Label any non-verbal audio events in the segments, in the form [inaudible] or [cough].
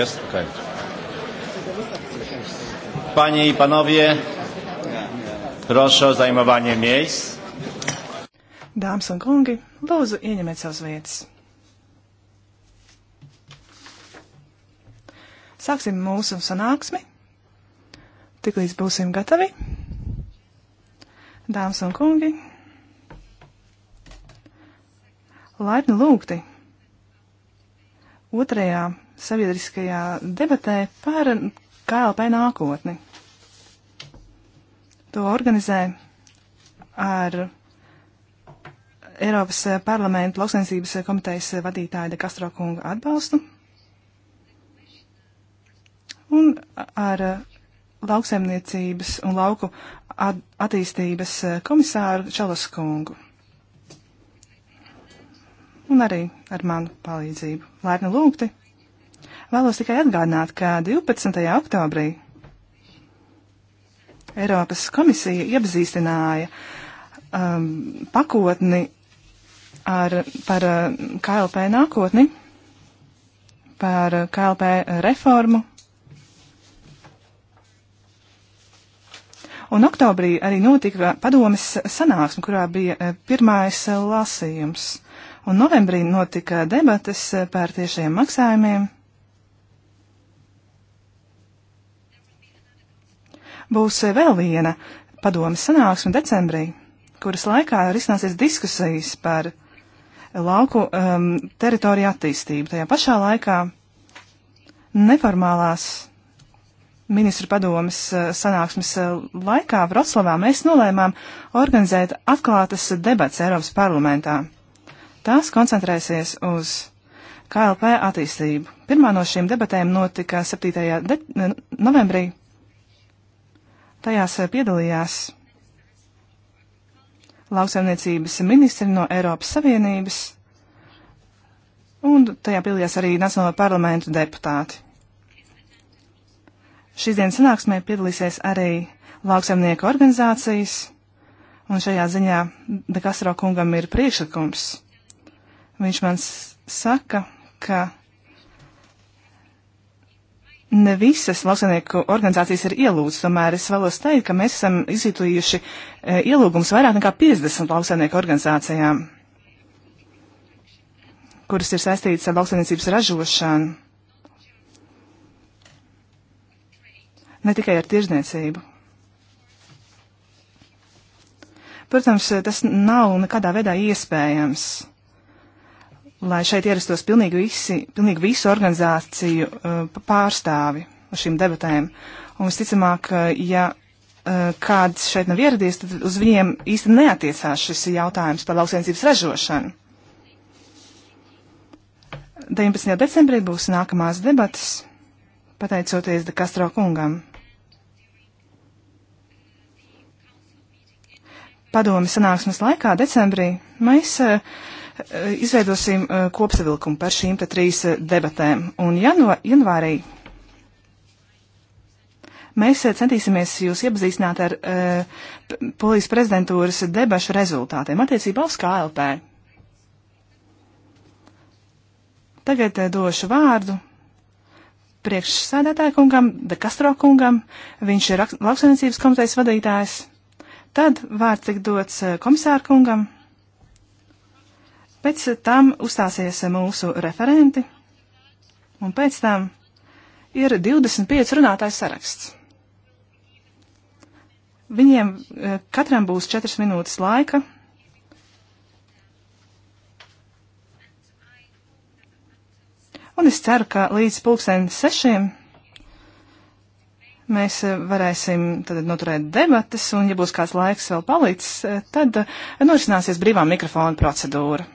Jest? Okej. Okay. Panie i panowie, proszę o zajmowanie miejsc. Dāmas un kungi, lūdzu ieņemiet savas vietas. Sāksim mūsu sanāksmi. Tiklīdz būsim gatavi. Dāmas un kungi, laipni lūgti otrajā sabiedriskajā debatē par KLP nākotni. To organizē ar Eiropas parlamenta lauksainsības komitejas vadītāja De Castro kunga atbalstu un ar lauksaimniecības un lauku at attīstības komisāru Čalas kungu. Un arī ar manu palīdzību. Lērni lūgti! Vēlos tikai atgādināt, ka 12. oktobrī Eiropas komisija iepazīstināja um, pakotni ar, par uh, KLP nākotni, par KLP reformu. Un oktobrī arī notika padomes sanāksme, kurā bija uh, pirmais uh, lasījums. Un novembrī notika debates par tiešajiem maksājumiem. Būs vēl viena padomas sanāksme decembrī, kuras laikā arī izsnāsies diskusijas par lauku um, teritoriju attīstību. Tajā pašā laikā neformālās ministru padomas uh, sanāksmes uh, laikā Vroclavā mēs nolēmām organizēt atklātas debats Eiropas parlamentā. Tās koncentrēsies uz KLP attīstību. Pirmā no šīm debatēm notika 7. De novembrī Tajās eh, piedalījās lauksaimniecības ministri no Eiropas Savienības, un tajā piedalījās arī Nacionālo parlamentu deputāti. Šīs dienas sanāksmē piedalīsies arī lauksaimnieku organizācijas, un šajā ziņā De Castro kungam ir priekšlikums. Viņš man saka, ka Ne visas lauksaimnieku organizācijas ir ielūdzas, tomēr es vēlos teikt, ka mēs esam izsītojuši e, ielūgums vairāk nekā 50 lauksaimnieku organizācijām, kuras ir saistītas ar lauksaimniecības ražošanu, ne tikai ar tirzniecību. Protams, tas nav nekādā veidā iespējams lai šeit ierastos pilnīgi visi, pilnīgi visu organizāciju uh, pārstāvi uz šīm debatēm. Un visticamāk, eh, ja uh, kāds šeit nav ieradies, tad uz viņiem īsti neatiecās šis jautājums par lauksienicības ražošanu. 19. decembrī būs nākamās debatas, pateicoties De Castro kungam. Padomi sanāksmes laikā decembrī mēs uh, Eh, izveidosim eh, kopsavilkumu par šīm te trīs eh, debatēm. Un janu, janvārī mēs centīsimies jūs iepazīstināt ar uh, polijas prezidentūras debašu rezultātiem attiecībā uz KLP. Tagad uh, došu vārdu priekšsēdētāja kungam, De Castro kungam, viņš ir lauksainicības komitejas vadītājs. Tad vārds tik dots komisāra kungam. Pēc tam uzstāsies mūsu referenti, un pēc tam ir 25 runātājs saraksts. Viņiem eh, katram būs 4 minūtes laika. Un es ceru, ka līdz pulksten sešiem mēs eh, varēsim tad noturēt debatas, un ja būs kāds laiks vēl palicis, eh, tad norisināsies brīvā mikrofona procedūra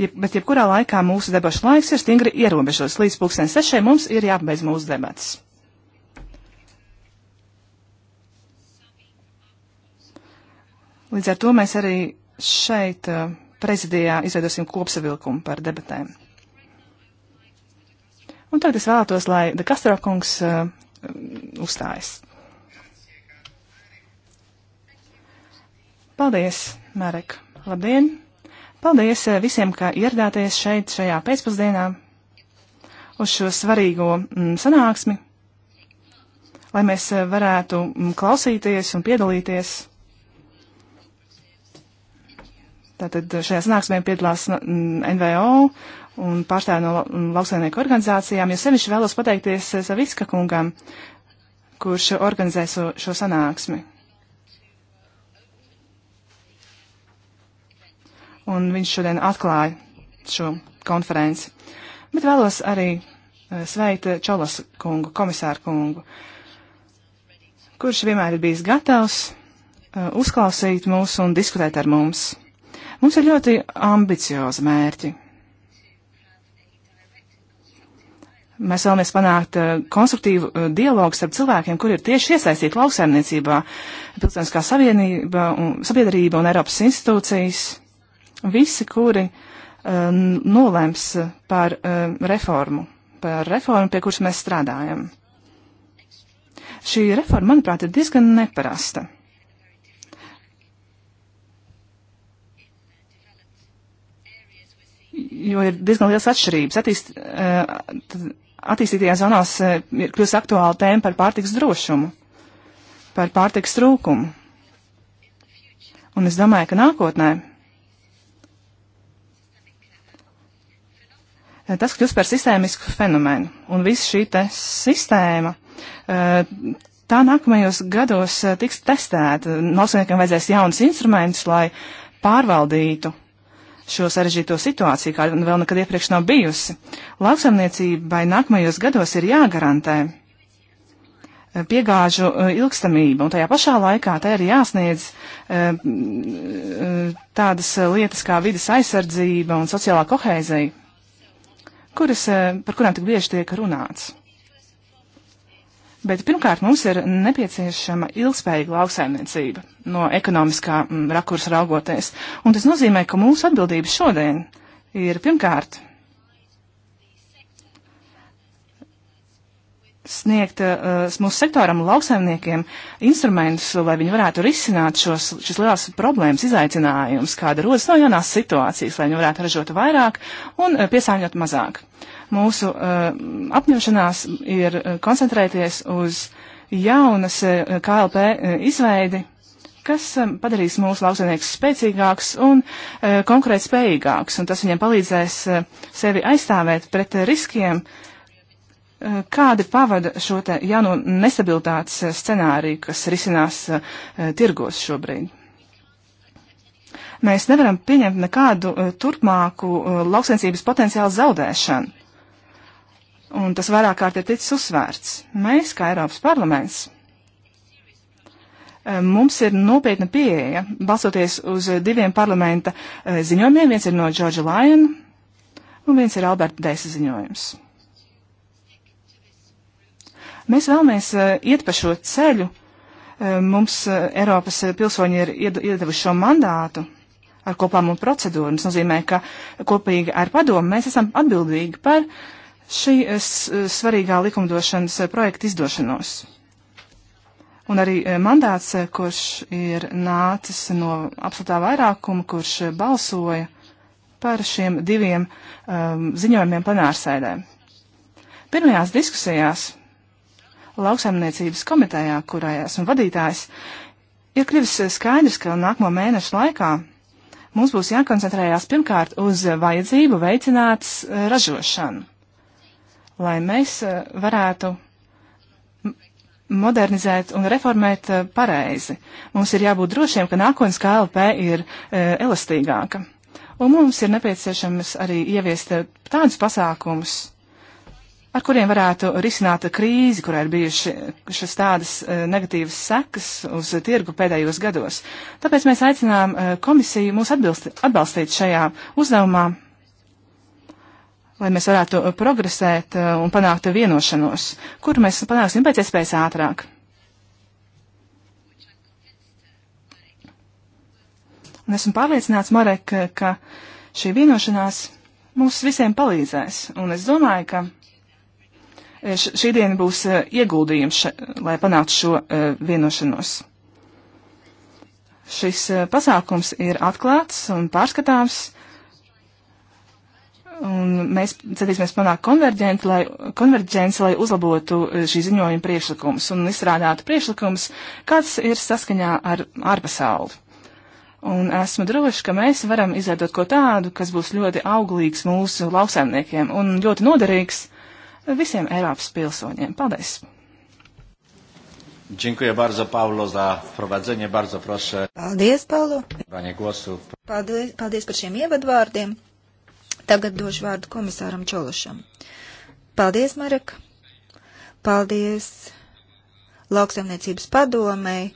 jeb, bet jebkurā laikā mūsu debašu laiks ir stingri ierobežots. Līdz pulksten sešai mums ir jāpabeidz mūsu debats. Līdz ar to mēs arī šeit uh, prezidijā izveidosim kopsavilkumu par debatēm. Un tagad es vēlētos, lai De Castro kungs uh, uzstājas. Paldies, Marek. Labdien! Paldies eh, visiem, ka ieradāties šeit šajā pēcpusdienā uz šo svarīgo mm, sanāksmi, lai mēs eh, varētu mm, klausīties un piedalīties. Tātad šajā sanāksmē piedalās mm, NVO un pārstāvja no lauksaimnieku organizācijām, jo sevišķi vēlos pateikties eh, Saviska kungam, kurš organizē šo, so, šo sanāksmi. un viņš šodien atklāja šo konferenci. Bet vēlos arī eh, sveikt eh, Čolas kungu, komisāru kungu, kurš vienmēr ir bijis gatavs eh, uzklausīt mūs un diskutēt ar mums. Mums ir ļoti ambiciozi mērķi. Mēs vēlamies panākt uh, konstruktīvu uh, dialogu starp cilvēkiem, kur ir tieši iesaistīti lauksaimniecībā, pilsoniskā savienība, un, sabiedrība un Eiropas institūcijas visi, kuri uh, nolēms par uh, reformu, par reformu, pie kuras mēs strādājam. Šī reforma, manuprāt, ir diezgan neparasta. Jo ir diezgan liels atšķirības. Attīst, uh, attīstītajās zonās ir kļūst aktuāla tēma par pārtiks drošumu, par pārtiks trūkumu. Un es domāju, ka nākotnē Eh, tas kļūst par sistēmisku fenomenu. Un viss šī te sistēma, eh, tā nākamajos gados eh, tiks testēta. Māksliniekiem vajadzēs jaunas instrumentus, lai pārvaldītu šo sarežģīto situāciju, kāda vēl nekad iepriekš nav bijusi. Lauksaimniecībai nākamajos gados ir jāgarantē piegāžu ilgstamība, un tajā pašā laikā tai ir jāsniedz tādas lietas kā vidas aizsardzība un sociālā koheizija kuras, eh, par kurām tik bieži tiek runāts. Bet pirmkārt mums ir nepieciešama ilgspējīga lauksaimniecība no ekonomiskā mm, rakursa raugoties, un tas nozīmē, ka mūsu atbildības šodien ir pirmkārt sniegt uh, mūsu sektoram, lauksaimniekiem, instrumentus, lai viņi varētu risināt šos, šis lielās problēmas, izaicinājums, kāda rodas no jaunās situācijas, lai viņi varētu ražot vairāk un uh, piesāņot mazāk. Mūsu uh, apņemšanās ir uh, koncentrēties uz jaunas uh, KLP uh, izveidi, kas um, padarīs mūsu lauksaimniekus spēcīgāks un uh, konkurētspējīgāks, un tas viņiem palīdzēs uh, sevi aizstāvēt pret uh, riskiem, uh, Kādi pavada šo te jauno nestabilitātes scenāriju, kas risinās eh, tirgos šobrīd? Mēs nevaram pieņemt nekādu eh, turpmāku eh, lauksensības potenciālu zaudēšanu. Un tas vairāk kārt ir ticis uzsvērts. Mēs, kā Eiropas parlaments, mums ir nopietna pieeja, balsoties uz diviem parlamenta ziņojumiem. Viens ir no Džordža Lajona un viens ir Alberta Deisa ziņojums. Mēs vēlamies eh, iet pa šo ceļu. Eh, mums eh, Eiropas pilsoņi ir iedevuši šo mandātu ar kopām un procedūru. Tas nozīmē, ka kopīgi ar padomu mēs esam atbildīgi par šī svarīgā likumdošanas projekta izdošanos. Un arī mandāts, kurš ir nācis no absolūtā vairākuma, kurš balsoja par šiem diviem um, ziņojumiem plenārsēdē. Pirmajās diskusijās lauksaimniecības komitejā, kurā esmu vadītājs, ir kļuvis skaidrs, ka nākamo mēnešu laikā mums būs jākoncentrējās pirmkārt uz vajadzību veicināt eh, ražošanu, lai mēs eh, varētu modernizēt un reformēt eh, pareizi. Mums ir jābūt drošiem, ka nākotnes KLP ir elastīgāka. Un mums ir nepieciešams arī ieviest tādus pasākumus, ar kuriem varētu risināt krīzi, kurā ir bijušas tādas eh, negatīvas sekas uz tirgu pēdējos gados. Tāpēc mēs aicinām eh, komisiju mūs atbilst, atbalstīt šajā uzdevumā, lai mēs varētu progresēt eh, un panākt vienošanos, kur mēs panāksim pēc iespējas ātrāk. Un esmu pārliecināts, Marek, ka šī vienošanās mums visiem palīdzēs. Un es domāju, ka Šī diena būs eh, ieguldījums, še, lai panāktu šo eh, vienošanos. Šis eh, pasākums ir atklāts un pārskatāms. Un mēs centīsimies panākt konverģenci, lai, konverģenci, lai uzlabotu šī ziņojuma priekšlikumus un izstrādātu priekšlikumus, kāds ir saskaņā ar ārpasauli. Un esmu droši, ka mēs varam izveidot ko tādu, kas būs ļoti auglīgs mūsu lauksaimniekiem un ļoti noderīgs visiem Eiropas pilsoņiem. Paldies! Dziękuję bardzo Paulo za wprowadzenie. Bardzo proszę. Paldies, Paulo. Głosu. Paldies, paldies par šiem ievadvārdiem. Tagad došu vārdu komisāram Čološam. Paldies, Marek. Paldies lauksaimniecības padomei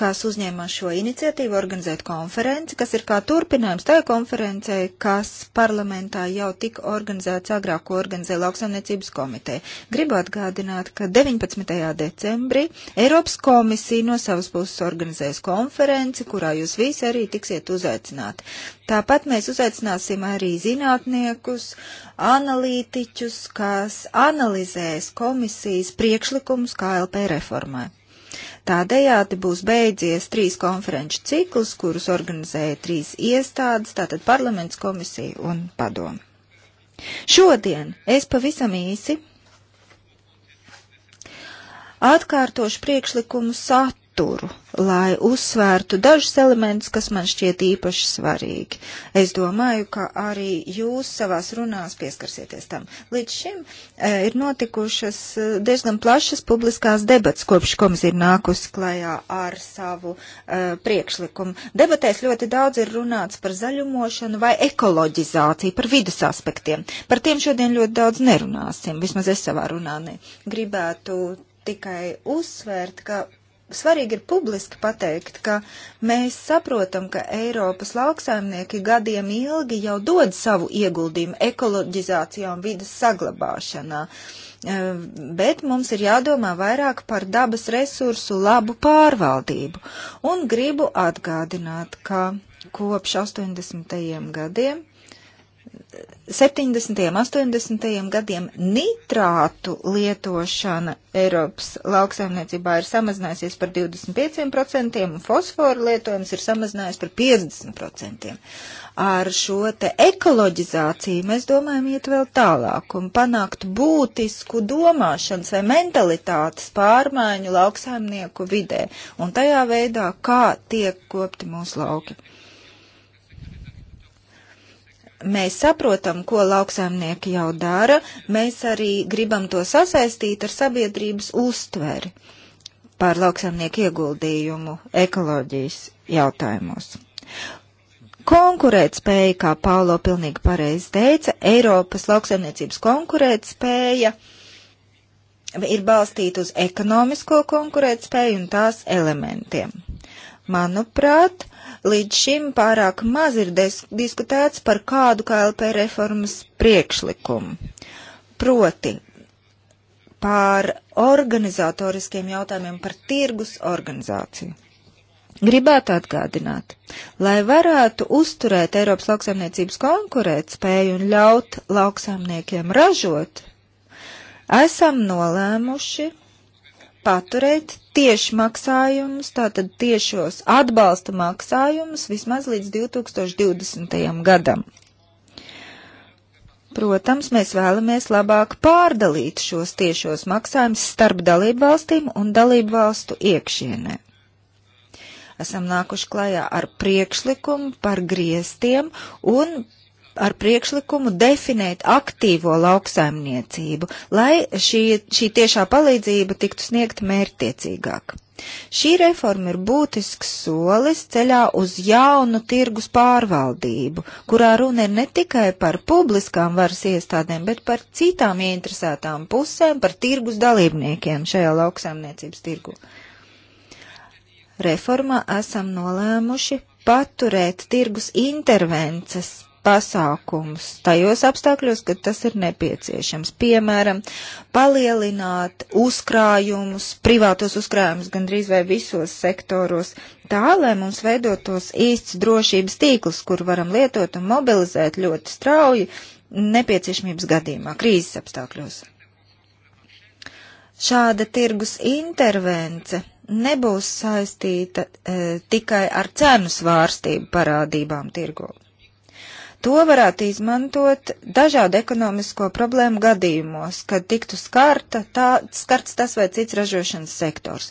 kas uzņēmās šo iniciatīvu organizēt konferenci, kas ir kā turpinājums tajā konferencē, kas parlamentā jau tika organizēts agrāk, ko organizēja lauksaimniecības komiteja. Gribu atgādināt, ka 19. decembrī Eiropas komisija no savas puses organizēs konferenci, kurā jūs visi arī tiksiet uzaicināti. Tāpat mēs uzaicināsim arī zinātniekus, analītiķus, kas analizēs komisijas priekšlikumus KLP reformai. Tādējādi būs beidzies trīs konferenču ciklus, kurus organizēja trīs iestādes, tātad parlaments, komisija un padomi. Šodien es pavisam īsi atkārtošu priekšlikumu saturu, lai uzsvērtu dažus elementus, kas man šķiet īpaši svarīgi. Es domāju, ka arī jūs savās runās pieskarsieties tam. Līdz šim e, ir notikušas e, diezgan plašas publiskās debats, kopš komisija ir nākusi klajā ar savu e, priekšlikumu. Debatēs ļoti daudz ir runāts par zaļumošanu vai ekoloģizāciju, par vidas aspektiem. Par tiem šodien ļoti daudz nerunāsim, vismaz es savā runā ne. Gribētu tikai uzsvērt, ka svarīgi ir publiski pateikt, ka mēs saprotam, ka Eiropas lauksaimnieki gadiem ilgi jau dod savu ieguldījumu ekoloģizācijā un vidas saglabāšanā. E, bet mums ir jādomā vairāk par dabas resursu labu pārvaldību. Un gribu atgādināt, ka kopš 80. gadiem 70. un 80. gadiem nitrātu lietošana Eiropas lauksaimniecībā ir samazinājusies par 25% un fosforu lietojums ir samazinājies par 50%. Ar šo te ekoloģizāciju mēs domājam iet vēl tālāk un panākt būtisku domāšanas vai mentalitātes pārmaiņu lauksaimnieku vidē un tajā veidā, kā tiek kopti mūsu lauki. Mēs saprotam, ko lauksaimnieki jau dara, mēs arī gribam to sasaistīt ar sabiedrības uztveri par lauksaimnieku ieguldījumu ekoloģijas jautājumos. Konkurētspēja, kā Paulo pilnīgi pareizi teica, Eiropas lauksaimniecības konkurētspēja ir balstīta uz ekonomisko konkurētspēju un tās elementiem. Manuprāt, Līdz šim pārāk maz ir diskutēts par kādu KLP reformas priekšlikumu. Proti pār organizatoriskiem jautājumiem par tirgus organizāciju. Gribētu atgādināt, lai varētu uzturēt Eiropas lauksaimniecības konkurētspēju un ļaut lauksaimniekiem ražot, esam nolēmuši paturēt tieši maksājumus, tātad tiešos atbalsta maksājumus vismaz līdz 2020. gadam. Protams, mēs vēlamies labāk pārdalīt šos tiešos maksājumus starp dalību valstīm un dalību valstu iekšienē. Esam nākuši klajā ar priekšlikumu par griestiem un ar priekšlikumu definēt aktīvo lauksaimniecību, lai šī, šī tiešā palīdzība tiktu sniegta mērtiecīgāk. Šī reforma ir būtisks solis ceļā uz jaunu tirgus pārvaldību, kurā runa ir ne tikai par publiskām varas iestādēm, bet par citām ieinteresētām pusēm, par tirgus dalībniekiem šajā lauksaimniecības tirgu. Reformā esam nolēmuši paturēt tirgus intervences pasākumus tajos apstākļos, kad tas ir nepieciešams. Piemēram, palielināt uzkrājumus, privātos uzkrājumus gandrīz vai visos sektoros, tā, lai mums veidotos īsts drošības tīkls, kur varam lietot un mobilizēt ļoti strauji nepieciešamības gadījumā, krīzes apstākļos. Šāda tirgus intervence nebūs saistīta e, tikai ar cenu svārstību parādībām tirgū To varētu izmantot dažādu ekonomisko problēmu gadījumos, kad tiktu skarta, tā, skarts tas vai cits ražošanas sektors.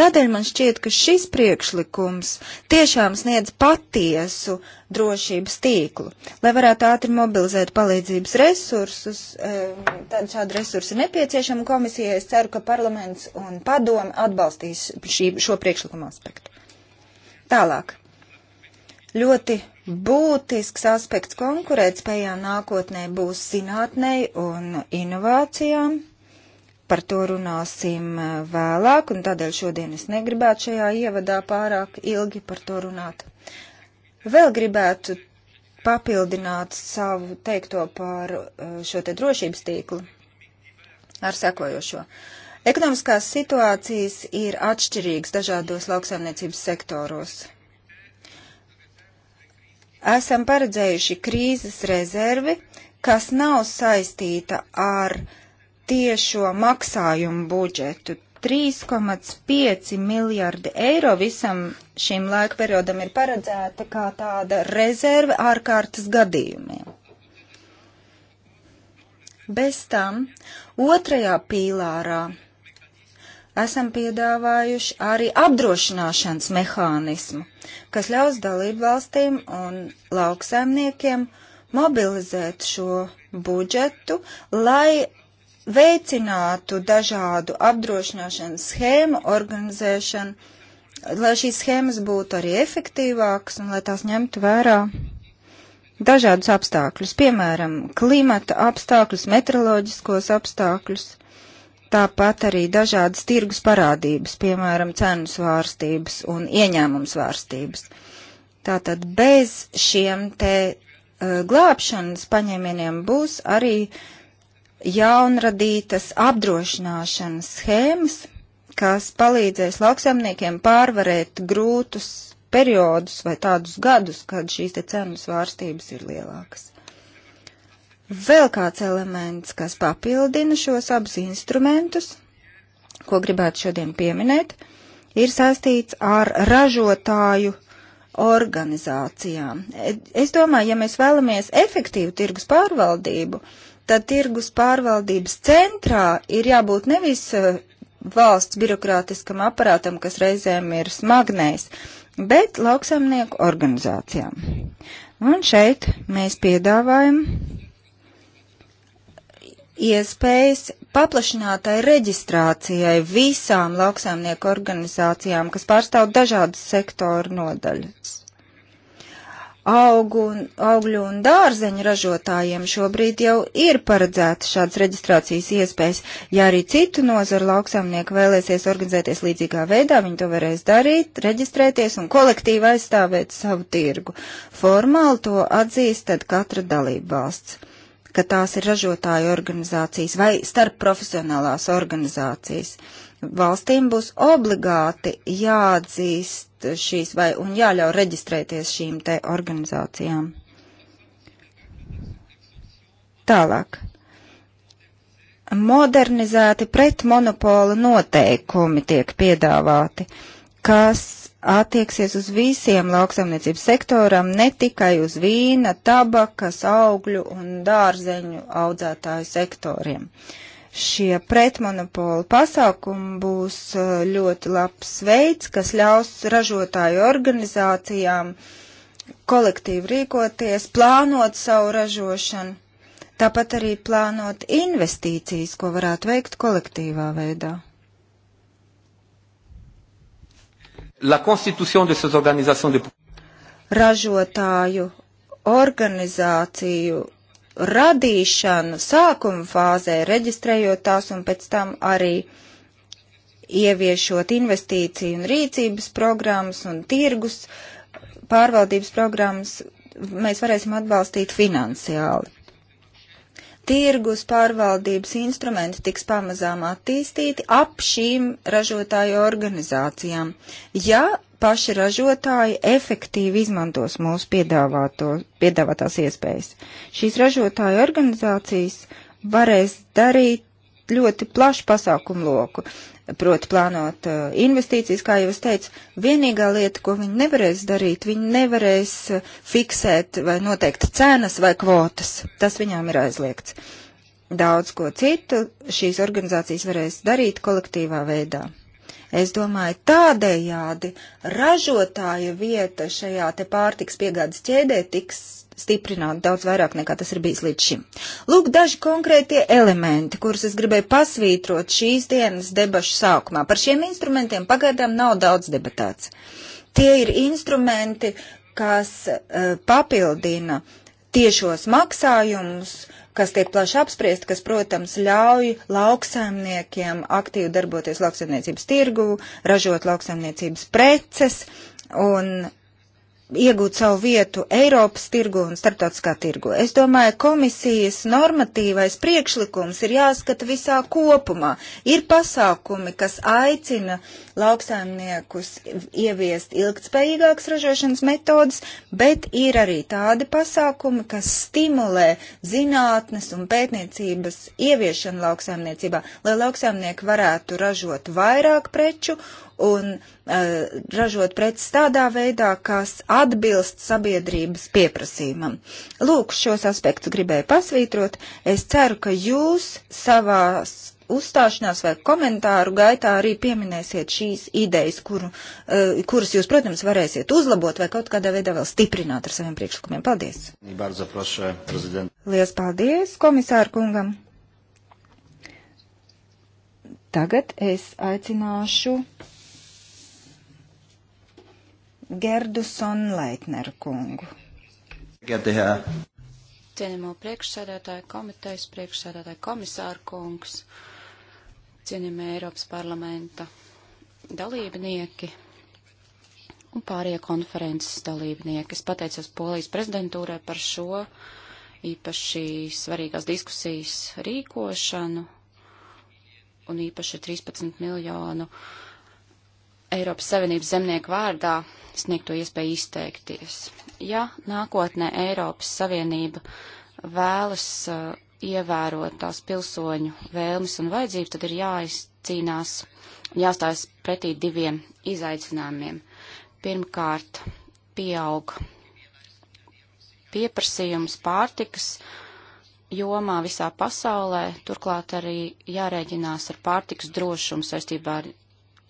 Tādēļ man šķiet, ka šis priekšlikums tiešām sniedz patiesu drošības tīklu. Lai varētu ātri mobilizēt palīdzības resursus, eh, tad šādi resursi nepieciešama komisijai. Es ceru, ka parlaments un padomi atbalstīs šī, šo priekšlikumu aspektu. Tālāk. Ļoti būtisks aspekts konkurētspējā nākotnē būs zinātnei un inovācijām. Par to runāsim eh, vēlāk, un tādēļ šodien es negribētu šajā ievadā pārāk ilgi par to runāt. Vēl gribētu papildināt savu teikto par eh, šo te drošības tīklu ar sekojošo. Ekonomiskās situācijas ir atšķirīgas dažādos lauksaimniecības sektoros esam paredzējuši krīzes rezervi, kas nav saistīta ar tiešo maksājumu budžetu. 3,5 miljardi eiro visam šim laika periodam ir paredzēta kā tāda rezerve ārkārtas gadījumiem. Bez tam otrajā pīlārā esam piedāvājuši arī apdrošināšanas mehānismu, kas ļaus dalību valstīm un lauksaimniekiem mobilizēt šo budžetu, lai veicinātu dažādu apdrošināšanas schēmu organizēšanu, lai šīs schēmas būtu arī efektīvākas un lai tās ņemtu vērā dažādus apstākļus, piemēram, klimata apstākļus, meteoroloģiskos apstākļus tāpat arī dažādas tirgus parādības, piemēram, cenu svārstības un ieņēmumu svārstības. Tātad bez šiem te uh, glābšanas paņēmieniem būs arī jaunradītas apdrošināšanas schēmas, kas palīdzēs lauksaimniekiem pārvarēt grūtus periodus vai tādus gadus, kad šīs te cenu svārstības ir lielākas vēl kāds elements, kas papildina šos abus instrumentus, ko gribētu šodien pieminēt, ir saistīts ar ražotāju organizācijām. E, es domāju, ja mēs vēlamies efektīvu tirgus pārvaldību, tad tirgus pārvaldības centrā ir jābūt nevis e, valsts birokrātiskam aparātam, kas reizēm ir smagnējs, bet lauksamnieku organizācijām. Un šeit mēs piedāvājam iespējas paplašinātai reģistrācijai visām lauksaimnieku organizācijām, kas pārstāv dažādas sektoru nodaļas. Augu un, augļu un dārzeņu ražotājiem šobrīd jau ir paredzēta šādas reģistrācijas iespējas. Ja arī citu nozaru lauksaimnieku vēlēsies organizēties līdzīgā veidā, viņi to varēs darīt, reģistrēties un kolektīvi aizstāvēt savu tirgu. Formāli to atzīst tad katra dalība valsts ka tās ir ražotāju organizācijas vai starp profesionālās organizācijas. Valstīm būs obligāti jāatzīst šīs vai un jāļauj reģistrēties šīm te organizācijām. Tālāk modernizēti pretmonopola noteikumi tiek piedāvāti, kas attieksies uz visiem lauksaimniecības sektoram, ne tikai uz vīna, tabakas, augļu un dārzeņu audzētāju sektoriem. Šie pretmonopola pasākumi būs uh, ļoti labs veids, kas ļaus ražotāju organizācijām kolektīvi rīkoties, plānot savu ražošanu, tāpat arī plānot investīcijas, ko varētu veikt kolektīvā veidā. la constitution de ces organisations de ražotāju organizāciju radīšanu sākuma fāzē, reģistrējot tās un pēc tam arī ieviešot investīciju un rīcības programmas un tirgus pārvaldības programmas, mēs varēsim atbalstīt finansiāli tirgus pārvaldības instrumenti tiks pamazām attīstīti ap šīm ražotāju organizācijām, ja paši ražotāji efektīvi izmantos mūsu piedāvātās iespējas. Šīs ražotāju organizācijas varēs darīt ļoti plašu pasākumu loku proti plānot uh, investīcijas, kā jau es teicu, vienīgā lieta, ko viņi nevarēs darīt, viņi nevarēs uh, fiksēt vai noteikt cenas vai kvotas. Tas viņām ir aizliegts. Daudz ko citu šīs organizācijas varēs darīt kolektīvā veidā. Es domāju, tādējādi ražotāja vieta šajā te pārtiks piegādes ķēdē tiks stiprināt daudz vairāk nekā tas ir bijis līdz šim. Lūk, daži konkrētie elementi, kurus es gribēju pasvītrot šīs dienas debašu sākumā. Par šiem instrumentiem pagaidām nav daudz debatāts. Tie ir instrumenti, kas uh, papildina tiešos maksājumus, kas tiek plaši apspriesti, kas, protams, ļauj lauksaimniekiem aktīvi darboties lauksaimniecības tirgu, ražot lauksaimniecības preces un iegūt savu vietu Eiropas tirgu un starptautiskā tirgu. Es domāju, komisijas normatīvais priekšlikums ir jāskata visā kopumā. Ir pasākumi, kas aicina lauksaimniekus ieviest ilgtspējīgākas ražošanas metodas, bet ir arī tādi pasākumi, kas stimulē zinātnes un pētniecības ieviešanu lauksaimniecībā, lai lauksaimnieki varētu ražot vairāk preču un uh, ražot preces tādā veidā, kas atbilst sabiedrības pieprasījumam. Lūk, šos aspektus gribēju pasvītrot. Es ceru, ka jūs savās uzstāšanās vai komentāru gaitā arī pieminēsiet šīs idejas, kuru, uh, kuras jūs, protams, varēsiet uzlabot vai kaut kādā veidā vēl stiprināt ar saviem priekšlikumiem. Paldies! Lielas paldies komisāru kungam! Tagad es aicināšu Gerdu Sonleitneru kungu. Cienījamo priekšsēdētāju komitejas, priekšsēdētāju komisāru kungs, cienījamie Eiropas parlamenta dalībnieki un pārējie konferences dalībnieki. Es pateicos Polijas prezidentūrai par šo īpaši svarīgās diskusijas rīkošanu un īpaši 13 miljonu uh, Eiropas Savienības zemnieku vārdā sniegto iespēju izteikties. Ja nākotnē Eiropas Savienība vēlas uh, ievērot tās pilsoņu vēlmes un vajadzības, tad ir jāizcīnās, jāstājas pretī diviem izaicinājumiem. Pirmkārt, pieaug pieprasījums pārtikas jomā visā pasaulē, turklāt arī jārēķinās ar pārtikas drošumu saistībā ar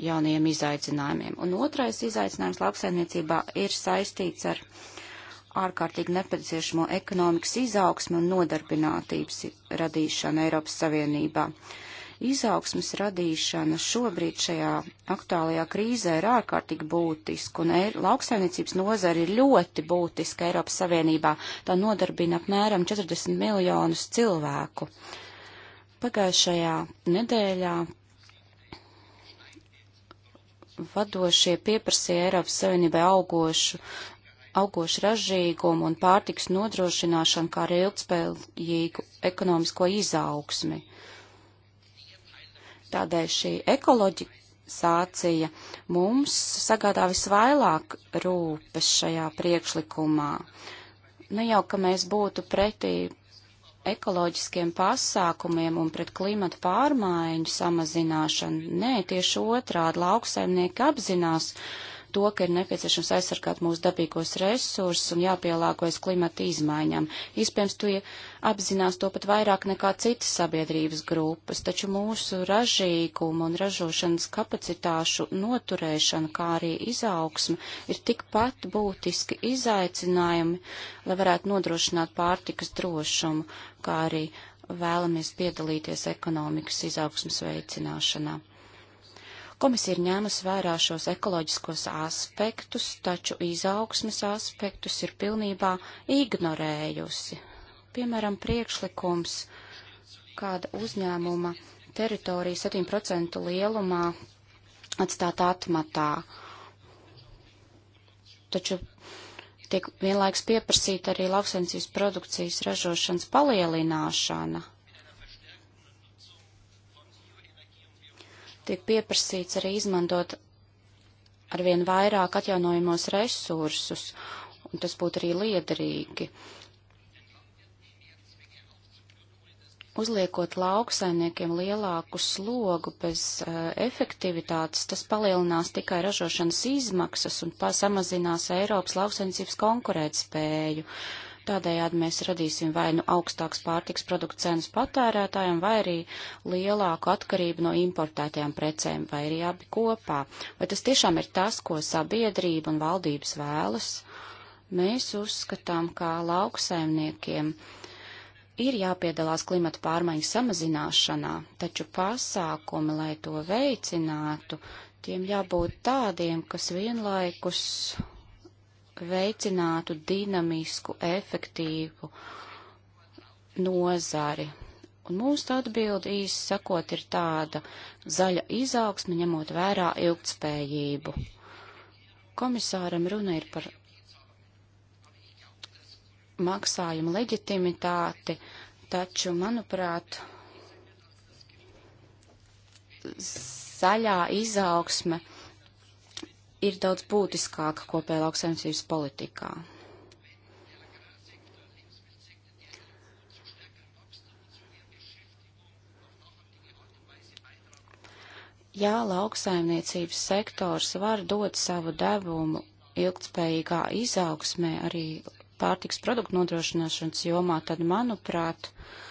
jauniem izaicinājumiem. Un otrais izaicinājums lauksaimniecībā ir saistīts ar ārkārtīgi nepieciešamo ekonomikas izaugsmu un nodarbinātības radīšanu Eiropas Savienībā. Izaugsmas radīšana šobrīd šajā aktuālajā krīzē ir ārkārtīgi būtiska, un e lauksaimniecības nozara ir ļoti būtiska Eiropas Savienībā. Tā nodarbina apmēram 40 miljonus cilvēku. Pagājušajā nedēļā vadošie pieprasīja Eiropas Savienībai augošu, augošu ražīgumu un pārtiks nodrošināšanu, kā arī ilgspējīgu ekonomisko izaugsmi. Tādēļ šī ekoloģizācija mums sagādā visvairāk rūpes šajā priekšlikumā. Ne nu jau, ka mēs būtu pretī ekoloģiskiem pasākumiem un pret klimata pārmaiņu samazināšanu. Nē, tieši otrādi lauksaimnieki apzinās, uh, to, ka ir nepieciešams aizsargāt mūsu dabīgos resursus un jāpielāgojas klimata izmaiņām. Iespējams, tu apzinās to pat vairāk nekā citas sabiedrības grupas, taču mūsu ražīguma un ražošanas kapacitāšu noturēšana, kā arī izaugsme, ir tikpat būtiski izaicinājumi, lai varētu nodrošināt pārtikas drošumu, kā arī vēlamies piedalīties ekonomikas izaugsmas veicināšanā. Komisija ir ņēmusi vērā šos ekoloģiskos aspektus, taču izaugsmes aspektus ir pilnībā ignorējusi. Piemēram, priekšlikums kāda uzņēmuma teritorija 7% lielumā atstāt atmatā. Taču tiek vienlaiks pieprasīta arī lauksainicības produkcijas ražošanas palielināšana. tiek pieprasīts arī izmantot arvien vairāk atjaunojamos resursus, un tas būtu arī liederīgi. Uzliekot lauksaimniekiem lielāku slogu bez uh, efektivitātes, tas palielinās tikai ražošanas izmaksas un pasamazinās Eiropas lauksaimniecības konkurētspēju. Uh, Tādējādi mēs radīsim vai nu augstāks pārtiks produktu cenas patērētājiem, vai arī lielāku atkarību no importētajām precēm, vai arī abi kopā. Vai tas tiešām ir tas, ko sabiedrība un valdības vēlas? Mēs uzskatām, kā lauksaimniekiem ir jāpiedalās klimata pārmaiņu samazināšanā, taču pasākumi, lai to veicinātu, tiem jābūt tādiem, kas vienlaikus veicinātu dinamisku, efektīvu nozari. Un mūsu atbildi īsi sakot ir tāda zaļa izaugsme, ņemot vērā ilgtspējību. Komisāram runa ir par maksājumu leģitimitāti, taču, manuprāt, zaļā izaugsme ir daudz būtiskāka kopējā lauksaimniecības politikā. Jā, lauksaimniecības sektors var dot savu devumu ilgtspējīgā izaugsmē arī pārtiks produktu nodrošināšanas jomā, tad, manuprāt, uh,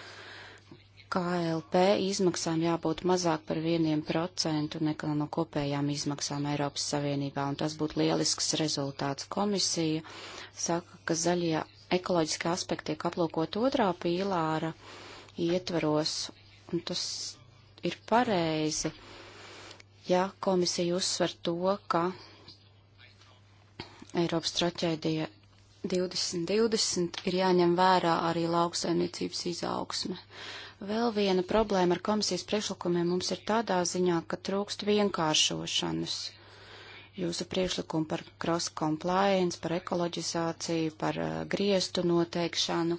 KLP izmaksām jābūt mazāk par vieniem procentu nekā no kopējām izmaksām Eiropas Savienībā, un tas būtu lielisks rezultāts. Komisija saka, ka zaļie ekoloģiskie aspekti tiek aplūkot otrā pīlāra ietvaros, un tas ir pareizi, ja komisija uzsver to, ka Eiropas traķēdija 2020 ir jāņem vērā arī lauksaimniecības izaugsme. Uh, Vēl viena problēma ar komisijas priekšlikumiem mums ir tādā ziņā, ka trūkst vienkāršošanas. Jūsu priekšlikumi par cross compliance, par ekoloģizāciju, par uh, griestu noteikšanu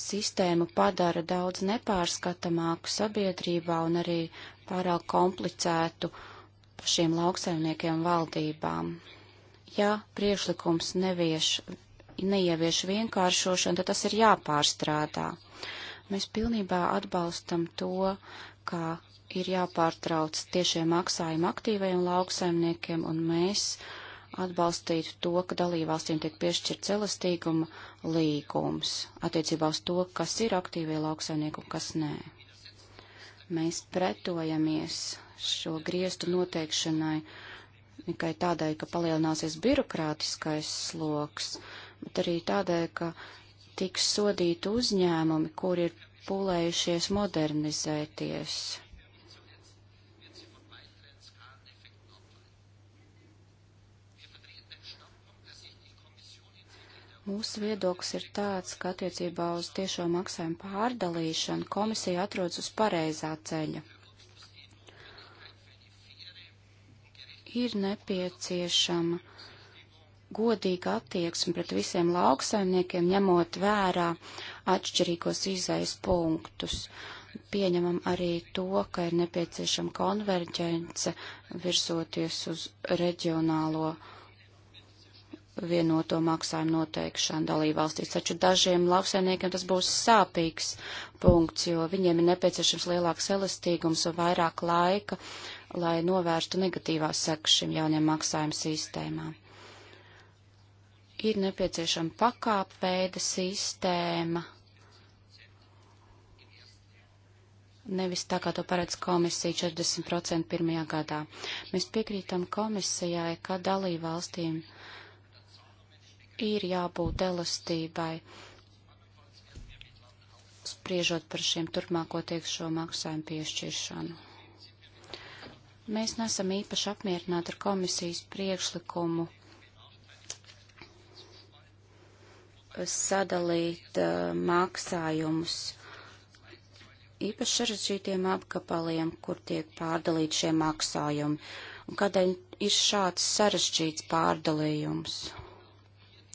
sistēmu padara daudz nepārskatāmāku sabiedrībā un arī pārāk komplicētu šiem lauksaimniekiem valdībām. Ja priekšlikums nevieš neievieš vienkāršošanu, tad tas ir jāpārstrādā. Mēs pilnībā atbalstam to, kā ir jāpārtrauc tiešie maksājumi aktīvajiem lauksaimniekiem, un mēs atbalstītu to, ka dalībvalstīm tiek piešķirts elastīguma līgums attiecībā uz to, kas ir aktīvie lauksaimnieki un kas nē. Mēs pretojamies šo griestu noteikšanai tikai tādēļ, ka palielināsies birokrātiskais sloks. Uh, bet arī tādēļ, ka tiks sodīti uzņēmumi, kur ir pūlējušies modernizēties. Mūsu viedoklis ir tāds, ka attiecībā uz tiešo maksājumu pārdalīšanu komisija atrodas uz pareizā ceļa. Ir nepieciešama godīga attieksme pret visiem lauksaimniekiem, ņemot vērā atšķirīgos izējas punktus. Pieņemam arī to, ka ir nepieciešama konverģence virsoties uz reģionālo vienoto maksājumu noteikšanu dalībvalstīs. Taču dažiem lauksaimniekiem tas būs sāpīgs punkts, jo viņiem ir nepieciešams lielāks elastīgums un vairāk laika, lai novērstu negatīvās sekas šim jaunajam maksājuma sistēmām ir nepieciešama pakāpveida sistēma, nevis tā kā to paredz komisija 40% pirmajā gadā. Mēs piekrītam komisijai, ka dalībvalstīm ir jābūt elastībai, spriežot par šiem turpmāko tiekšo maksājumu piešķiršanu. Mēs nesam īpaši apmierināti ar komisijas priekšlikumu sadalīt uh, maksājumus īpaši sarežģītiem apgabaliem, kur tiek pārdalīti šie maksājumi. Un kādēļ ir šāds sarežģīts pārdalījums?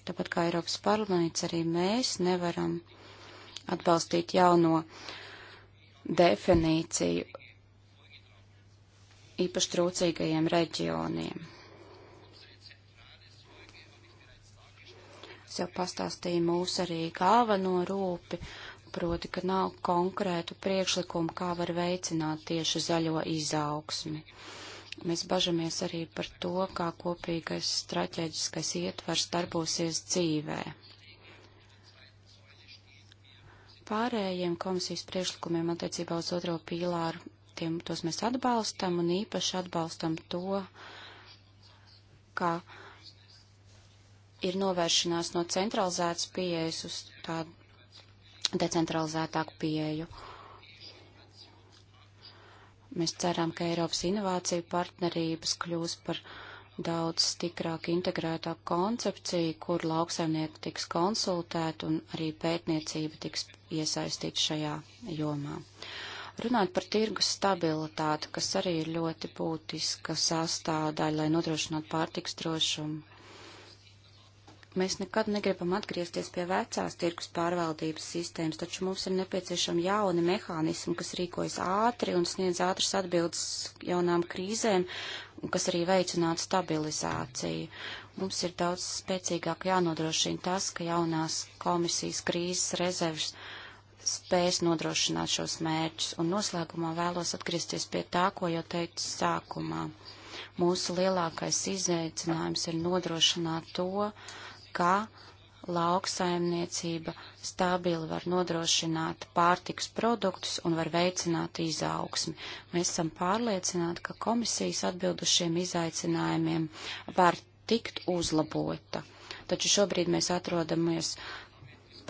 Tāpat kā Eiropas parlaments, arī mēs nevaram atbalstīt jauno definīciju īpaši trūcīgajiem reģioniem. Es jau pastāstīju mūsu arī galveno rūpi, proti, ka nav konkrētu priekšlikumu, kā var veicināt tieši zaļo izaugsmi. Mēs bažamies arī par to, kā kopīgais strateģiskais ietvers darbosies dzīvē. Pārējiem komisijas priekšlikumiem attiecībā uz otro pīlāru, tiem, tos mēs atbalstam un īpaši atbalstam to, ka. Kā ir novēršanās no centralizētas pieejas uz tādu decentralizētāku pieeju. Mēs ceram, ka Eiropas inovāciju partnerības kļūs par daudz stiprāk integrētāku koncepciju, kur lauksaimnieki tiks konsultēti un arī pētniecība tiks iesaistīta šajā jomā. Runāt par tirgus stabilitāti, kas arī ir ļoti būtiska sastāvdaļa, lai nodrošinātu pārtiks drošumu Mēs nekad negribam atgriezties pie vecās tirkus pārvaldības sistēmas, taču mums ir nepieciešami jauni mehānismi, kas rīkojas ātri un sniedz ātras atbildes jaunām krīzēm, un kas arī veicinātu stabilizāciju. Mums ir daudz spēcīgāk jānodrošina tas, ka jaunās komisijas krīzes rezervs spēs nodrošināt šos mērķus, un noslēgumā vēlos atgriezties pie tā, ko jau teicu sākumā. Mūsu lielākais izaicinājums ir nodrošināt to, kā lauksaimniecība stabili var nodrošināt pārtiks produktus un var veicināt izaugsmi. Mēs esam pārliecināti, ka komisijas atbildušiem izaicinājumiem var tikt uzlabota. Taču šobrīd mēs atrodamies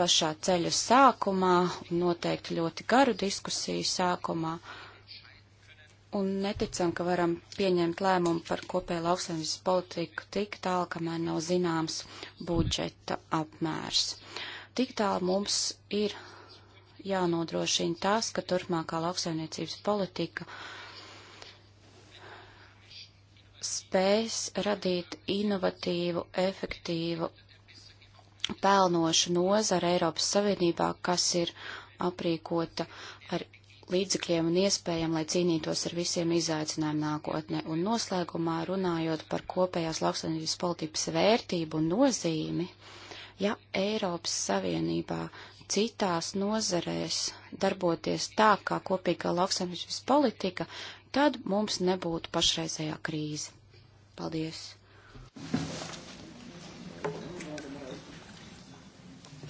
pašā ceļa sākumā un noteikti ļoti garu diskusiju sākumā. Uh, un neticam, ka varam pieņemt lēmumu par kopēju lauksaimnes politiku tik tālu, kamēr nav zināms budžeta apmērs. Tik tālu mums ir jānodrošina tas, ka turpmākā lauksaimniecības politika spēs radīt inovatīvu, efektīvu, pelnošu nozara Eiropas Savienībā, kas ir aprīkota ar līdzekļiem un iespējām, lai cīnītos ar visiem izaicinājumiem nākotnē. Un noslēgumā runājot par kopējās lauksaimniecības politikas vērtību un nozīmi, ja Eiropas Savienībā citās nozarēs darboties tā, kā kopīgā lauksaimniecības politika, tad mums nebūtu pašreizējā krīze. Paldies!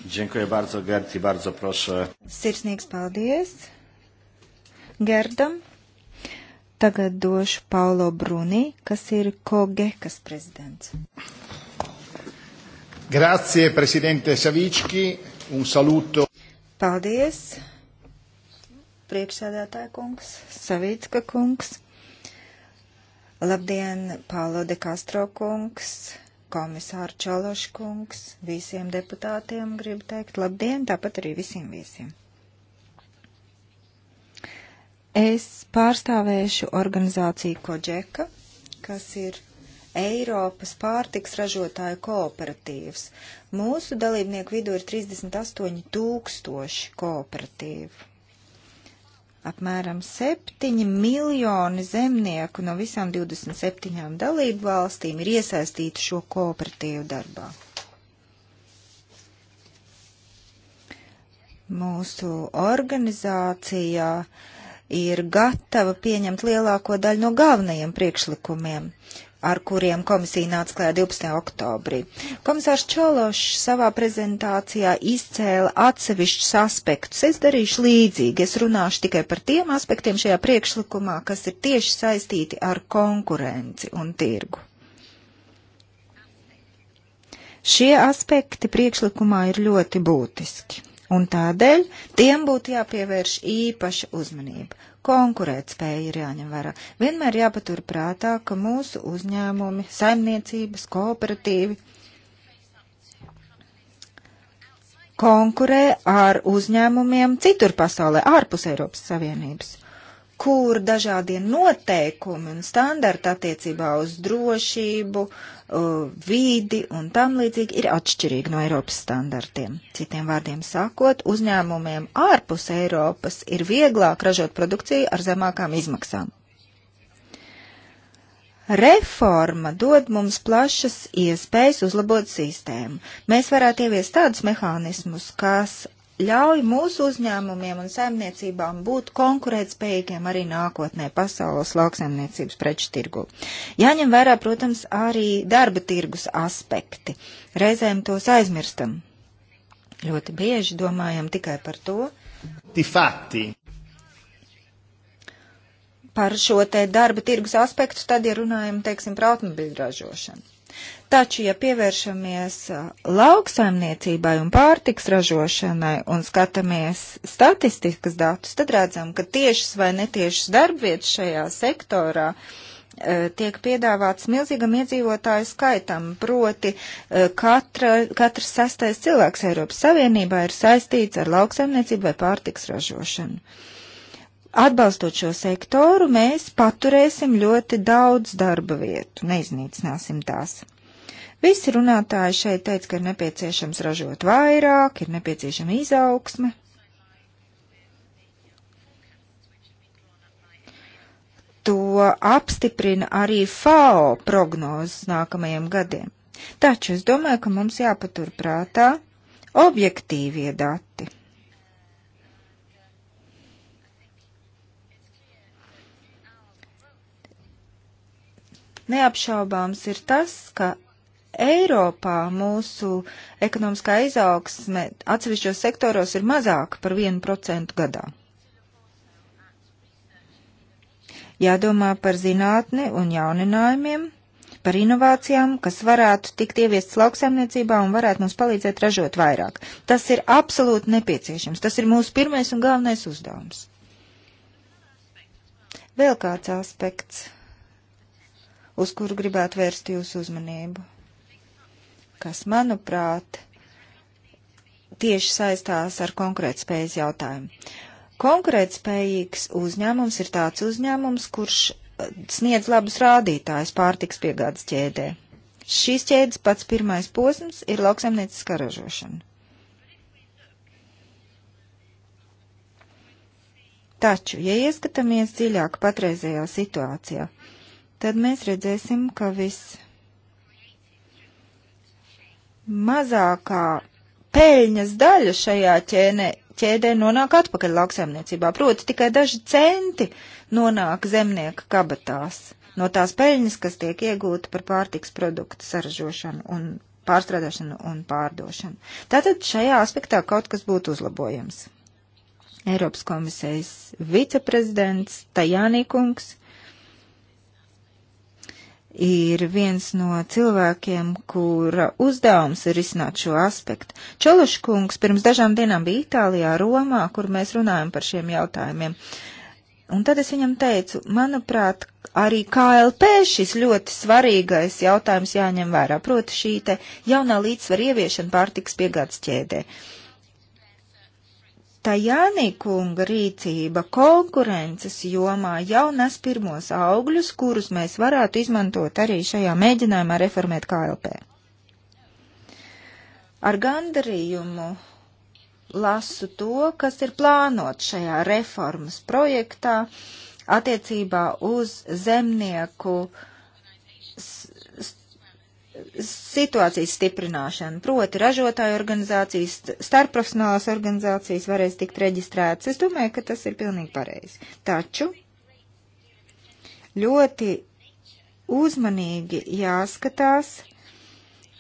Dziękuję bardzo, Gerti, bardzo proszę. Sirsnīgs paldies. Gerdam. Tagad došu Paulo Brunī, kas ir Kogekas prezidents. Grazie, prezidente Savički, un saluto. Paldies, priekšsēdētāja kungs, Savīcka kungs. Labdien, Paulo de Castro kungs, komisāra Čaloš kungs, visiem deputātiem gribu teikt labdien, tāpat arī visiem viesiem. Es pārstāvēšu organizāciju Koģeka, kas ir Eiropas pārtiks ražotāju kooperatīvs. Mūsu dalībnieku vidū ir 38 tūkstoši kooperatīvu. Apmēram 7 miljoni zemnieku no visām 27 dalību valstīm ir iesaistīti šo kooperatīvu darbā. Mūsu organizācijā uh, ir gatava pieņemt lielāko daļu no galvenajiem priekšlikumiem, ar kuriem komisija nāca klajā 12. oktobrī. Komisārs Čološs savā prezentācijā izcēla atsevišķus aspektus. Es darīšu līdzīgi, es runāšu tikai par tiem aspektiem šajā priekšlikumā, kas ir tieši saistīti ar konkurenci un tirgu. Šie aspekti priekšlikumā ir ļoti būtiski. Un tādēļ tiem būtu jāpievērš īpaša uzmanība. Konkurētspēja ir jāņem vērā. Vienmēr jāpatur prātā, ka mūsu uzņēmumi, saimniecības, kooperatīvi konkurē ar uzņēmumiem citur pasaulē, ārpus Eiropas Savienības kur dažādie noteikumi un standarti attiecībā uz drošību, uh, vīdi un tam līdzīgi ir atšķirīgi no Eiropas standartiem. Citiem vārdiem sakot, uzņēmumiem ārpus Eiropas ir vieglāk ražot produkciju ar zemākām izmaksām. Reforma dod mums plašas iespējas uzlabot sistēmu. Mēs varētu ieviest tādus mehānismus, kas ļauj mūsu uzņēmumiem un saimniecībām būt konkurētspējīgiem arī nākotnē pasaules lauksaimniecības preču tirgu. Jāņem vērā, protams, arī darba tirgus aspekti. Reizēm tos aizmirstam. Ļoti bieži domājam tikai par to. Tifati. Par šo te darba tirgus aspektu tad, ja runājam, teiksim, par automobiļu ražošanu Taču, ja pievēršamies uh, lauksaimniecībai un pārtiks ražošanai un skatāmies statistikas datus, tad redzam, ka tiešas vai netiešas darbvietas šajā sektorā uh, tiek piedāvāts milzīgam iedzīvotāju skaitam, proti uh, katra, katrs sastais cilvēks Eiropas Savienībā ir saistīts ar lauksaimniecību vai pārtiks ražošanu. Atbalstot šo sektoru, mēs paturēsim ļoti daudz darba vietu, neiznīcināsim tās. Visi runātāji šeit teica, ka ir nepieciešams ražot vairāk, ir nepieciešama izaugsme. To apstiprina arī FAO prognozes nākamajiem gadiem. Taču es domāju, ka mums jāpatur prātā objektīvie dati. Neapšaubāms ir tas, ka Eiropā mūsu ekonomiskā izaugsme atsevišķos sektoros ir mazāka par 1% gadā. Jādomā par zinātni un jauninājumiem, par inovācijām, kas varētu tikt ieviests lauksaimniecībā un varētu mums palīdzēt ražot vairāk. Tas ir absolūti nepieciešams. Tas ir mūsu pirmais un galvenais uzdevums. Vēl kāds aspekts, uz kuru gribētu vērst jūsu uzmanību kas, manuprāt, tieši saistās ar konkurētspējas jautājumu. Konkurētspējīgs uzņēmums ir tāds uzņēmums, kurš eh, sniedz labus rādītājus pārtiks piegādes ķēdē. Šīs ķēdes pats pirmais posms ir lauksaimnieciskā ražošana. Taču, ja ieskatāmies dziļāk patreizējā situācijā, tad mēs redzēsim, ka viss mazākā peļņas daļa šajā ķēnē, ķēdē nonāk atpakaļ lauksaimniecībā, proti tikai daži centi nonāk zemnieka kabatās no tās peļņas, kas tiek iegūta par pārtiks produktu saražošanu un pārstrādāšanu un pārdošanu. Tātad šajā aspektā kaut kas būtu uzlabojams. Eiropas komisijas viceprezidents Tajānī kungs ir viens no cilvēkiem, kura uzdevums ir izsnāt šo aspektu. Čološkungs pirms dažām dienām bija Itālijā, Romā, kur mēs runājam par šiem jautājumiem. Un tad es viņam teicu, manuprāt, arī KLP šis ļoti svarīgais jautājums jāņem vērā, proti šī te jaunā līdzsvara ieviešana pārtiks piegādes ķēdē. Uh, Tajānī kunga rīcība konkurences jomā jau nes pirmos augļus, kurus mēs varētu izmantot arī šajā mēģinājumā reformēt KLP. Ar gandarījumu lasu to, kas ir plānot šajā reformas projektā attiecībā uz zemnieku uh, situācijas stiprināšana, proti ražotāju organizācijas, starpprofesionālās organizācijas varēs tikt reģistrētas. Es domāju, ka tas ir pilnīgi pareizi. Taču ļoti uzmanīgi jāskatās,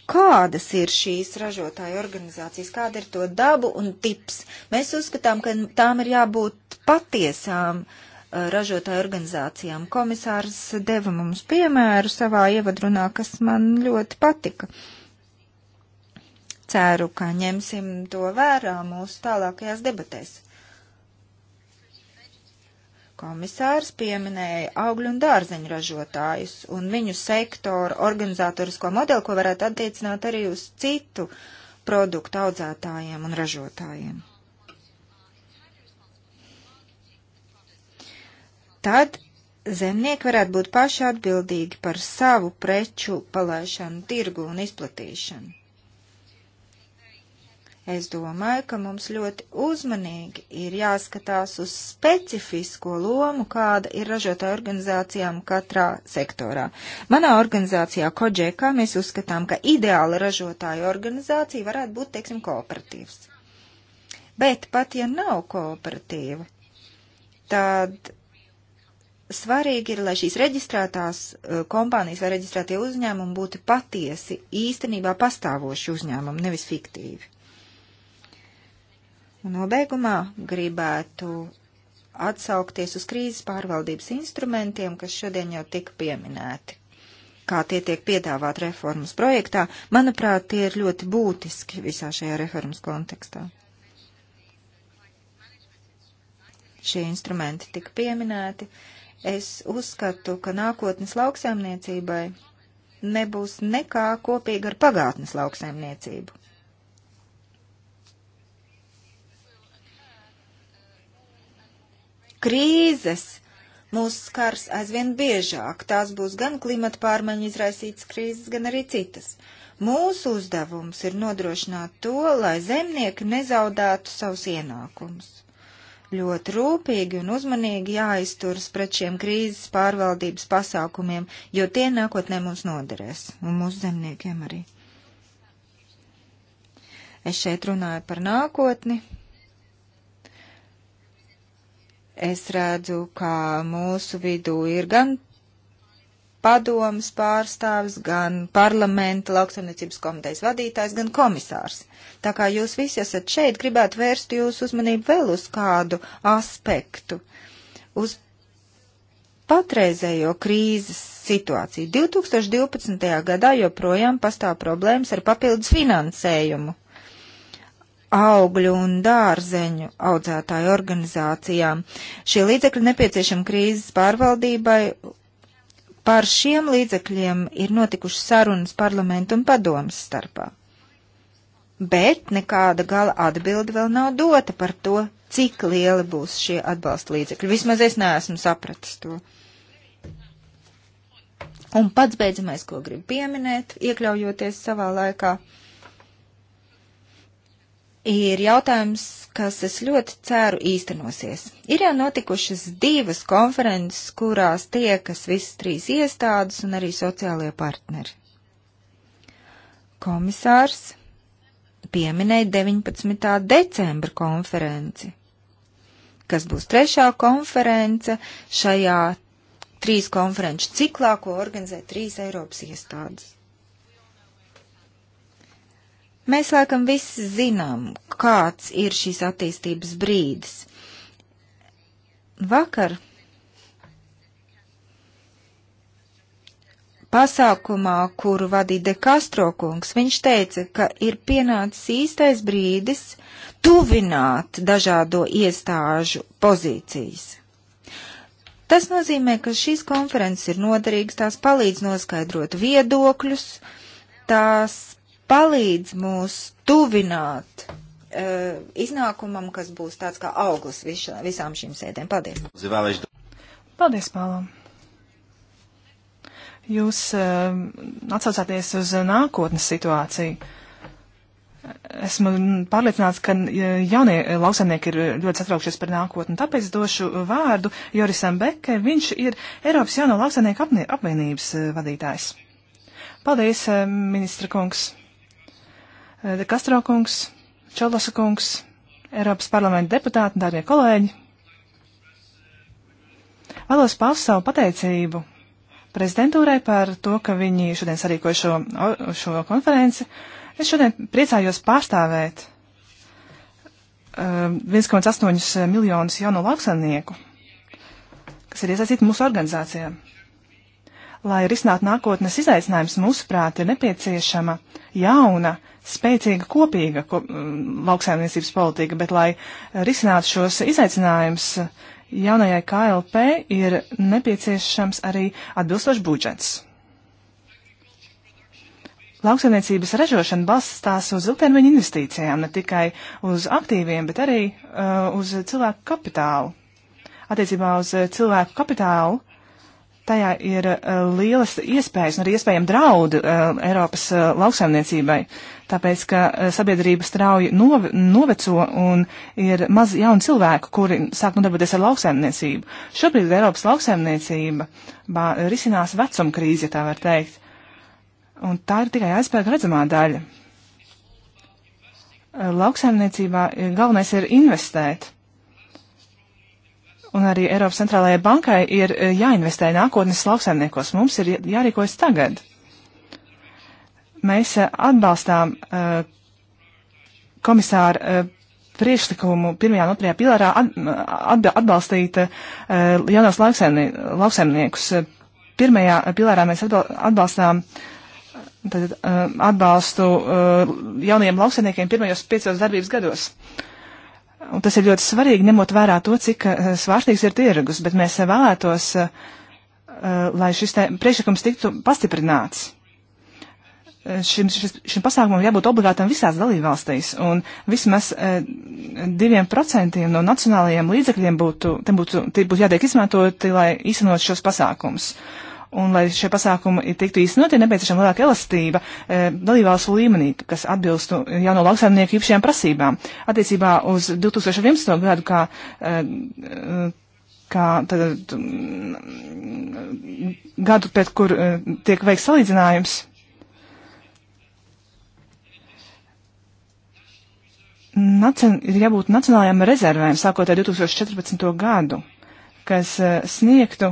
kādas ir šīs ražotāju organizācijas, kāda ir to dabu un tips. Mēs uzskatām, ka tām ir jābūt patiesām uh, ražotāju organizācijām. Komisārs deva mums piemēru savā ievadrunā, kas man ļoti patika. Ceru, ka ņemsim to vērā mūsu tālākajās debatēs. Komisārs pieminēja augļu un dārzeņu ražotājus un viņu sektoru organizatorisko modeli, ko varētu attiecināt arī uz citu produktu audzētājiem un ražotājiem. tad zemnieki varētu būt paši atbildīgi par savu preču palaišanu tirgu un izplatīšanu. Es domāju, ka mums ļoti uzmanīgi ir jāskatās uz specifisko lomu, kāda ir ražotāja organizācijām katrā sektorā. Manā organizācijā Koģekā mēs uzskatām, ka ideāla ražotāja organizācija varētu būt, teiksim, kooperatīvs. Bet pat ja nav kooperatīva, tad svarīgi ir, lai šīs reģistrētās eh, kompānijas vai reģistrētie uzņēmumi būtu patiesi, īstenībā pastāvoši uzņēmumi, nevis fiktīvi. Un nobeigumā gribētu atsaukties uz krīzes pārvaldības instrumentiem, kas šodien jau tika pieminēti. Kā tie tiek piedāvāt reformas projektā, manuprāt, tie ir ļoti būtiski visā šajā reformas kontekstā. Šie instrumenti tika pieminēti. Uh, Es uzskatu, ka nākotnes lauksaimniecībai nebūs nekā kopīga ar pagātnes lauksaimniecību. Krīzes mūs skars aizvien biežāk. Tās būs gan klimata pārmaiņu izraisītas krīzes, gan arī citas. Mūsu uzdevums ir nodrošināt to, lai zemnieki nezaudētu savus ienākumus ļoti rūpīgi un uzmanīgi jāizturas pret šiem krīzes pārvaldības pasākumiem, jo tie nākotnē mums noderēs un mūsu zemniekiem arī. Es šeit runāju par nākotni. Es redzu, ka mūsu vidū ir gan padomas pārstāvis, gan parlamenta lauksaimniecības komitejas vadītājs, gan komisārs. Tā kā jūs visi esat šeit, gribētu vērst jūsu uzmanību vēl uz kādu aspektu, uz patreizējo krīzes situāciju. 2012. gadā joprojām pastāv problēmas ar papildus finansējumu augļu un dārzeņu audzētāju organizācijām. Šie līdzekļi nepieciešami krīzes pārvaldībai Par šiem līdzekļiem ir notikušas sarunas parlamentu un padomas starpā. Bet nekāda gala atbilde vēl nav dota par to, cik lieli būs šie atbalsta līdzekļi. Vismaz es neesmu sapratis to. Un pats beidzamais, ko gribu pieminēt, iekļaujoties savā laikā. Uh, ir jautājums, kas es ļoti ceru īstenosies. Ir jau notikušas divas konferences, kurās tiekas visas trīs iestādes un arī sociālie partneri. Komisārs pieminēja 19. decembra konferenci, kas būs trešā konference šajā trīs konferenču ciklā, ko organizē trīs Eiropas iestādes. Mēs laikam visi zinām, kāds ir šīs attīstības brīdis. Vakar pasākumā, kuru vadīja De Castro kungs, viņš teica, ka ir pienācis īstais brīdis tuvināt dažādo iestāžu pozīcijas. Tas nozīmē, ka šīs konferences ir noderīgas, tās palīdz noskaidrot viedokļus, tās palīdz mūs tuvināt uh, iznākumam, kas būs tāds kā auglis viša, visām šīm sēdēm. Paldies! Paldies, Pālam! Jūs uh, atsaucāties uz nākotnes situāciju. Esmu pārliecināts, ka e, jaunie lauksaimnieki ir ļoti satraukšies par nākotni, tāpēc došu vārdu Jorisam Beke. Viņš ir Eiropas jauno lauksaimnieku apvienības vadītājs. Paldies, ministra kungs! Eh, De Castro kungs, Čalasa kungs, Eiropas parlamenta deputāti, darbie kolēģi. Vēlos paust savu pateicību prezidentūrai par to, ka viņi šodien sarīkoja šo, šo konferenci. Es šodien priecājos pārstāvēt uh, eh, 1,8 miljonus jauno lauksaimnieku, kas ir iesaistīti mūsu organizācijām. Lai risinātu nākotnes izaicinājumus, mūsuprāt, ir nepieciešama jauna, spēcīga, kopīga ko, mm, lauksaimniecības politika, bet, lai risinātu šos izaicinājumus, jaunajai KLP ir nepieciešams arī atbilstošs budžets. Lauksaimniecības ražošana balstās uz ilgtermiņa investīcijām, ne tikai uz aktīviem, bet arī uh, uz cilvēku kapitālu. Attiecībā uz cilvēku kapitālu tajā ir uh, lielas iespējas un arī iespējami draudi uh, Eiropas uh, lauksaimniecībai, tāpēc ka uh, sabiedrība strauji nove, noveco un ir maz jaunu cilvēku, kuri sāk nodarboties ar lauksaimniecību. Šobrīd Eiropas lauksaimniecība bā, risinās vecuma krīze, ja tā var teikt, un tā ir tikai aizspēka redzamā daļa. Uh, lauksaimniecībā galvenais ir investēt un arī Eiropas centrālajai bankai ir eh, jāinvestē nākotnes lauksaimniekos. Mums ir jārīkojas tagad. Mēs eh, atbalstām eh, komisāru priekšlikumu pirmajā un otrajā pilārā atbalstīt jaunos lauksaimniekus. Pirmajā pilārā mēs atbalstām tad, atbalstu jauniem lauksaimniekiem pirmajos piecos darbības gados. Uh, Un tas ir ļoti svarīgi, ņemot vērā to, cik uh, svārstīgs ir tirgus, bet mēs uh, vēlētos, uh, lai šis priekšlikums tiktu pastiprināts. Šim, šis, šim pasākumam jābūt obligātam visās dalībvalstīs, un vismaz diviem procentiem no nacionālajiem līdzekļiem būtu, būtu, būtu jātiek izmantoti, lai īstenot šos pasākumus. Uh, un lai šie pasākumi tiktu īstenot, ir nepieciešama lielāka elastība e, dalībvalstu līmenī, kas atbilstu jauno lauksaimnieku īpašajām prasībām. Attiecībā uz 2011. gadu, kā, e, kā tad, mm, gadu, pēc kur e, tiek veikts salīdzinājums. Nacen, ir jābūt nacionālajām rezervēm, sākot ar 2014. gadu, kas sniegtu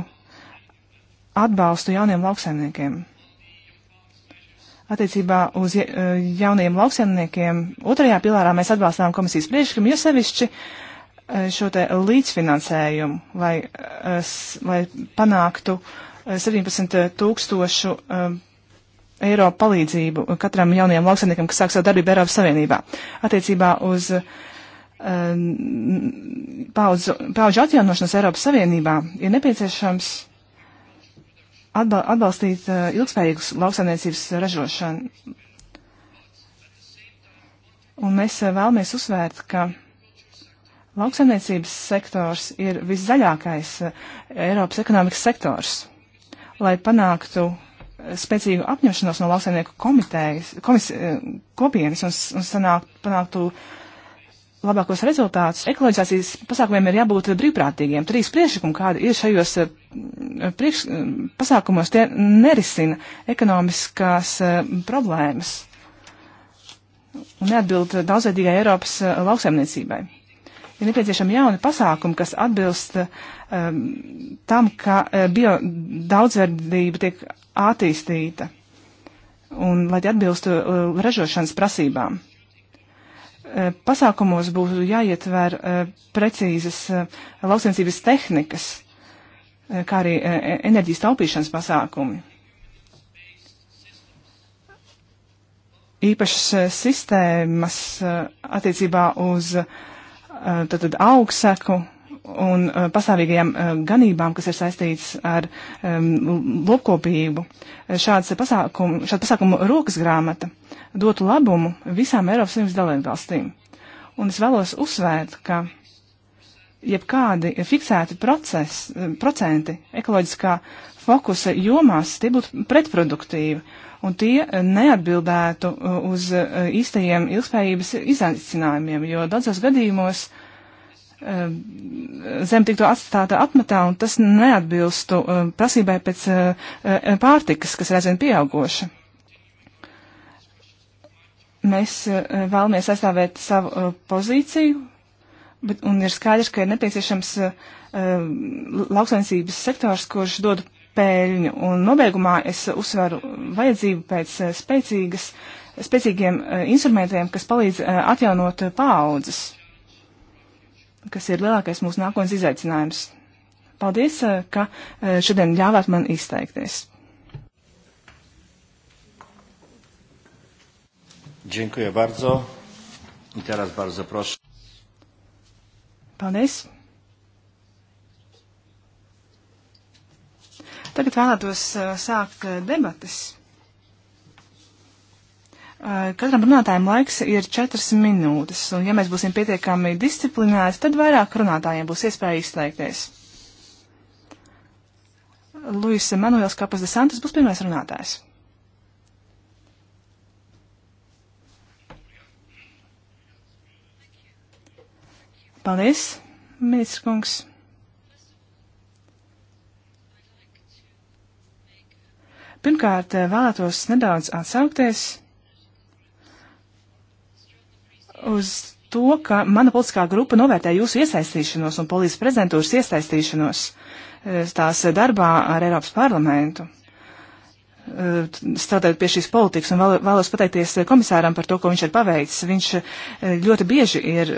atbalstu jauniem lauksaimniekiem. Attiecībā uz eh, jaunajiem lauksaimniekiem otrajā pilārā mēs atbalstām komisijas priekšlikumu, jo sevišķi eh, šo te līdzfinansējumu, lai, eh, lai panāktu 17 tūkstošu eiro palīdzību katram jaunajam lauksaimniekam, kas sāk savu darbību Eiropas Savienībā. Attiecībā uz paudžu atjaunošanas Eiropas Savienībā ir nepieciešams atbal atbalstīt uh, ilgspējīgus lauksaimniecības ražošanu. Un mēs uh, vēlamies uzsvērt, ka lauksaimniecības sektors ir viszaļākais uh, Eiropas ekonomikas sektors. Lai panāktu spēcīgu apņemšanos no lauksaimnieku komitejas, komis, kopienas un, un sanāk, panāktu uh, labākos rezultātus ekoloģizācijas pasākumiem ir jābūt brīvprātīgiem. Trīs priekšlikumi, kādi ir šajos eh, priekš, eh, pasākumos, tie nerisina ekonomiskās eh, problēmas un neatbild daudzveidīgai Eiropas lauksaimniecībai. Ir nepieciešami jauni pasākumi, kas atbilst um, tam, ka bio daudzveidība tiek attīstīta un lai atbilstu uh, ražošanas prasībām. Eh, pasākumos būtu jāietver eh, precīzas eh, lauksiencības tehnikas, kā arī enerģijas taupīšanas pasākumi. Īpašas sistēmas attiecībā uz tātad, augseku un pastāvīgajām ganībām, kas ir saistīts ar um, lopkopību. Šāds pasākumu, šāda pasākuma rokas grāmata dotu labumu visām Eiropas Savienības dalībvalstīm. Un es vēlos uzsvērt, ka jebkādi fiksēti proces, procenti ekoloģiskā fokusa jomās, tie būtu pretproduktīvi, un tie neatbildētu uh, uz uh, īstajiem ilgspējības izaicinājumiem, jo daudzos gadījumos uh, zem tiktu atstāta apmetā, un tas neatbilstu prasībai pēc pārtikas, kas ir aizvien pieaugoša mēs eh, vēlamies aizstāvēt savu eh, pozīciju, bet, un ir skaidrs, ka ir nepieciešams uh, lauksaimniecības sektors, kurš dod pēļņu. Un nobeigumā es uzsveru vajadzību pēc spēcīgas, spēcīgiem uh, instrumentiem, kas palīdz uh, atjaunot paaudzes, kas ir lielākais mūsu nākotnes izaicinājums. Paldies, ka šodien ļāvāt man izteikties. Dziękuję bardzo. I teraz bardzo proszę. Paldies. Tagad vēlētos uh, sākt uh, debatas. Uh, katram runātājam laiks ir četras minūtes, un ja mēs būsim pietiekami disciplinēti, tad vairāk runātājiem būs iespēja izteikties. Luisa Manuels Kapas de Santos būs pirmais runātājs. Paldies, ministrs kungs. Pirmkārt, eh, vēlētos nedaudz atsaukties uz to, ka mana politiskā grupa novērtē jūsu iesaistīšanos un polijas prezidentūras iesaistīšanos eh, tās darbā ar Eiropas parlamentu. Eh, strādājot pie šīs politikas, un vēl, vēlos pateikties eh, komisāram par to, ko viņš ir paveicis. Viņš eh, ļoti bieži ir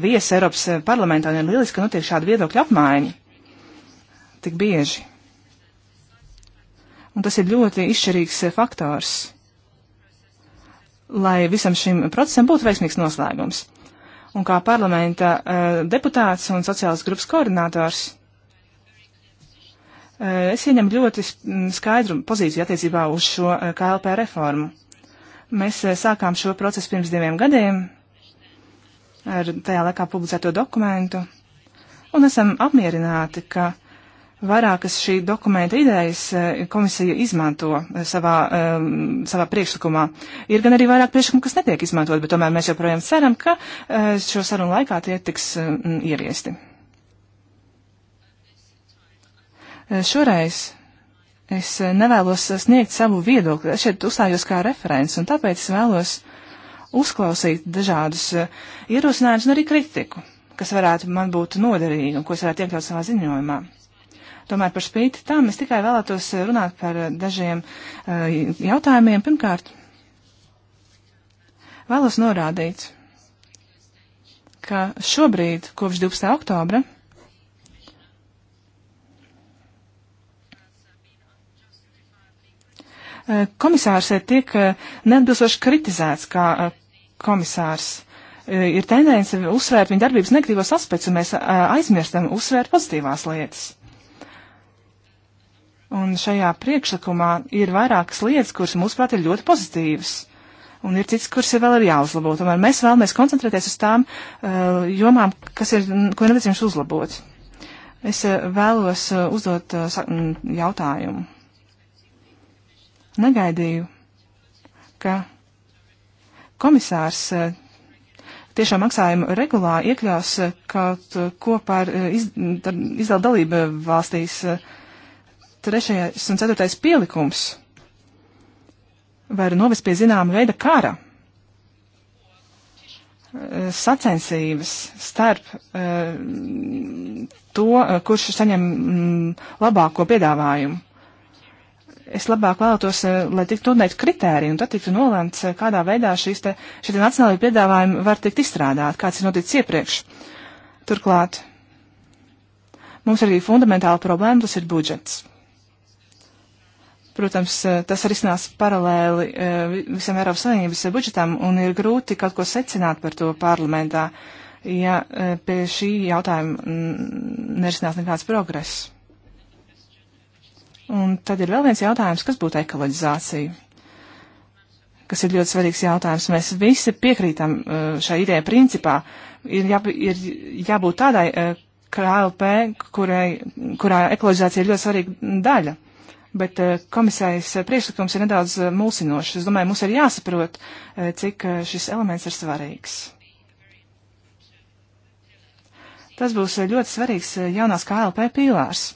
viesis Eiropas parlamentā, un ir lieliski, ka notiek šāda viedokļa apmaiņa tik bieži. Un tas ir ļoti izšķirīgs faktors, lai visam šim procesam būtu veiksmīgs noslēgums. Un kā parlamenta deputāts un sociālas grupas koordinātors Eh, es ieņemu ļoti skaidru pozīciju attiecībā uz šo eh, KLP reformu. Mēs eh, sākām šo procesu pirms diviem gadiem ar tajā laikā publicēto dokumentu, un esam apmierināti, ka vairākas šī dokumenta idejas komisija izmanto savā, um, savā priekšlikumā. Ir gan arī vairāk priekšlikumu, kas netiek izmantot, bet tomēr mēs joprojām ceram, ka šo sarunu laikā tie tiks um, ieviesti. Eh, šoreiz es eh, nevēlos sniegt savu viedokli, es šeit uzstājos kā referents, un tāpēc es vēlos uzklausīt dažādus eh, ierosinājumus un arī kritiku, kas varētu man būt noderīgi un ko es varētu iekļaut savā ziņojumā. Tomēr par spīti tam es tikai vēlētos runāt par dažiem jautājumiem. Pirmkārt, vēlos norādīt, ka šobrīd, kopš 12. oktobra, komisārs tiek eh, neatbilstoši kritizēts kā eh, komisārs. Eh, ir tendence uzsvērt viņa darbības negatīvos aspektus, un mēs aizmirstam uzsvērt pozitīvās lietas. Un šajā priekšlikumā ir vairākas lietas, kuras mūsuprāt ir ļoti pozitīvas. Un ir cits, kuras ir vēl ir jāuzlabo. Tomēr mēs vēlamies koncentrēties uz tām uh, jomām, kas ir, ko ir nepieciešams uzlabot. Es uh, vēlos uh, uzdot uh, jautājumu. Negaidīju, ka komisārs eh, tiešām maksājumu regulā iekļaus eh, kaut eh, ko par iz, izdevumu dalību valstīs trešais un ceturtais pielikums var novest pie zināma veida kara sacensības starp to, kurš saņem mm, labāko piedāvājumu es labāk vēlētos, eh, lai tiktu noteikti kritēriji, un tad tiktu nolēmts, eh, kādā veidā šīs te, šie te nacionālajie piedāvājumi var tikt izstrādāt, kāds ir noticis iepriekš. Turklāt mums ir arī fundamentāla problēma, tas ir budžets. Protams, eh, tas arī snās paralēli visam Eiropas Savienības budžetam, un ir grūti kaut ko secināt par to parlamentā, ja pie šī jautājuma nerisinās nekāds progress. Un tad ir vēl viens jautājums, kas būtu ekoloģizācija, kas ir ļoti svarīgs jautājums. Mēs visi piekrītam eh, šai idejai principā. Ir, jā, ir jābūt tādai eh, KLP, kurai, kurā ekoloģizācija ir ļoti svarīga daļa. Bet eh, komisijas priekšlikums ir nedaudz mulsinošs. Es domāju, mums ir jāsaprot, cik šis elements ir svarīgs. Tas būs ļoti svarīgs jaunās KLP pīlārs.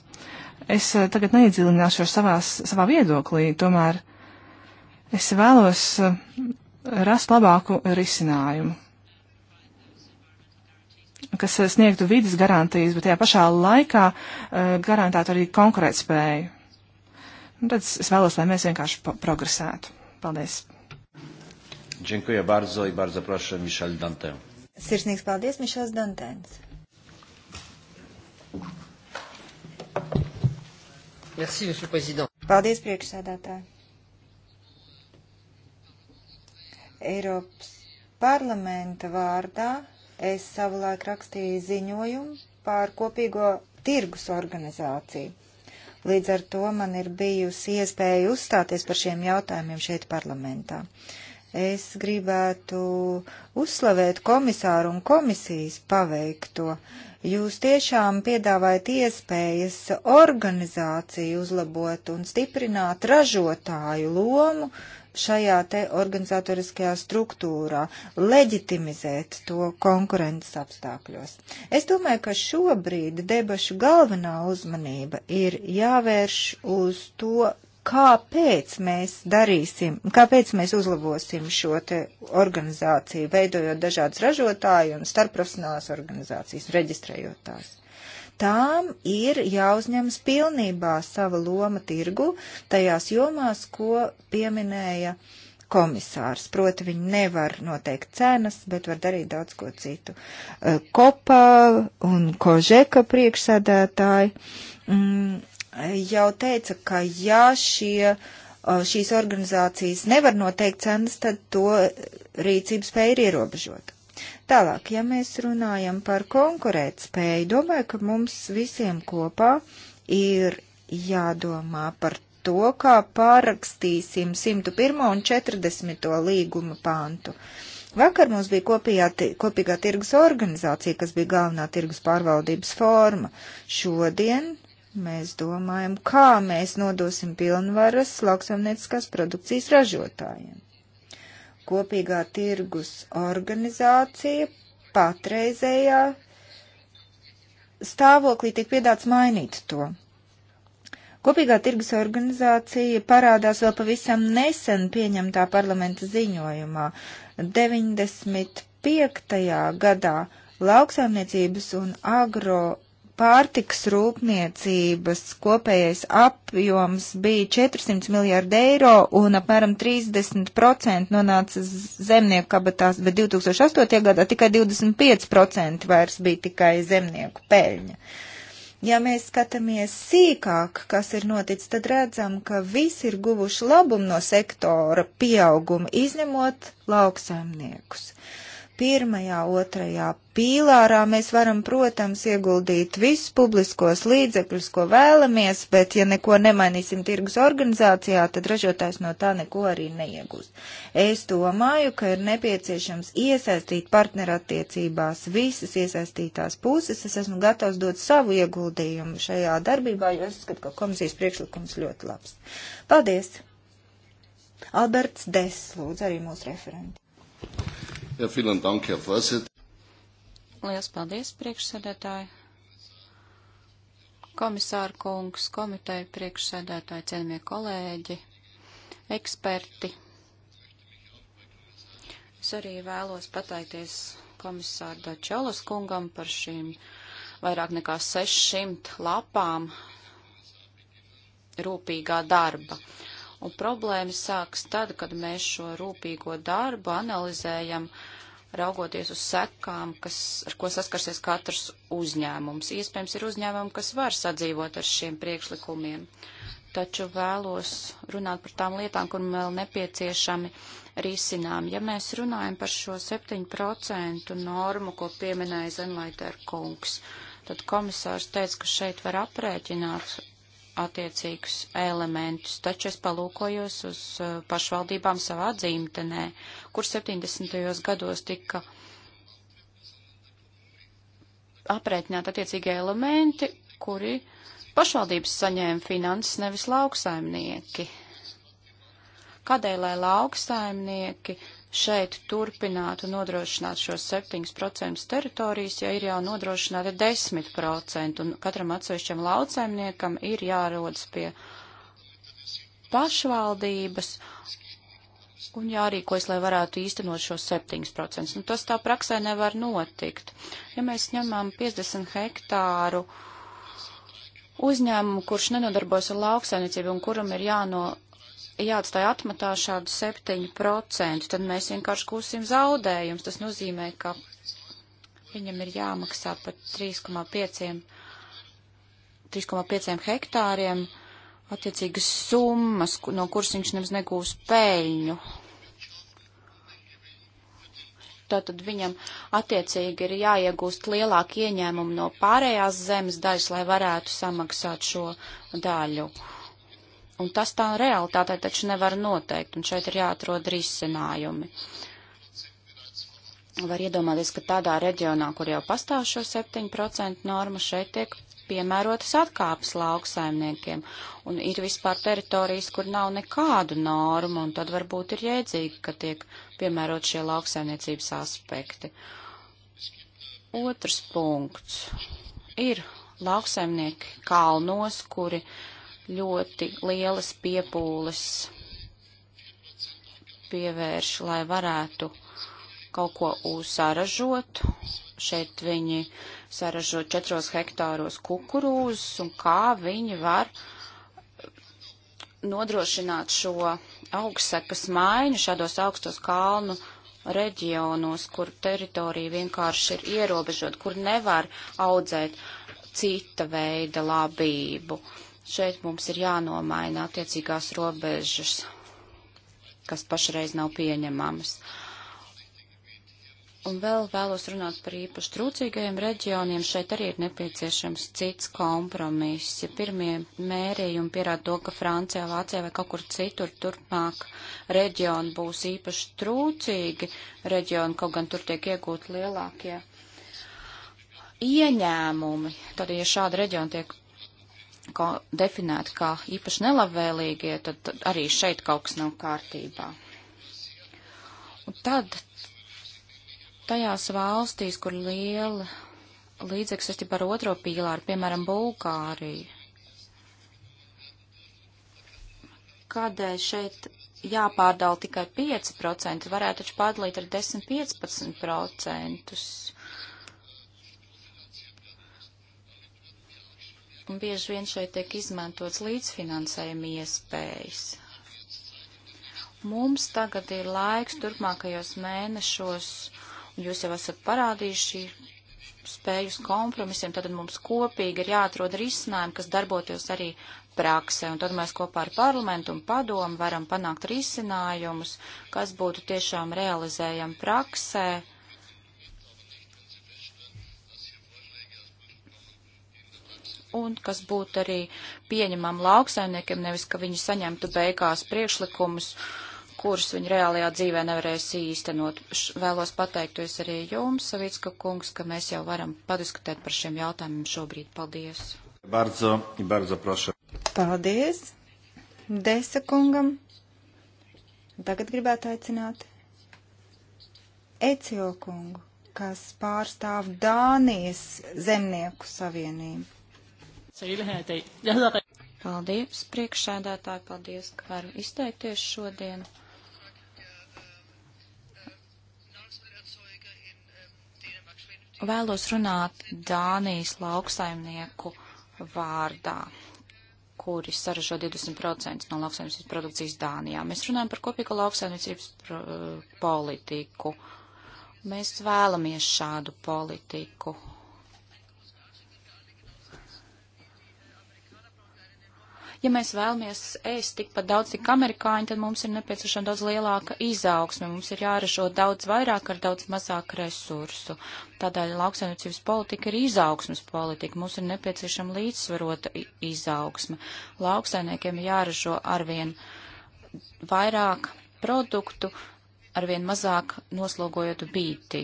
Es eh, tagad neiedziļināšos savā viedoklī, tomēr es vēlos eh, rast labāku risinājumu, kas eh, sniegtu vidas garantijas, bet tajā pašā laikā garantētu arī konkurētspēju. Un nu, tad es vēlos, lai mēs vienkārši progresētu. Paldies! Dziękuję bardzo i bardzo proszę Michel Dantę. Sirsnīgs paldies, Mišels Dantēns. Thank you. Merci, monsieur le président. Paldies, priekšsēdētāji. Eiropas parlamenta vārdā es savulaik rakstīju ziņojumu par kopīgo tirgus organizāciju. Līdz ar to man ir bijusi iespēja uzstāties par šiem jautājumiem šeit parlamentā. Es gribētu uzslavēt komisāru un komisijas paveikto. Uh, Jūs tiešām piedāvājat iespējas organizāciju uzlabot un stiprināt ražotāju lomu šajā te organizatoriskajā struktūrā, leģitimizēt to konkurences apstākļos. Es domāju, ka šobrīd debašu galvenā uzmanība ir jāvērš uz to, kāpēc mēs darīsim, kāpēc mēs uzlabosim šo te organizāciju, veidojot dažādas ražotāju un starpprofesionālās organizācijas, reģistrējot tās. Tām ir jāuzņemas pilnībā sava loma tirgu tajās jomās, ko pieminēja komisārs. Proti, viņi nevar noteikt cenas, bet var darīt daudz ko citu. Kopā un Kožeka priekšsēdētāji. Mm, jau teica, ka ja šie, uh, šīs organizācijas nevar noteikt cenas, tad to rīcības spēja ir ierobežota. Tālāk, ja mēs runājam par konkurētspēju, domāju, ka mums visiem kopā ir jādomā par to, kā pārakstīsim 101. un 40. līguma pāntu. Vakar mums bija kopijā, kopīgā tirgus organizācija, kas bija galvenā tirgus pārvaldības forma. Šodien Mēs domājam, kā mēs nodosim pilnvaras lauksaimnieciskās produkcijas ražotājiem. Kopīgā tirgus organizācija patreizējā stāvoklī tiek piedāts mainīt to. Kopīgā tirgus organizācija parādās vēl pavisam nesen pieņemtā parlamenta ziņojumā. 95. gadā lauksaimniecības un agro pārtiks rūpniecības kopējais apjoms bija 400 miljārdi eiro un apmēram 30% nonāca zemnieku kabatās, bet 2008. gadā tikai 25% vairs bija tikai zemnieku peļņa. Ja mēs skatāmies sīkāk, kas ir noticis, tad redzam, ka visi ir guvuši labumu no sektora pieauguma, izņemot lauksaimniekus. Uh, Pirmajā, otrajā pīlārā mēs varam, protams, ieguldīt visus publiskos līdzekļus, ko vēlamies, bet ja neko nemainīsim tirgus organizācijā, tad ražotājs no tā neko arī neiegūst. Es domāju, ka ir nepieciešams iesaistīt partnerattiecībās visas iesaistītās puses. Es esmu gatavs dot savu ieguldījumu šajā darbībā, jo es uzskatu, ka komisijas priekšlikums ļoti labs. Paldies! Alberts Des, lūdzu, arī mūsu referenti. Ja, vielen Dank, Herr Vorsitz. Lielas paldies, priekšsēdētāji. Komisāra kungs, komiteja priekšsēdētāji, cienījamie kolēģi, eksperti. Es arī vēlos pateikties komisāru Dačolas kungam par šīm vairāk nekā 600 lapām rūpīgā darba. Uh, Un problēmas sāks tad, kad mēs šo rūpīgo darbu analizējam, raugoties uz sekām, kas, ar ko saskarsies katrs uzņēmums. Iespējams, ir uzņēmumi, kas var sadzīvot ar šiem priekšlikumiem, taču vēlos runāt par tām lietām, kur vēl nepieciešami risinām. Ja mēs runājam par šo 7% normu, ko pieminēja Zenlaiter kungs, tad komisārs teica, ka šeit var aprēķināt attiecīgus elementus, taču es palūkojos uz uh, pašvaldībām savā dzimtenē, kur 70. gados tika aprēķināti attiecīgie elementi, kuri pašvaldības saņēma finanses nevis lauksaimnieki. Kādēļ, lai lauksaimnieki šeit turpinātu nodrošināt šos 7% teritorijas, ja ir jau nodrošināti 10%, un katram atsevišķam laucēmniekam ir jārodas pie pašvaldības un jārīkojas, lai varētu īstenot šos 7%. Nu, tas tā praksē nevar notikt. Ja mēs ņemam 50 hektāru uzņēmumu, kurš nenodarbojas ar lauksainicību un kuram ir jāno jāatstāja atmatā šādu 7%, tad mēs vienkārši kūsim zaudējums. Tas nozīmē, ka viņam ir jāmaksā par 3,5 hektāriem attiecīgas summas, no kuras viņš nemaz negūs peļņu. Tātad viņam attiecīgi ir jāiegūst lielāku ieņēmumu no pārējās zemes daļas, lai varētu samaksāt šo daļu. Uh, Un tas tā realitātē taču nevar noteikt, un šeit ir jāatrod risinājumi. Var iedomāties, ka tādā reģionā, kur jau pastāv šo 7% norma, šeit tiek piemērotas atkāpes lauksaimniekiem, un ir vispār teritorijas, kur nav nekādu normu, un tad varbūt ir jēdzīgi, ka tiek piemērot šie lauksaimniecības aspekti. Otrs punkts ir lauksaimnieki kalnos, kuri ļoti lielas piepūles pievērš, lai varētu kaut ko uzsaražot. Šeit viņi saražo četros hektāros kukurūzus un kā viņi var nodrošināt šo augstsekas maiņu šādos augstos kalnu reģionos, kur teritorija vienkārši ir ierobežot, kur nevar audzēt cita veida labību. Uh, Šeit mums ir jānomaina attiecīgās robežas, kas pašreiz nav pieņemamas. Un vēl vēlos runāt par īpaši trūcīgajiem reģioniem. Šeit arī ir nepieciešams cits kompromiss. Ja pirmie mērījumi pierāda to, ka Francijā, Vācijā vai kaut kur citur turpmāk reģioni būs īpaši trūcīgi reģioni, kaut gan tur tiek iegūti lielākie ieņēmumi. Tad, ja šādi reģioni tiek ko definēti kā īpaši nelabvēlīgie, tad, tad arī šeit kaut kas nav kārtībā. Un tad tajās valstīs, kur liela līdzekļa saistībā ar otro pīlāru, piemēram, Bulgāriju, kādēļ šeit jāpārdala tikai 5%, varētu taču pārdalīt ar 10-15%. un bieži vien šeit tiek izmantots līdzfinansējuma iespējas. Mums tagad ir laiks turpmākajos mēnešos, un jūs jau esat parādījuši spējus kompromisiem, tad mums kopīgi ir jāatrod risinājumi, kas darbotos arī praksē, un tad mēs kopā ar parlamentu un padomu varam panākt risinājumus, kas būtu tiešām realizējami praksē un kas būtu arī pieņemam lauksaimniekiem, nevis ka viņi saņemtu beigās priekšlikumus, kurus viņi reālajā dzīvē nevarēs īstenot. Š vēlos pateikties arī jums, Savicka kungs, ka mēs jau varam padiskutēt par šiem jautājumiem šobrīd. Paldies! Bardzo, bardzo prošu. Paldies! Desa kungam. Tagad gribētu aicināt Ecio kungu, kas pārstāv Dānijas zemnieku savienību tale her i dag. Jeg hedder Paldies, priekšsēdētāji, paldies, ka varu izteikties šodien. Vēlos runāt Dānijas lauksaimnieku vārdā, kuri saražo 20% no lauksaimniecības produkcijas Dānijā. Mēs runājam par kopīgu lauksaimniecības eh, politiku. Mēs vēlamies šādu politiku, Ja mēs vēlamies ēst tikpat daudz, cik amerikāņi, tad mums ir nepieciešama daudz lielāka izaugsme, mums ir jāražo daudz vairāk ar daudz mazāk resursu. Tādēļ lauksaimniecības politika ir izaugsmes politika, mums ir nepieciešama līdzsvarota izaugsme. Lauksaimniekiem jāražo arvien vairāk produktu, arvien mazāk noslogojot bīti.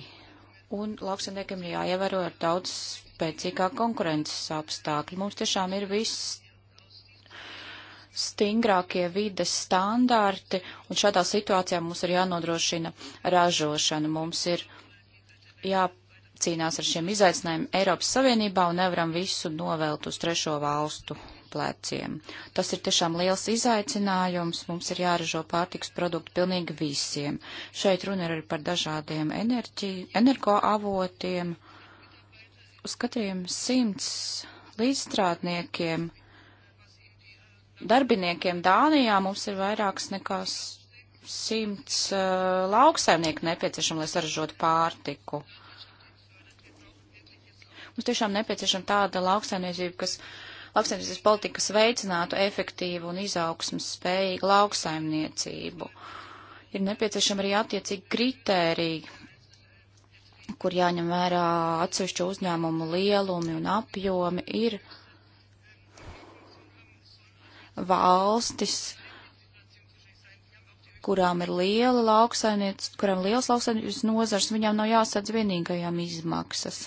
Un lauksaimniekiem ir jāievēro ar daudz spēcīgāk konkurences apstākļi. Mums tiešām ir viss stingrākie vides standarti, un šādā situācijā mums ir jānodrošina ražošana. Mums ir jācīnās ar šiem izaicinājumiem Eiropas Savienībā un nevaram visu novelt uz trešo valstu pleciem. Tas ir tiešām liels izaicinājums, mums ir jāražo pārtiks produktu pilnīgi visiem. Šeit runa ir par dažādiem enerģi, energoavotiem, uz katriem simts līdzstrādniekiem darbiniekiem Dānijā mums ir vairāks nekā simts uh, lauksaimnieku nepieciešama, lai saražotu pārtiku. Mums tiešām nepieciešama tāda lauksaimniecība, kas lauksaimniecības politikas veicinātu efektīvu un izaugsmas spējīgu lauksaimniecību. Ir nepieciešama arī attiecīgi kritērija, kur jāņem vērā atsevišķu uzņēmumu lielumi un apjomi. Ir uh, valstis, kurām ir liela lauksainiec, kurām liels lauksainiecības nozars, viņām nav jāsadz vienīgajām izmaksas.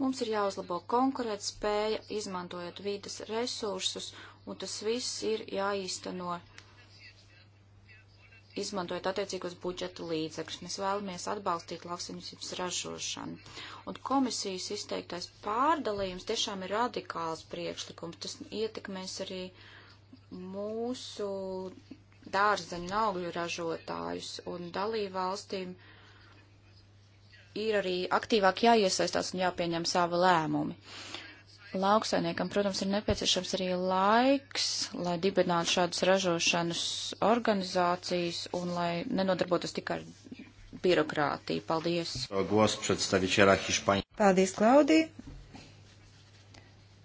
Mums ir jāuzlabo konkurēt spēja, izmantojot vīdes resursus, un tas viss ir jāīsteno izmantojot attiecīgos budžeta līdzekļus. Mēs vēlamies atbalstīt lauksaimniecības ražošanu. Un komisijas izteiktais pārdalījums tiešām ir radikāls priekšlikums. Tas ietekmēs arī mūsu dārzeņu un augļu ražotājus un dalību valstīm ir arī aktīvāk jāiesaistās un jāpieņem savi lēmumi. Uh, lauksainiekam, protams, ir nepieciešams arī laiks, lai dibinātu šādas ražošanas organizācijas un lai nenodarbotos tikai ar birokrātiju. Paldies! Paldies, Klaudija!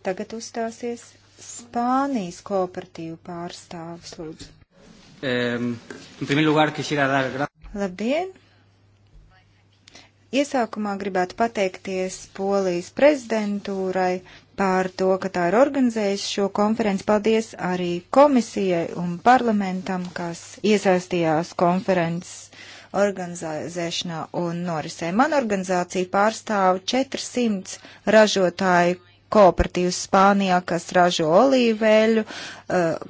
Tagad uzstāsies Spānijas kooperatīvu pārstāvis, lūdzu. Um, lugar, dar... Labdien! Iesākumā gribētu pateikties Polijas prezidentūrai par to, ka tā ir organizējusi šo konferenci. Paldies arī komisijai un parlamentam, kas iesaistījās konferences organizēšanā un norisē. Man organizācija pārstāv 400 ražotāju kooperatīvas Spānijā, kas ražo olīveļu, eh,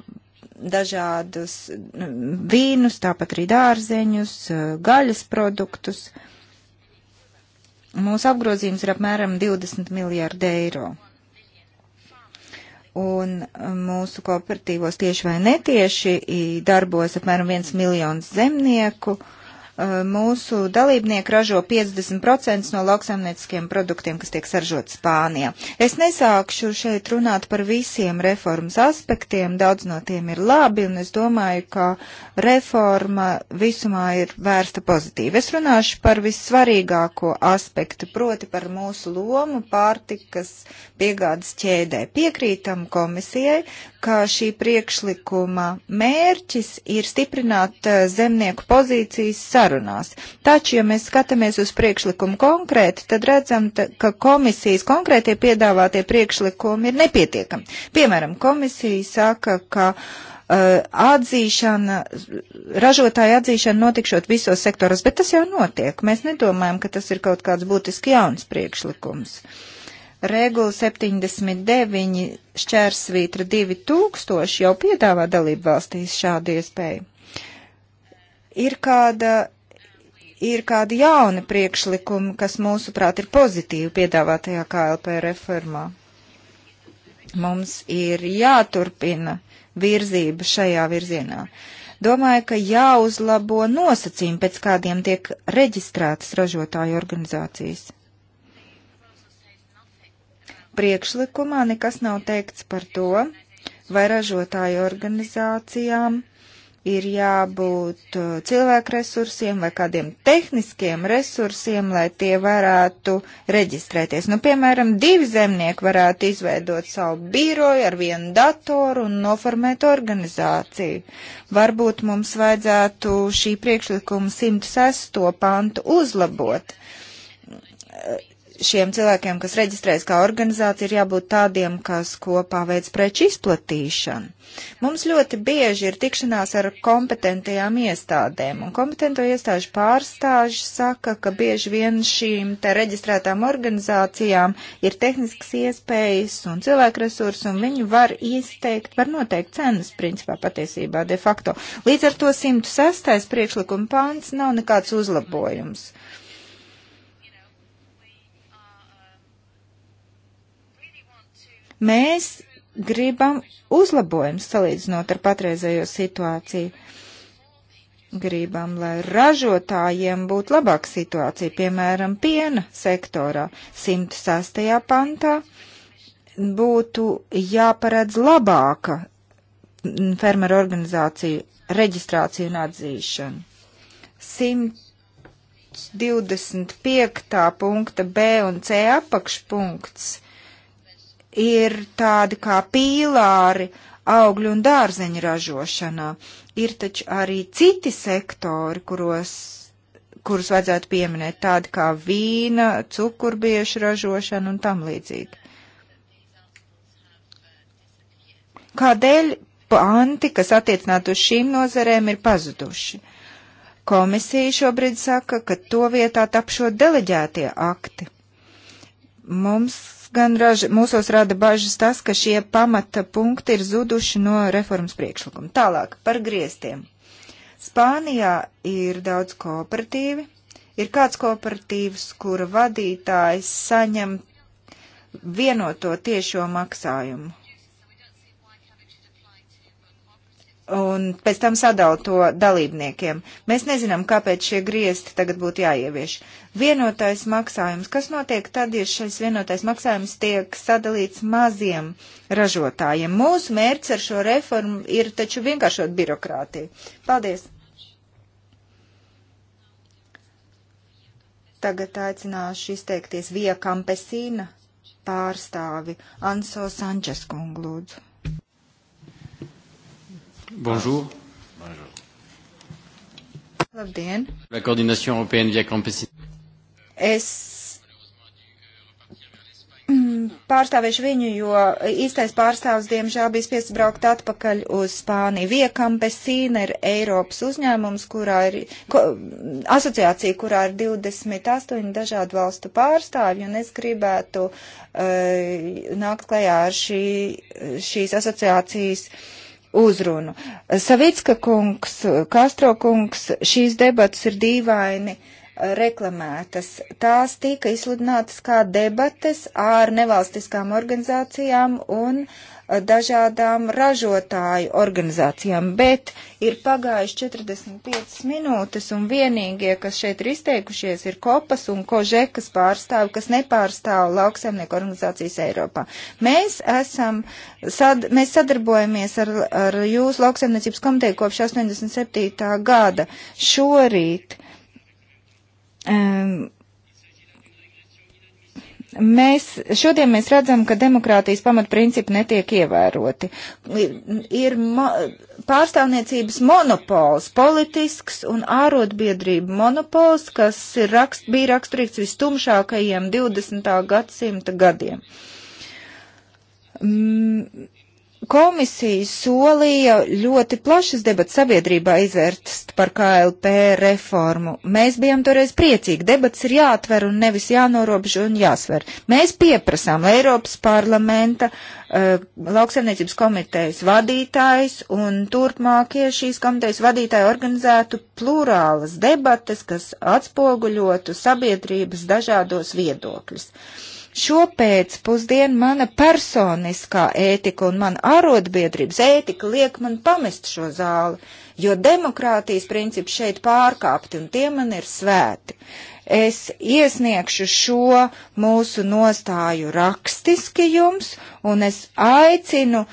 dažādus mm, vīnus, tāpat arī dārzeņus, eh, gaļas produktus. Mūsu apgrozījums ir apmēram 20 miljārdi eiro un um, mūsu kooperatīvos tieši vai netieši darbos apmēram viens miljons zemnieku. Uh, Uh, mūsu dalībnieki ražo 50% no lauksaimnieciskiem produktiem, kas tiek saržot Spānijā. Es nesākšu šeit runāt par visiem reformas aspektiem, daudz no tiem ir labi, un es domāju, ka reforma visumā ir vērsta pozitīvi. Es runāšu par vissvarīgāko aspektu, proti par mūsu lomu pārtikas piegādes ķēdē. Piekrītam komisijai, ka šī priekšlikuma mērķis ir stiprināt eh, zemnieku pozīcijas sarunās. Taču, ja mēs skatāmies uz priekšlikumu konkrēti, tad redzam, ka komisijas konkrētie piedāvātie priekšlikumi ir nepietiekami. Piemēram, komisija saka, ka uh, atzīšana, ražotāja atzīšana notikšot visos sektoros, bet tas jau notiek. Mēs nedomājam, ka tas ir kaut kāds būtiski jauns priekšlikums. Uh, Regula 79 šķērsvītra 2000 jau piedāvā dalību valstīs šādu iespēju. Ir kāda, ir kāda jauna priekšlikuma, kas mūsuprāt ir pozitīva piedāvātajā KLP reformā. Mums ir jāturpina virzība šajā virzienā. Domāju, ka jāuzlabo nosacījumi, pēc kādiem tiek reģistrētas ražotāju organizācijas. Priekšlikumā nekas nav teikts par to, vai ražotāju organizācijām ir jābūt uh, cilvēku resursiem vai kādiem tehniskiem resursiem, lai tie varētu reģistrēties. Nu, piemēram, divi zemnieki varētu izveidot savu biroju ar vienu datoru un noformēt organizāciju. Varbūt mums vajadzētu šī priekšlikuma 106. pantu uzlabot šiem cilvēkiem, kas reģistrējas kā organizācija, ir jābūt tādiem, kas kopā veids preču izplatīšanu. Mums ļoti bieži ir tikšanās ar kompetentajām iestādēm, un kompetento iestāžu pārstāži saka, ka bieži vien šīm te reģistrētām organizācijām ir tehniskas iespējas un cilvēku resursi, un viņi var izteikt, var noteikt cenas, principā patiesībā de facto. Līdz ar to 106. priekšlikuma pāns nav nekāds uzlabojums. Mēs gribam uzlabojums salīdzinot ar patreizējo situāciju. Gribam, lai ražotājiem būtu labāka situācija, piemēram, piena sektorā 106. pantā būtu jāparedz labāka fermeru organizāciju reģistrācija un atzīšana. 125. punkta B un C apakšpunkts ir tādi kā pīlāri augļu un dārzeņu ražošanā. Ir taču arī citi sektori, kuros, kurus vajadzētu pieminēt, tādi kā vīna, cukurbiešu ražošana un tam līdzīgi. Kādēļ panti, kas attiecinātu uz šīm nozerēm, ir pazuduši? Komisija šobrīd saka, ka to vietā tapšot deleģētie akti. Mums gan raž, mūsos rada bažas tas, ka šie pamata punkti ir zuduši no reformas priekšlikuma. Tālāk par griestiem. Spānijā ir daudz kooperatīvi. Ir kāds kooperatīvs, kura vadītājs saņem vienoto tiešo maksājumu. un pēc tam sadal to dalībniekiem. Mēs nezinām, kāpēc šie griezti tagad būtu jāievieš. Vienotais maksājums. Kas notiek tad, ja šis vienotais maksājums tiek sadalīts maziem ražotājiem? Mūsu mērķis ar šo reformu ir taču vienkāršot birokrātiju. Paldies! Tagad aicināšu izteikties Vija Kampesīna pārstāvi Anso Sančes kungu lūdzu. Bonjour. Bonjour. Labdien. La koordinācija Eiropēna via campesina. Es mm, pārstāvēšu viņu, jo īstais pārstāvs, diemžēl, bija spiests braukt atpakaļ uz Spāniju. Viekampesīna ir Eiropas uzņēmums, kurā ir ko, asociācija, kurā ir 28 dažādu valstu pārstāvju, un es gribētu uh, nākt klajā ar šī, šīs asociācijas uh, uzrunu. Savicka kungs, Kastro kungs, šīs debatas ir dīvaini reklamētas. Tās tika izsludinātas kā debates ar nevalstiskām organizācijām un eh, dažādām ražotāju organizācijām, bet ir pagājuši 45 minūtes un vienīgie, kas šeit ir izteikušies, ir kopas un kožekas pārstāvi, kas nepārstāv lauksaimnieku organizācijas Eiropā. Mēs esam, sad, mēs sadarbojamies ar, ar jūsu lauksaimniecības komiteju kopš 87. gada. Šorīt uh, Um, Mēs šodien mēs redzam, ka demokrātijas pamatprincipi netiek ievēroti. Ir mo pārstāvniecības monopols, politisks un ārotbiedrība monopols, kas rakst, bija raksturīgs vistumšākajiem 20. gadsimta gadiem. Mm Komisija solīja ļoti plašas debats sabiedrībā izvērst par KLP reformu. Mēs bijām toreiz priecīgi. Debats ir jāatver un nevis jānorobežo un jāsver. Mēs pieprasām Eiropas parlamenta uh, lauksaimniecības komitejas vadītājs un turpmākie šīs komitejas vadītāji organizētu plurālas debates, kas atspoguļotu sabiedrības dažādos viedokļus. Uh, Šo pēcpusdienu mana personiskā ētika un mana arotbiedrības ētika liek man pamest šo zāli, jo demokrātijas principi šeit pārkāpti un tie man ir svēti. Es iesniegšu šo mūsu nostāju rakstiski jums un es aicinu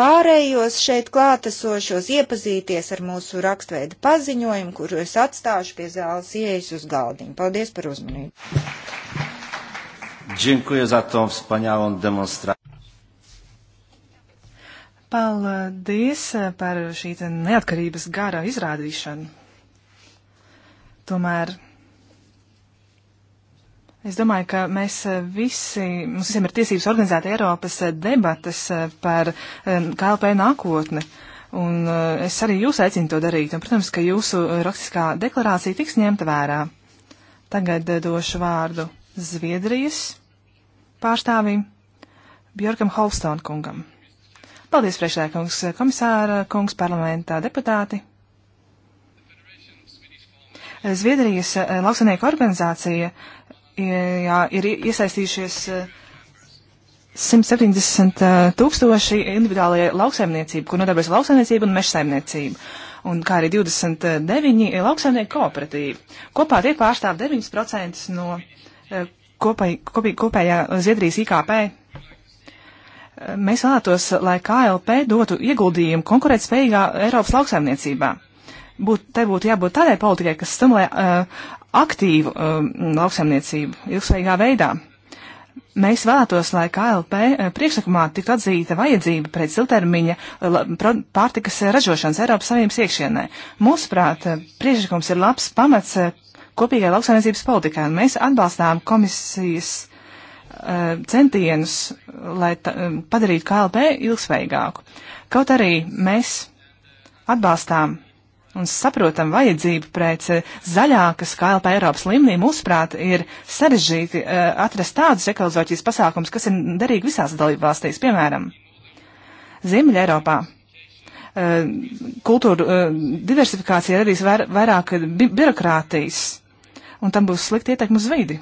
pārējos šeit klātesošos iepazīties ar mūsu rakstveida paziņojumu, kuru es atstāšu pie zāles ieejas uz galdiņu. Paldies par uzmanību! Dziękuję za tą wspaniałą demonstrację. Paldies par šī neatkarības gara izrādīšanu. Tomēr es domāju, ka mēs visi, mums visiem ir tiesības organizēt Eiropas debatas par eh, KLP nākotni. Un eh, es arī jūs aicinu to darīt. Un, protams, ka jūsu rakstiskā deklarācija tiks ņemta vērā. Tagad eh, došu vārdu Zviedrijas pārstāvim Bjorkam Holstone kungam. Paldies, priekšsēkungs, komisāra kungs, parlamentā deputāti. Zviedrijas eh, lauksanieku organizācija eh, jā, ir iesaistījušies 170 eh, tūkstoši individuālajie lauksaimniecību, kur nodarbojas lauksaimniecību un mežsaimniecību, un kā arī 29 lauksaimnieku kooperatīvi. Kopā tie pārstāv 9% no uh, kopai, kopī, kopējā Zviedrijas IKP. Mēs vēlētos, lai KLP dotu ieguldījumu konkurētspējīgā Eiropas lauksaimniecībā. Būt, te būtu jābūt tādai politikai, kas stimulē uh, aktīvu uh, lauksaimniecību ilgspējīgā veidā. Mēs vēlētos, lai KLP uh, priekšlikumā tiktu atzīta vajadzība pēc ilgtermiņa uh, pārtikas ražošanas Eiropas Savienības iekšienē. Mūsuprāt, uh, priekšlikums ir labs pamats kopīgai lauksaimniecības politikai. Un mēs atbalstām komisijas uh, centienus, lai ta, uh, padarītu KLP ilgsveigāku. Kaut arī mēs atbalstām un saprotam vajadzību pēc eh, zaļākas KLP Eiropas līmenī, mūsuprāt, ir sarežģīti uh, atrast tādus ekoloģijas pasākums, kas ir derīgi visās dalībvalstīs, piemēram, Ziemeļa Eiropā. Uh, kultūra uh, diversifikācija radīs vair vairāk bi birokrātijas un tam būs slikti ietekmi uz vidi.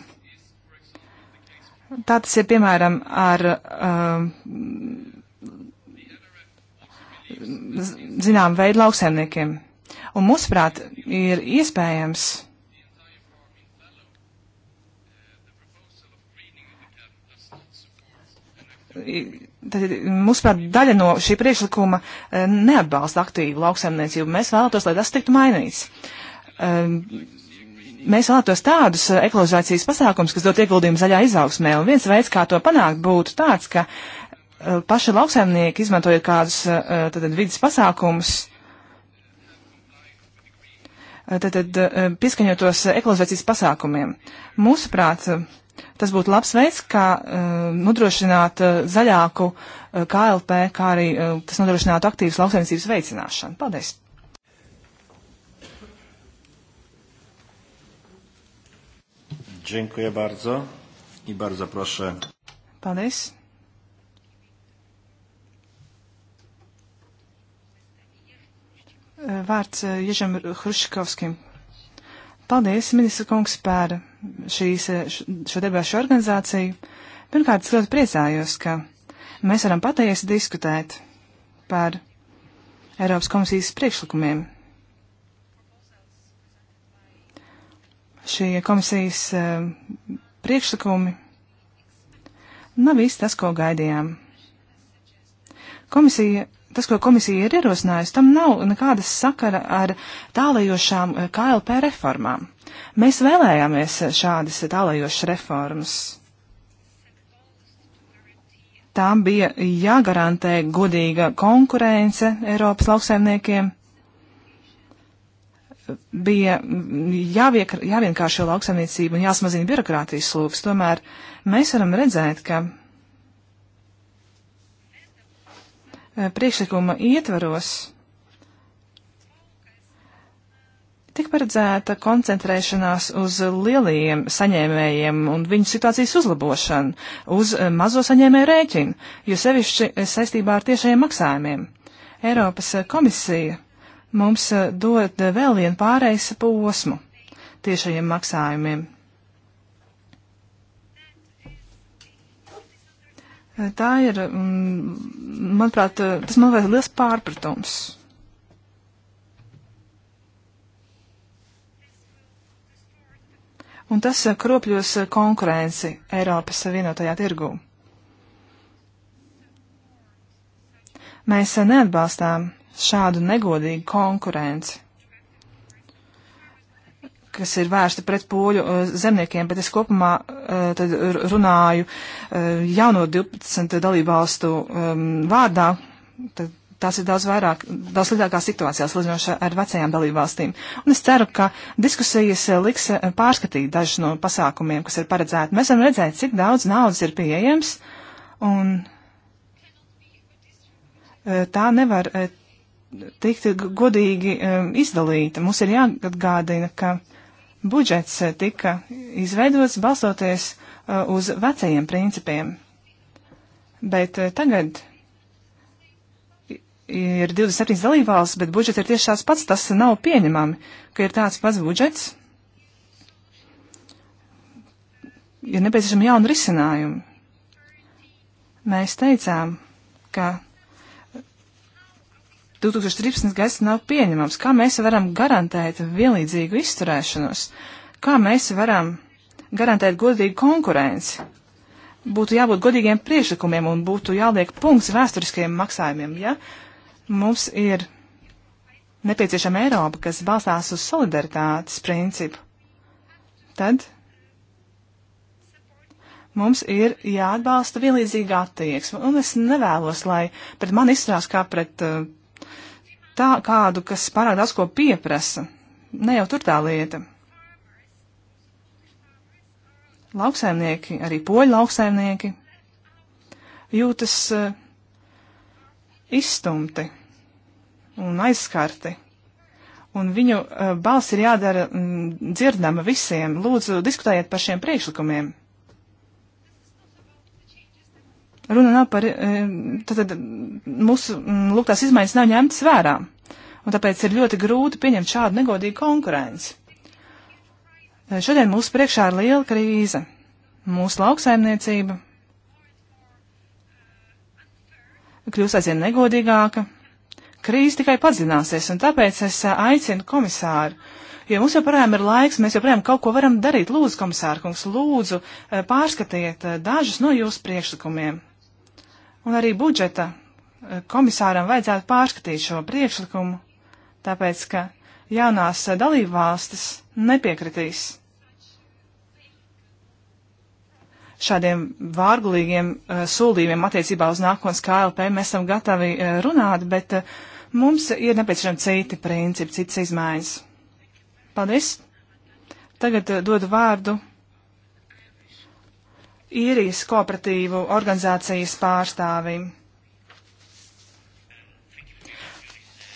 Tā tas ir piemēram ar uh, zinām veidu lauksaimniekiem. Un mūsuprāt, ir iespējams Tad, mūsuprāt, daļa no šī priekšlikuma eh, neatbalsta aktīvu lauksaimniecību. Mēs vēlētos, lai tas tiktu mainīts. Uh, mēs vēlētos tādus eh, ekologizācijas pasākums, kas dot ieguldījumu zaļā izaugsmē. Un viens veids, kā to panākt, būtu tāds, ka eh, paši lauksaimnieki, izmantojot kādus eh, tad, vidas pasākumus, tad, tad pieskaņotos ekologizācijas pasākumiem. Mūsuprāt, tas būtu labs veids, kā nodrošināt zaļāku KLP, kā arī tas nodrošinātu aktīvas lauksaimniecības veicināšanu. Paldies! Dziękuję bardzo i bardzo proszę. Paldies. Vārds eh, Ježam Hruškovskim. Paldies, ministra kungs, par šīs, eh, šo debašu organizāciju. Pirmkārt, es ļoti priecājos, ka mēs varam patiesi diskutēt par Eiropas komisijas priekšlikumiem. šie komisijas eh, priekšlikumi nav viss tas, ko gaidījām. Komisija, tas, ko komisija ir ierosinājusi, tam nav nekādas sakara ar tālajošām eh, KLP reformām. Mēs vēlējāmies šādas tālajošas reformas. Tām bija jāgarantē godīga konkurence Eiropas lauksaimniekiem bija jāviek, jāvienkāršo lauksaimniecību un jāsmazina birokrātijas slūks. Tomēr mēs varam redzēt, ka eh, priekšlikuma ietvaros tik paredzēta koncentrēšanās uz lielajiem saņēmējiem un viņu situācijas uzlabošanu, uz eh, mazo saņēmēju rēķinu, jo sevišķi eh, saistībā ar tiešajiem maksājumiem. Eiropas komisija mums eh, dod eh, vēl vienu pārejas posmu tiešajiem maksājumiem. Eh, tā ir, mm, manuprāt, tas man liekas liels pārpratums. Un tas kropļos konkurenci Eiropas vienotajā tirgū. Mēs neatbalstām šādu negodīgu konkurenci, kas ir vērsta pret poļu uh, zemniekiem, bet es kopumā uh, tad runāju uh, jauno 12 dalībvalstu um, vārdā. Tad tās ir daudz vairāk, daudz sliktākās situācijās salīdzinot ar vecajām dalībvalstīm. Un es ceru, ka diskusijas liks pārskatīt dažus no pasākumiem, kas ir paredzēti. Mēs varam redzēt, cik daudz naudas ir pieejams, un tā nevar teikt, godīgi izdalīta. Mums ir jāatgādina, ka budžets eh, tika izveidots balstoties eh, uz vecajiem principiem. Bet eh, tagad ir 27 dalībvalsts, bet budžets ir tieši tāds pats. Tas nav pieņemami, ka ir tāds pats budžets. Ir nepieciešami jauni risinājumi. Mēs teicām, ka 2013. gads nav pieņemams. Kā mēs varam garantēt vienlīdzīgu izturēšanos? Kā mēs varam garantēt godīgu konkurenci? Būtu jābūt godīgiem priekšlikumiem un būtu jāliek punkts vēsturiskajiem maksājumiem, ja mums ir nepieciešama Eiropa, kas balstās uz solidaritātes principu. Tad mums ir jāatbalsta vienlīdzīga attieksme, un es nevēlos, lai pret mani izstrās kā pret uh, tā, kādu, kas parādās, ko pieprasa. Ne jau tur tā lieta. Lauksaimnieki, arī poļu lauksaimnieki, jūtas uh, izstumti un aizskarti. Un viņu uh, balss ir jādara mm, dzirdama visiem. Lūdzu, diskutējiet par šiem priekšlikumiem. Runa nav par, e, tātad mūsu lūgtās izmaiņas nav ņemtas vērā, un tāpēc ir ļoti grūti pieņemt šādu negodīgu konkurenci. E, šodien mūsu priekšā ir liela krīze. Mūsu lauksaimniecība kļūs aizvien negodīgāka. Krīze tikai padzināsies, un tāpēc es e, aicinu komisāru, jo mums joprojām ir laiks, mēs joprojām kaut ko varam darīt. Lūdzu, komisārkungs, lūdzu, pārskatiet dažus no jūsu priekšlikumiem. Un arī budžeta eh, komisāram vajadzētu pārskatīt šo priekšlikumu, tāpēc ka jaunās eh, dalībvalstis nepiekritīs šādiem vārgulīgiem uh, eh, solījumiem attiecībā uz nākotnes KLP. Mēs esam gatavi uh, runāt, bet uh, mums ir nepieciešami citi principi, citas izmaiņas. Paldies! Tagad dodu vārdu īrijas kooperatīvu organizācijas pārstāvi.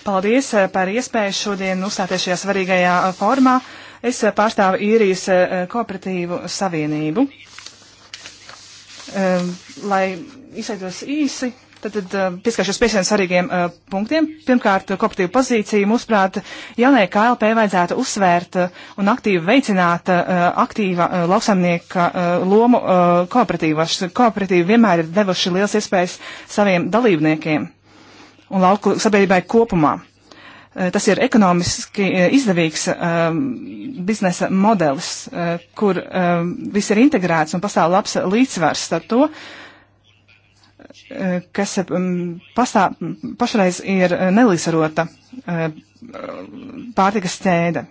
Paldies eh, par iespēju šodien uzstāties šajā svarīgajā eh, formā. Es eh, pārstāvu īrijas kooperatīvu savienību. Lai izsaitos īsi, Tad eh, pieskaršos piesien svarīgiem uh, punktiem. Pirmkārt, kooperatīva pozīcija. Mūsuprāt, jaunajai KLP vajadzētu uzsvērt uh, un aktīvi veicināt uh, aktīva uh, lauksaimnieka uh, lomu uh, kooperatīvos. Kooperatīvi vienmēr ir devuši liels iespējas saviem dalībniekiem un lauku sabiedrībai kopumā. Uh, tas ir ekonomiski uh, izdevīgs um, biznesa modelis, uh, kur um, viss ir integrēts un pastāv labs līdzsvars starp to, uh, kas um, pasā, pašreiz ir uh, nelīsarota uh, pārtikas ķēde.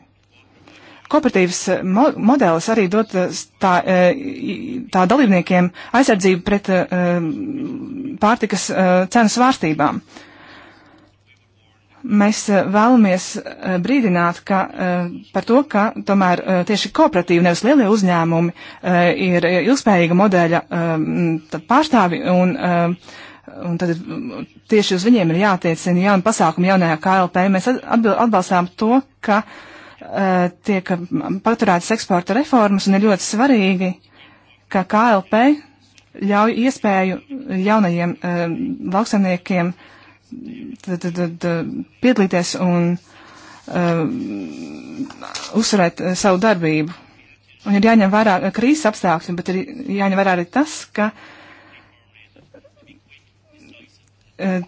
Kooperatīvas uh, mo modelis arī dod tā, tā dalībniekiem aizsardzību pret um, pārtikas cenu svārstībām. Uh, mēs eh, vēlamies eh, brīdināt ka, eh, par to, ka tomēr tieši kooperatīvi, nevis lielie uzņēmumi, ir ilgspējīga modeļa pārstāvi un, un tad tieši uz viņiem ir jātiecina jauni pasākumi jaunajā KLP. Mēs atbalstām to, ka tiek paturētas eksporta reformas un ir ļoti svarīgi, ka KLP ļauj iespēju jaunajiem lauksaimniekiem uh, tad, tad, tad, piedalīties un uh, uzsvarēt uh, savu darbību. Un ir jāņem vērā krīzes apstākļi, bet ir jāņem vērā arī tas, ka uh,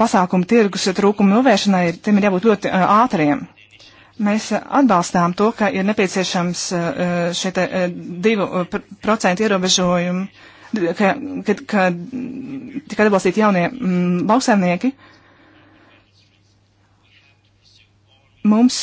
pasākumu tirgus trūkumu novēršanai ir, tiem ir jābūt ļoti uh, ātriem. Mēs uh, atbalstām to, ka ir nepieciešams uh, šie uh, divu uh, procentu ierobežojumi ka, ka, ka tika atbalstīti jaunie mm, lauksaimnieki. Mums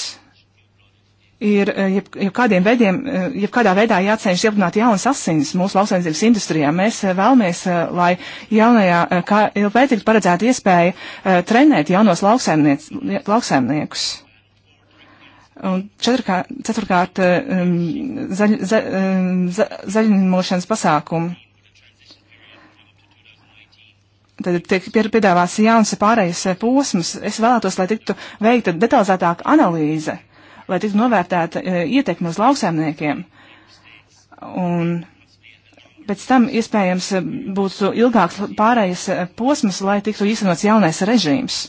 ir eh, jeb, jeb kādiem veidiem, eh, jeb kādā veidā jācenšas iepināt jaunas asins mūsu lauksaimniecības industrijā. Mēs eh, vēlamies, lai jaunajā KLP tiktu paredzēta iespēja trenēt jaunos lauksaimniekus. Un ceturkārt, ceturkārt mm, zaļ, zaļ, zaļ, zaļinošanas pasākumu tad tiek piedāvās jauns pārējais eh, posms. Es vēlētos, lai tiktu veikta detalizētāka analīze, lai tiktu novērtēta e, ietekme uz lauksēmniekiem. Un pēc tam iespējams eh, būtu ilgāks pārējais posms, lai tiktu īstenots jaunais režīms.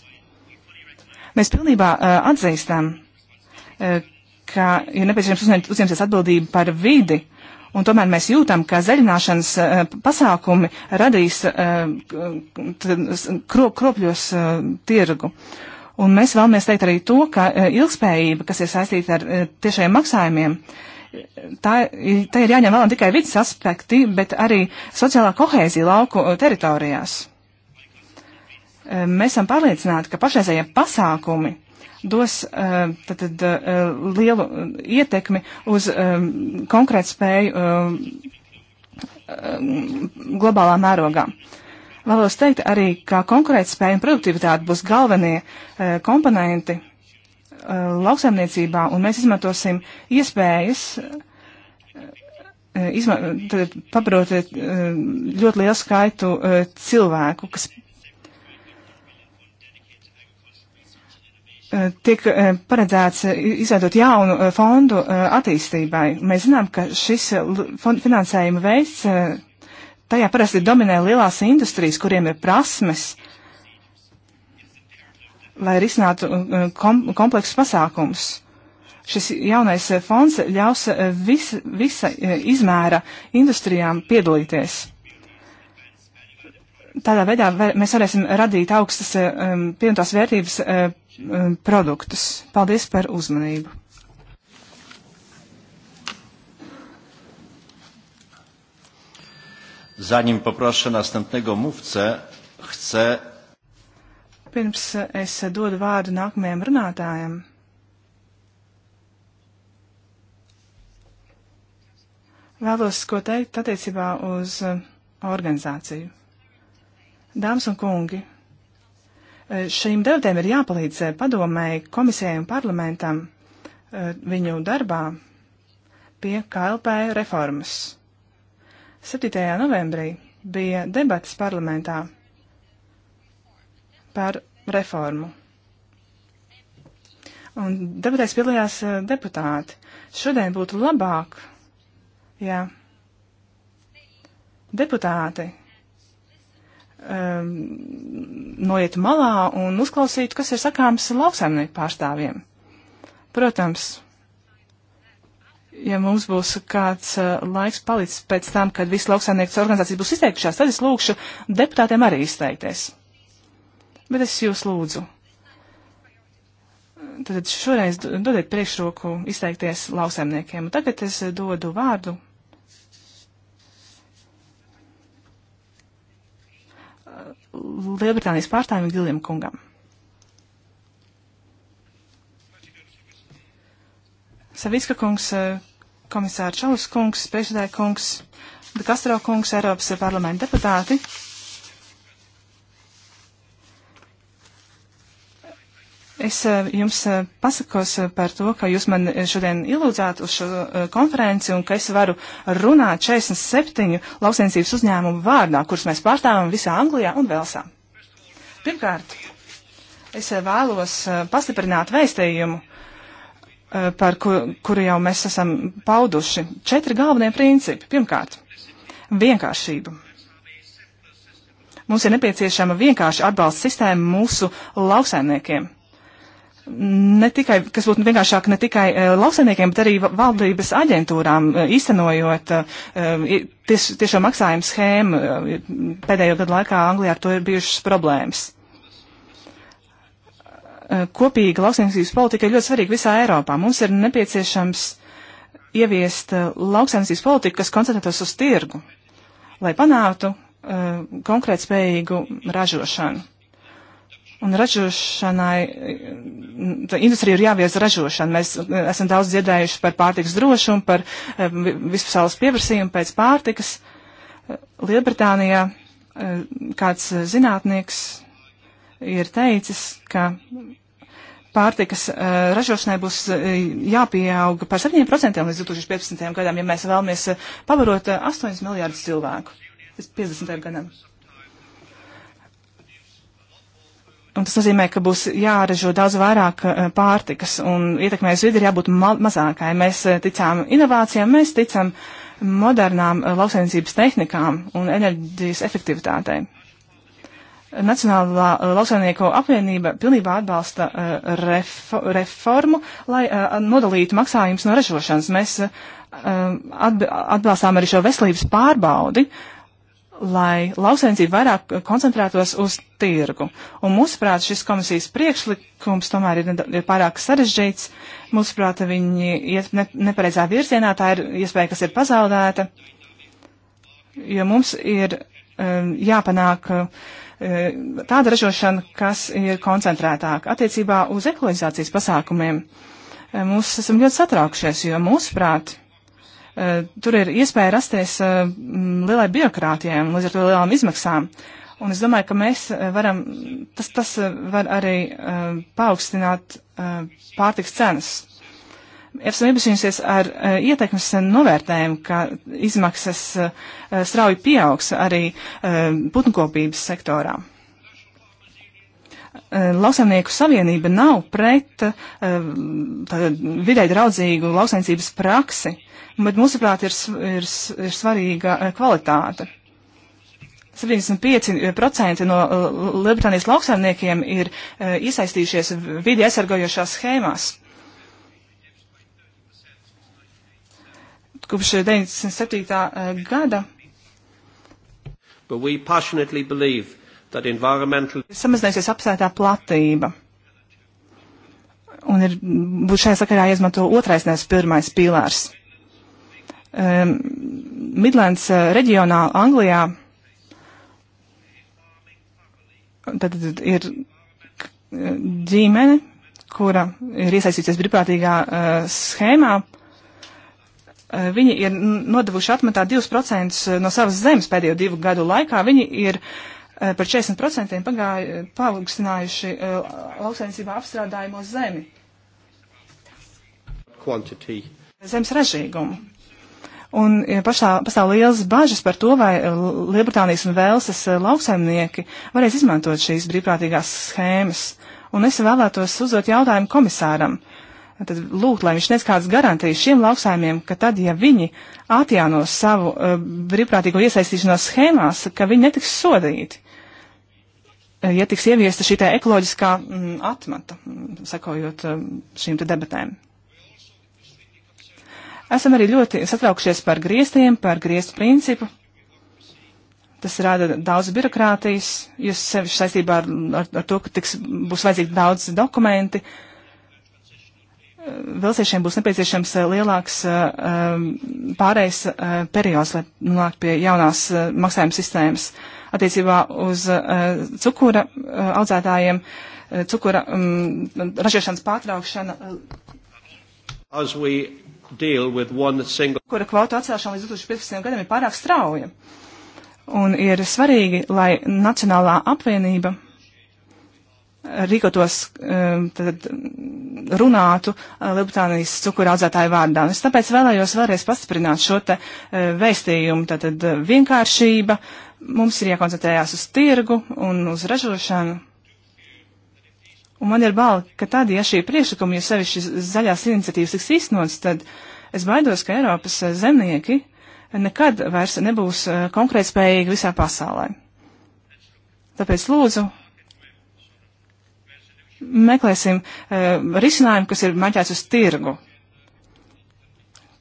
Mēs pilnībā e, atzīstam, e, ka ir nepieciešams uzņemties atbildību par vidi Un tomēr mēs jūtam, ka zaļināšanas eh, pasākumi radīs eh, kro, kropļos eh, tirgu. Un mēs vēlamies teikt arī to, ka ilgspējība, kas ir saistīta ar tiešajiem maksājumiem, tā, tā ir jāņem vērā ne tikai vidas aspekti, bet arī sociālā kohēzija lauku teritorijās. Mēs esam pārliecināti, ka pašreizējie pasākumi dos eh, tad, tad, eh, lielu eh, ietekmi uz konkrētu spēju globālā mērogā. Vēlos teikt arī, ka konkurētspēja un produktivitāte būs galvenie komponenti lauksaimniecībā, un mēs izmantosim iespējas izma, pabarot ļoti lielu skaitu cilvēku, kas tiek eh, paredzēts eh, izveidot jaunu eh, fondu attīstībai. Mēs zinām, ka šis finansējuma veids, tajā parasti dominē lielās industrijas, kuriem ir prasmes, lai risinātu kom kompleksus pasākums. Šis jaunais fonds ļaus vis, visa izmēra industrijām piedalīties tādā veidā var, mēs varēsim radīt augstas eh, um, pievienotās vērtības eh, um, produktus. Paldies par uzmanību. Zanim poproszę następnego mówcę, chcę. Pirms eh, es dodu vārdu nākamajam runātājam. Vēlos ko teikt attiecībā uz organizāciju. Dāmas un kungi, e, šīm debatēm ir jāpalīdz e, padomēji, komisijai un parlamentam e, viņu darbā pie KLP reformas. 7. novembrī bija debatas parlamentā par reformu. Un debatēs piedalījās deputāti. Šodien būtu labāk, ja deputāti um, noietu malā un uzklausītu, kas ir sakāms lauksaimnieku pārstāvjiem. Protams, ja mums būs kāds uh, laiks palicis pēc tam, kad visas lauksaimnieku organizācijas būs izteikušās, tad es lūkšu deputātiem arī izteikties. Bet es jūs lūdzu. Tad šoreiz dodiet priekšroku izteikties lauksaimniekiem. Tagad es dodu vārdu Lielbritānijas pārstāvim Giljam kungam. Savicka kungs, eh, komisāra Čalus kungs, priekšsēdētāja kungs, Dekastro kungs, Eiropas parlamenta deputāti. Es eh, jums eh, pasakos eh, par to, ka jūs man šodien ielūdzāt uz šo konferenci un ka es varu runāt 47 lauksainicības uzņēmumu vārdā, kurus mēs pārstāvam visā Anglijā un Velsā. Pirmkārt, es vēlos pastiprināt vēstījumu, par kuru, kuru jau mēs esam pauduši. Četri galvenie principi. Pirmkārt, vienkāršība. Mums ir nepieciešama vienkārša atbalsta sistēma mūsu lauksaimniekiem ne tikai, kas būtu vienkāršāk ne tikai uh, eh, lauksainiekiem, bet arī valdības aģentūrām uh, īstenojot uh, eh, tieš, tiešo maksājumu schēmu. Pēdējo gadu laikā Anglijā ar to ir bijušas problēmas. Kopīga lauksaimniecības politika ir ļoti svarīga visā Eiropā. Mums ir nepieciešams ieviest lauksaimniecības politiku, kas koncentrētos uz tirgu, lai panātu konkrētspējīgu ražošanu Un ražošanai, industrija ir jāvies ražošana. Mēs e, esam daudz dziedājuši par pārtikas drošumu, par e, vispasaules pieprasījumu pēc pārtikas. E, Lielbritānijā kāds zinātnieks ir teicis, ka pārtikas ražošanai būs jāpieaug par 7% līdz 2015. gadam, ja mēs vēlamies pavarot 8 miljārdus cilvēku līdz 50. gadam. Un tas nozīmē, ka būs jāražo daudz vairāk eh, pārtikas un ietekmēs vidi ir jābūt ma mazākai. Mēs eh, ticām inovācijām, mēs ticam modernām eh, lauksainicības tehnikām un enerģijas efektivitātei. Nacionālā lauksainieku apvienība pilnībā atbalsta ref reformu, lai nodalītu maksājumus no ražošanas. Mēs atb atbalstām arī šo veselības pārbaudi, uh, lai lauksaimniecība vairāk koncentrētos uz tirgu. Un mūsuprāt, šis komisijas priekšlikums tomēr ir, ir pārāk sarežģīts. Mūsuprāt, viņi iet ne, nepareizā virzienā, tā ir iespēja, kas ir pazaudēta. Jo mums ir um, jāpanāk uh, tāda ražošana, kas ir koncentrētāka attiecībā uz ekoloģizācijas pasākumiem. Uh, mūs esam ļoti satraukšies, jo mūsuprāt, Eh, tur ir iespēja rasties eh, lielai birokrātijai un līdz ar to lielām izmaksām. Un es domāju, ka mēs eh, varam, tas, tas var arī paaugstināt pārtiks cenas. Esam iepazinusies ar uh, ietekmes novērtējumu, ka izmaksas uh, strauji pieaugs arī uh, putnkopības sektorā. Eh, lauksaimnieku savienība nav pret eh, vidē draudzīgu lauksaimniecības praksi, bet mūsuprāt ir, ir, ir svarīga eh, kvalitāte. 75% no Lielbritānijas lauksaimniekiem ir iesaistījušies vidi aizsargojošās schēmās. Kopš 97. gada. But we passionately believe environmental... Ir samazinājusies apsētā platība. Un ir, būs šajā sakarā jāizmanto otrais, nevis pirmais pīlārs. Um, ehm, Midlands uh, reģionā Anglijā tad ir eh, ģimene, kura ir iesaistīties brīvprātīgā uh, schēmā, uh, viņi ir nodevuši atmetā 2% no savas zemes pēdējo divu gadu laikā. Viņi ir Eh, par 40% pagāju, eh, paaugstinājuši eh, lauksaimniecībā apstrādājamo zemi. Quantity. Zemes ražīgumu. Un pašā, pastāv liels bažas par to, vai Lielbritānijas un Velsas lauksaimnieki varēs izmantot šīs brīvprātīgās schēmas. Un es vēlētos uzdot jautājumu komisāram. Uh, tad lūgt, lai viņš nes kādas garantijas šiem lauksaimiem, ka tad, ja viņi atjaunos savu uh, brīvprātīgo iesaistīšanos schēmās, ka viņi netiks sodīti, eh, ja tiks ieviesta šī tā ekoloģiskā mm, atmata, mm, sakojot um, eh, šīm te debatēm. Esam arī ļoti satraukšies par griestiem, par griestu principu. Tas rada daudz birokrātijas, jo sevišķi saistībā ar, ar, ar to, ka tiks, būs vajadzīgi daudz dokumenti. Uh, Velsiešiem būs nepieciešams eh, lielāks eh, eh, pārējais periods, lai nonāktu pie jaunās maksājuma sistēmas. Attiecībā uz cukura audzētājiem cukura mm, ražošanas pārtraukšana. Single... Kura kvotu atcelšana līdz 2015. gadam ir pārāk strauja. Un ir svarīgi, lai Nacionālā apvienība rīkotos, um, tad runātu uh, Lielbritānijas cukuraudzētāju vārdā. Es tāpēc vēlējos vēlreiz pastiprināt šo te uh, vēstījumu. Tātad uh, vienkāršība, mums ir jākoncentrējās uz tirgu un uz ražošanu. Un man ir bail, ka tad, ja šī priekšlikuma, ja sevišķi zaļās iniciatīvas tiks īstenots, tad es baidos, ka Eiropas zemnieki nekad vairs nebūs konkrētspējīgi visā pasaulē. Tāpēc lūdzu, meklēsim uh, risinājumu, kas ir maķēts uz tirgu,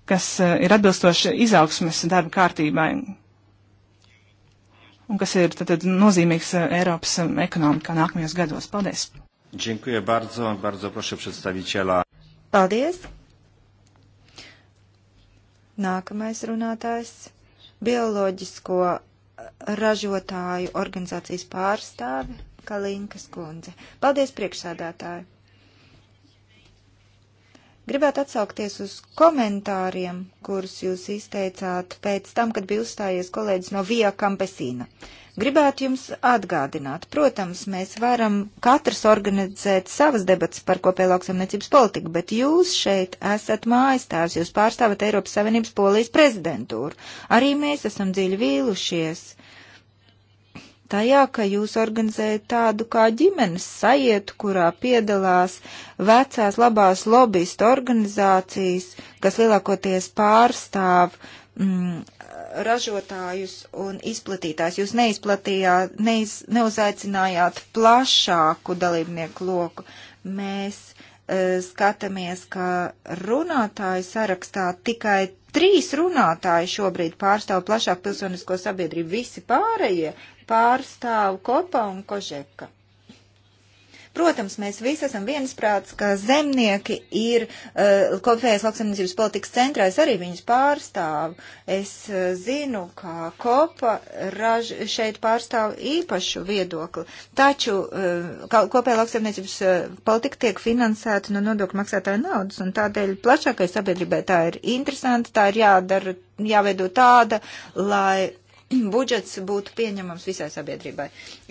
kas uh, ir atbilstoši izaugsmes darba kārtībai un kas ir tad, tad nozīmīgs uh, Eiropas um, ekonomikā nākamajos gados. Paldies! Dziękuję bardzo, bardzo proszę przedstawiciela. Paldies! Nākamais runātājs - bioloģisko ražotāju organizācijas pārstāvi Kalinkas kundze. Paldies, priekšsādātāji! Gribētu atsaukties uz komentāriem, kurus jūs izteicāt pēc tam, kad bija uzstājies kolēģis no Via Campesina. Gribētu jums atgādināt, protams, mēs varam katrs organizēt savas debatas par kopēju lauksaimniecības politiku, bet jūs šeit esat mājastāvs, jūs pārstāvat Eiropas Savienības polijas prezidentūru. Arī mēs esam dziļi vīlušies tajā, ka jūs organizējat tādu kā ģimenes sajietu, kurā piedalās vecās labās lobbyistu organizācijas, kas lielākoties pārstāv mm, ražotājus un izplatītājus. Jūs neizplatījāt, neiz, neuzaicinājāt plašāku dalībnieku loku. Mēs e, skatāmies, ka runātāju sarakstā tikai trīs runātāji šobrīd pārstāv plašāku pilsonisko sabiedrību. Visi pārējie pārstāvu Kopa un Kožeka. Protams, mēs visi esam viensprāts, ka zemnieki ir uh, eh, kopējās lauksaimniecības politikas centrā, es arī viņus pārstāvu. Es uh, zinu, ka kopa raž, šeit pārstāv īpašu viedokli, taču uh, kopējā lauksaimniecības uh, politika tiek finansēta no nodokļu maksātāju naudas, un tādēļ plašākai sabiedrībai tā ir interesanti, tā ir jādara, jāveido tāda, lai [clears throat] budžets būtu pieņemams visai sabiedrībai.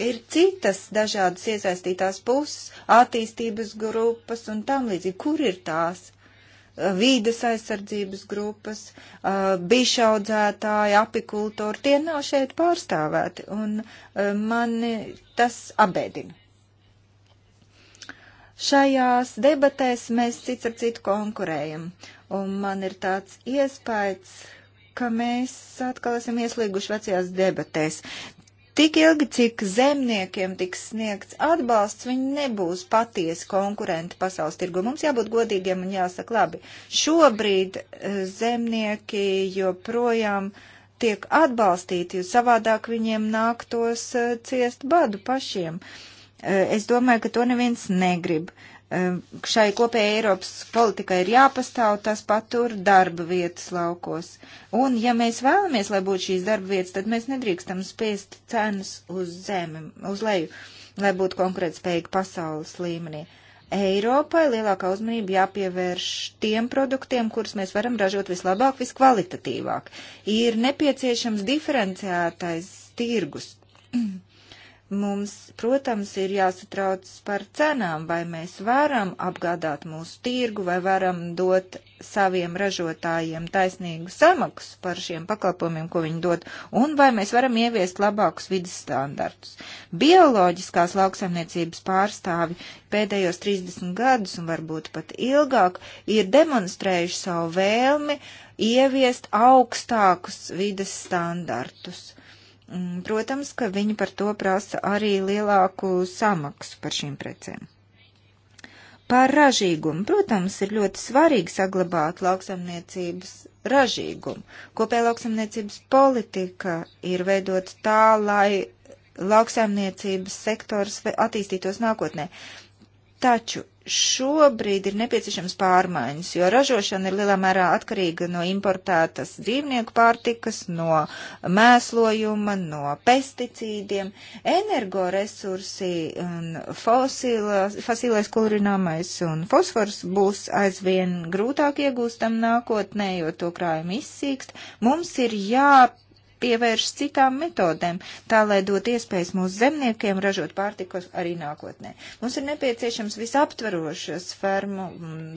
Ir citas dažādas iesaistītās puses, attīstības grupas un tam līdzīgi. Kur ir tās? Uh, vīdes aizsardzības grupas, uh, bišaudzētāji, apikultori, tie nav šeit pārstāvēti, un uh, mani tas abēdina. Šajās debatēs mēs cits ar citu konkurējam, un man ir tāds iespējas, ka mēs atkal esam ieslīguši vecajās debatēs. Tik ilgi, cik zemniekiem tiks sniegts atbalsts, viņi nebūs patiesi konkurenti pasaules tirgu. Mums jābūt godīgiem un jāsaka labi. Šobrīd eh, zemnieki joprojām tiek atbalstīti, jo savādāk viņiem nāktos eh, ciest badu pašiem. Eh, es domāju, ka to neviens negrib. Šai kopējai Eiropas politikai ir jāpastāv, tas patur darba vietas laukos. Un, ja mēs vēlamies, lai būtu šīs darba vietas, tad mēs nedrīkstam spiest cenas uz zemi, uz leju, lai būtu konkurētspējīga pasaules līmenī. Eiropai lielākā uzmanība jāpievērš tiem produktiem, kurus mēs varam ražot vislabāk, viskvalitatīvāk. Ir nepieciešams diferenciētais tirgus. [clears throat] Mums, protams, ir jāsatrauc par cenām, vai mēs varam apgādāt mūsu tirgu, vai varam dot saviem ražotājiem taisnīgu samaksu par šiem pakalpojumiem, ko viņi dod, un vai mēs varam ieviest labākus vidas standartus. Bioloģiskās lauksaimniecības pārstāvi pēdējos 30 gadus, un varbūt pat ilgāk, ir demonstrējuši savu vēlmi ieviest augstākus vidas standartus Mm, protams, ka viņi par to prasa arī lielāku samaksu par šīm precēm. Par ražīgumu, protams, ir ļoti svarīgi saglabāt lauksamniecības ražīgumu. Kopējā lauksamniecības politika ir veidot tā, lai lauksaimniecības sektors attīstītos nākotnē. Taču šobrīd ir nepieciešams pārmaiņas, jo ražošana ir lielā mērā atkarīga no importētas dzīvnieku pārtikas, no mēslojuma, no pesticīdiem, energoresursi un fosilais kurināmais un fosfors būs aizvien grūtāk iegūstam nākotnē, jo to krājumi izsīkst. Mums ir jā pievēršas citām metodēm, tā lai dot iespējas mūsu zemniekiem ražot pārtiku arī nākotnē. Mums ir nepieciešams visaptverošas fermu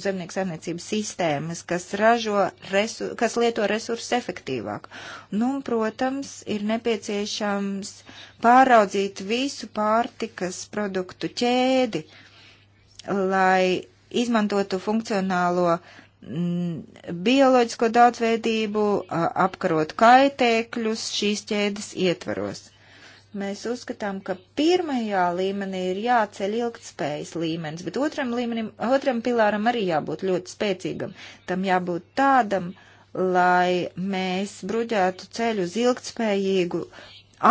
zemnieku saimniecības sistēmas, kas, ražo, resu, kas lieto resursus efektīvāk. Nu, un, protams, ir nepieciešams pāraudzīt visu pārtikas produktu ķēdi, lai izmantotu funkcionālo uh, Mm, bioloģisko daudzveidību, apkarot kaitēkļus šīs ķēdes ietvaros. Mēs uzskatām, ka pirmajā līmenī ir jāceļ ilgtspējas līmenis, bet otram, līmenim, otram pilāram arī jābūt ļoti spēcīgam. Tam jābūt tādam, lai mēs bruģētu ceļu uz ilgtspējīgu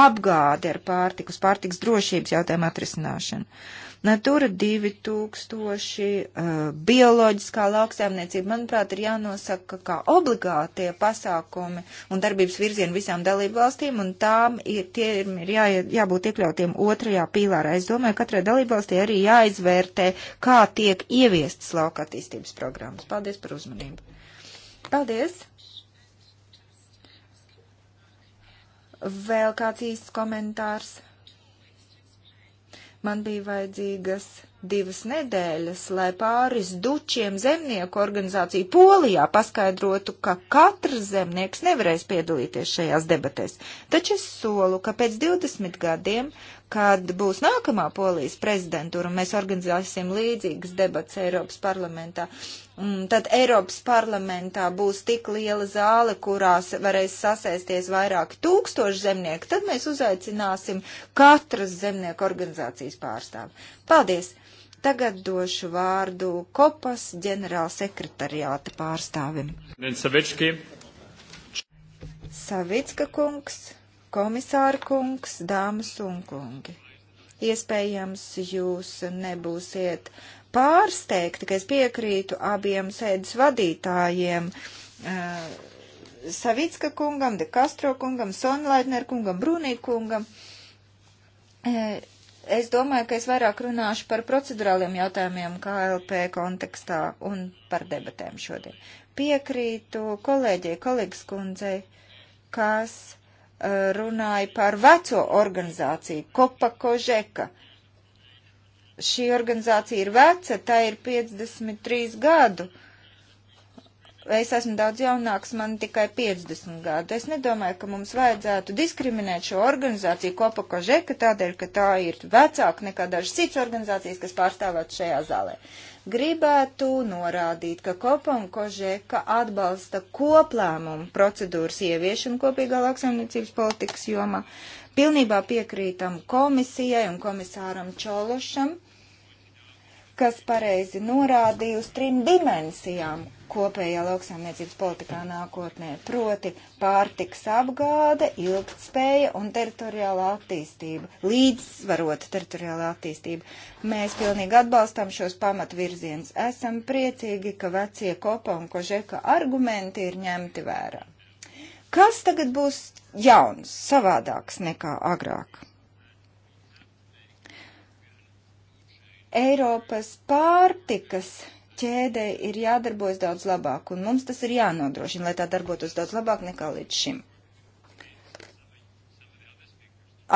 apgādi ar pārtiku, uz pārtiks drošības jautājumu atrisināšanu. Uh, Natūra 2000, uh, bioloģiskā lauksēmniecība, manuprāt, ir jānosaka kā obligātie pasākumi un darbības virzieni visām dalību valstīm, un tām ir, tie ir, ir jā, jābūt iekļautiem otrajā pīlārā. Es domāju, katrai dalību valstī arī jāizvērtē, kā tiek ieviestas lauka attīstības programmas. Paldies par uzmanību. Paldies! Vēl kāds īsts komentārs? Man bija vajadzīgas divas nedēļas, lai pāris dučiem zemnieku organizāciju Polijā paskaidrotu, ka katrs zemnieks nevarēs piedalīties šajās debatēs. Taču es solu, ka pēc 20 gadiem kad būs nākamā polijas prezidentūra un mēs organizēsim līdzīgas debats Eiropas parlamentā. Tad Eiropas parlamentā būs tik liela zāle, kurās varēs sasēsties vairāki tūkstoši zemnieku, tad mēs uzaicināsim katras zemnieku organizācijas pārstāvu. Paldies! Tagad došu vārdu kopas ģenerāla sekretariāta pārstāvim. Savicka kungs. Komisāra kungs, dāmas un kungi, iespējams jūs nebūsiet pārsteigti, ka es piekrītu abiem sēdes vadītājiem, uh, Savicka kungam, De Castro kungam, Sonlaidner kungam, Brunī kungam. Uh, es domāju, ka es vairāk runāšu par procedurāliem jautājumiem KLP kontekstā un par debatēm šodien. Piekrītu kolēģei, kolēģis kundzei, kas runāja par veco organizāciju, Kopa Kožeka. Šī organizācija ir veca, tā ir 53 gadu uh, Es esmu daudz jaunāks, man tikai 50 gadu. Es nedomāju, ka mums vajadzētu diskriminēt šo organizāciju Kopa Kožeka tādēļ, ka tā ir vecāka nekā dažas citas organizācijas, kas pārstāvētu šajā zālē. Gribētu norādīt, ka Kopa un Kožeka atbalsta koplēmumu procedūras ieviešanu kopīgā lauksaimniecības politikas jomā. Pilnībā piekrītam komisijai un komisāram Čološam kas pareizi norādīja uz trim dimensijām kopējā lauksaimniecības politikā nākotnē, proti pārtiks apgāde, ilgtspēja un teritoriālā attīstība, līdzsvarota teritoriālā attīstība. Mēs pilnīgi atbalstam šos pamatvirziens. Esam priecīgi, ka vecie kopa un kožeka argumenti ir ņemti vērā. Kas tagad būs jauns, savādāks nekā agrāk? Eiropas pārtikas ķēdei ir jādarbojas daudz labāk, un mums tas ir jānodrošina, lai tā darbotos daudz labāk nekā līdz šim.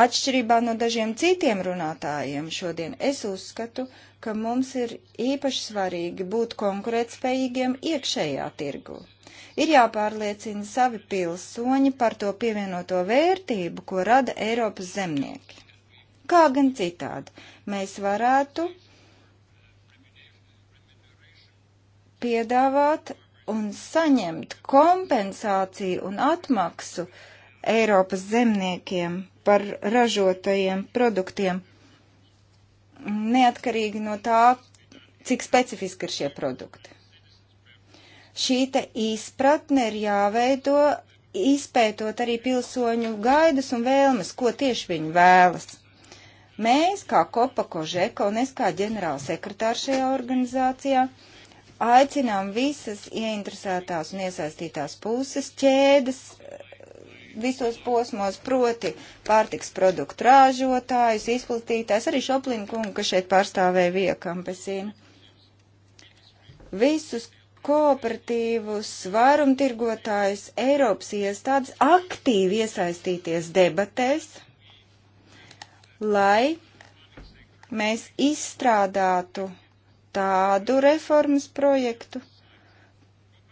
Atšķirībā no dažiem citiem runātājiem šodien es uzskatu, ka mums ir īpaši svarīgi būt konkurētspējīgiem iekšējā tirgu. Ir jāpārliecina savi pilsoņi par to pievienoto vērtību, ko rada Eiropas zemnieki. Kā gan citādi, mēs varētu piedāvāt un saņemt kompensāciju un atmaksu Eiropas zemniekiem par ražotajiem produktiem, neatkarīgi no tā, cik specifiski ir šie produkti. Šī te izpratne ir jāveido, izpētot arī pilsoņu gaidus un vēlmes, ko tieši viņi vēlas. Mēs, kā Kopa Kožeka un es kā ģenerālsekretārs šajā organizācijā, uh, aicinām visas ieinteresētās un iesaistītās puses ķēdes eh, visos posmos, proti pārtiks produktu rāžotājus, izplatītājs, arī Šoplina kungu, kas šeit pārstāvēja viekampesīnu. Visus kooperatīvus, varumtirgotājus, Eiropas iestādes aktīvi iesaistīties debatēs, lai mēs izstrādātu tādu reformas projektu,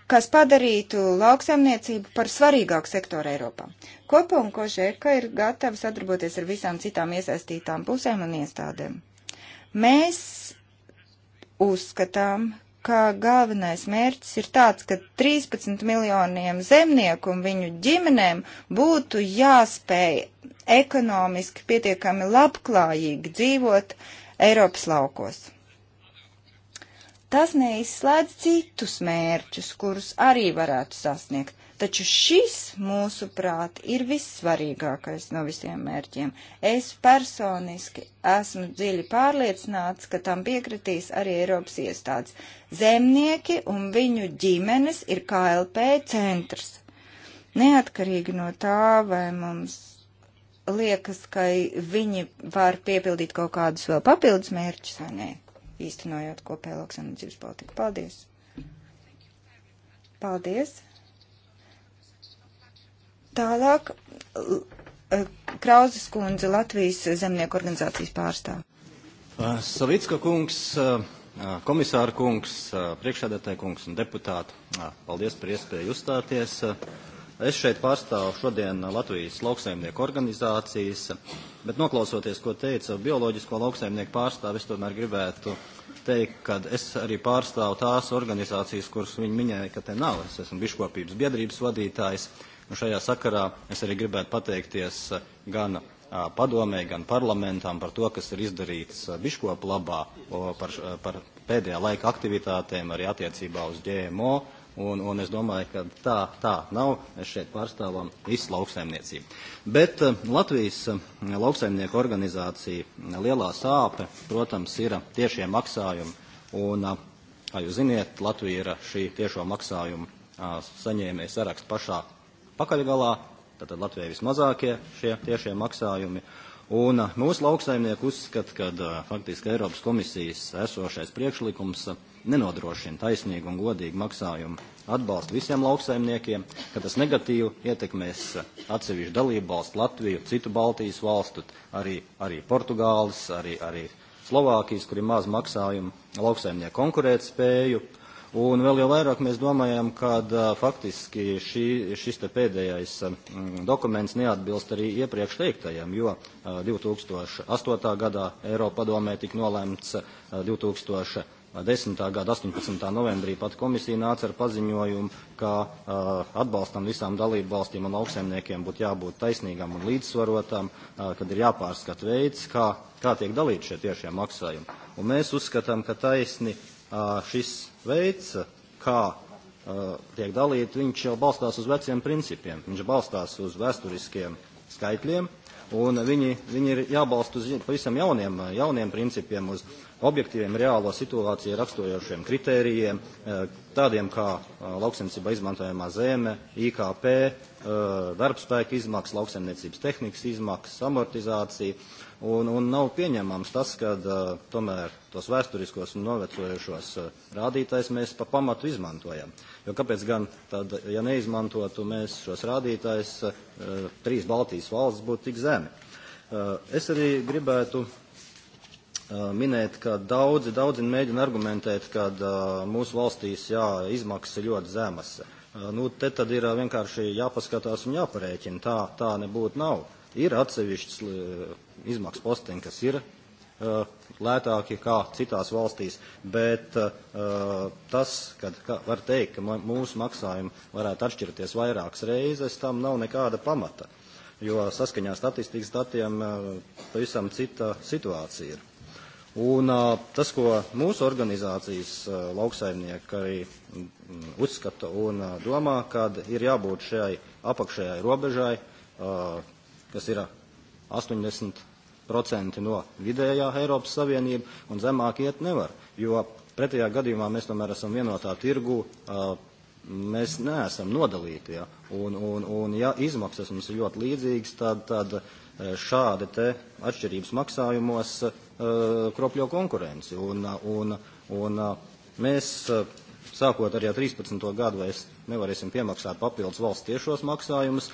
kas padarītu lauksaimniecību par svarīgāku sektoru Eiropā. Kopa un Kožeka ir gatava sadarboties ar visām citām iesaistītām pusēm un iestādēm. Mēs uzskatām, ka galvenais mērķis ir tāds, ka 13 miljoniem zemnieku un viņu ģimenēm būtu jāspēj ekonomiski pietiekami labklājīgi dzīvot Eiropas laukos. Tas neizslēdz citus mērķus, kurus arī varētu sasniegt. Taču šis, mūsuprāt, ir vissvarīgākais no visiem mērķiem. Es personiski esmu dziļi pārliecināts, ka tam piekritīs arī Eiropas iestādes. Zemnieki un viņu ģimenes ir KLP centrs. Neatkarīgi no tā, vai mums liekas, ka viņi var piepildīt kaut kādus vēl papildus mērķus vai nē īstenojot kopēju lauksaimniecības politiku. Paldies! Paldies! Tālāk eh, Krauzes kundze, Latvijas zemnieku organizācijas pārstāv. Eh, Savicka kungs, eh, komisāra kungs, priekšsēdētāja kungs un deputāti, paldies par iespēju uzstāties. Es šeit pārstāvu šodien Latvijas lauksaimnieku organizācijas, bet noklausoties, ko teica bioloģisko lauksaimnieku pārstāvi, es tomēr gribētu teikt, ka es arī pārstāvu tās organizācijas, kuras viņi minēja, ka te nav. Es esmu biškopības biedrības vadītājs, un šajā sakarā es arī gribētu pateikties gan padomē, gan parlamentām par to, kas ir izdarīts biškopu labā, par, par pēdējā laika aktivitātēm arī attiecībā uz GMO Un, un es domāju, ka tā, tā nav. Mēs šeit pārstāvam visu lauksaimniecību. Bet eh, Latvijas eh, lauksaimnieku organizācija eh, Lielā sāpe, protams, ir tiešie maksājumi. Un, kā jūs ziniet, Latvija ir šī tiešo maksājumu saņēmēja saraksts pašā pakaļgalā. Tātad Latvijai vismazākie šie tiešie maksājumi. Un mūsu lauksaimnieki uzskata, ka faktiski Eiropas komisijas esošais priekšlikums uh, nenodrošina taisnīgu un godīgu maksājumu atbalstu visiem lauksaimniekiem, ka tas negatīvi ietekmēs atsevišķu dalību valstu Latviju, citu Baltijas valstu, arī, arī Portugāles, arī, arī Slovākijas, kur ir maz maksājumu lauksaimnieku konkurētspēju. Un vēl jau vairāk mēs domājam, ka uh, faktiski šī, šis te pēdējais mm, dokuments neatbilst arī iepriekš teiktajam, jo uh, 2008. gadā Eiropa padomē tika nolēmts uh, 2000. 10. gada 18. novembrī pat komisija nāca ar paziņojumu, ka uh, atbalstam visām dalību valstīm un lauksaimniekiem būtu jābūt taisnīgam un līdzsvarotam, uh, kad ir jāpārskat veids, kā, kā tiek dalīt šie tiešie maksājumi. Un mēs uzskatām, ka taisni uh, šis veids, kā tiek dalīti, viņš jau balstās uz veciem principiem. Viņš balstās uz vēsturiskiem skaitļiem, un viņi, viņi ir jābalst uz pavisam jauniem, jauniem principiem, uz objektīviem reālo situāciju raksturojošiem kritērijiem, eh, tādiem kā eh, lauksemniecība izmantojamā zeme, IKP, eh, darbspēka izmaksas, lauksemniecības tehnikas izmaksas, amortizācija. Un, un nav pieņemams tas, ka tomēr tos vēsturiskos un novecojušos rādītājs mēs pa pamatu izmantojam. Jo kāpēc gan tad, ja neizmantotu mēs šos rādītājs, trīs Baltijas valsts būtu tik zemi? zemi. Eh, es arī gribētu eh, minēt, ka daudzi, daudzi mēģina argumentēt, ka eh, mūsu valstīs jā, izmaksas ir ļoti zemas. Nu, te tad ir vienkārši jāpaskatās un jāparēķina. Tā, tā nebūtu nav. Ir atsevišķas izmaksas posteņi, kas ir lētāki kā citās valstīs, bet uh, tas, kad ka var teikt, ka mūsu maksājumi varētu atšķirties vairākas reizes, tam nav nekāda pamata. Uh, jo saskaņā statistikas datiem eh, pavisam cita situācija ir. Un eh, tas, ko mūsu organizācijas eh, lauksaimnieki arī mm, uzskata un domā, kad ir jābūt šai apakšējai robežai, kas ir 80% no vidējā Eiropas Savienība, un zemāk iet nevar, jo pretējā gadījumā mēs tomēr esam vienotā tirgu mēs neesam nodalīti. Ja? Un, un, un ja izmaksas mums ir ļoti līdzīgas, tad, tad e, šādi te atšķirības maksājumos uh, kropļo konkurenci. Un, un, un e, mēs, sākot ar jau 13. gadu, vairs nevarēsim piemaksāt papildus valsts tiešos maksājumus,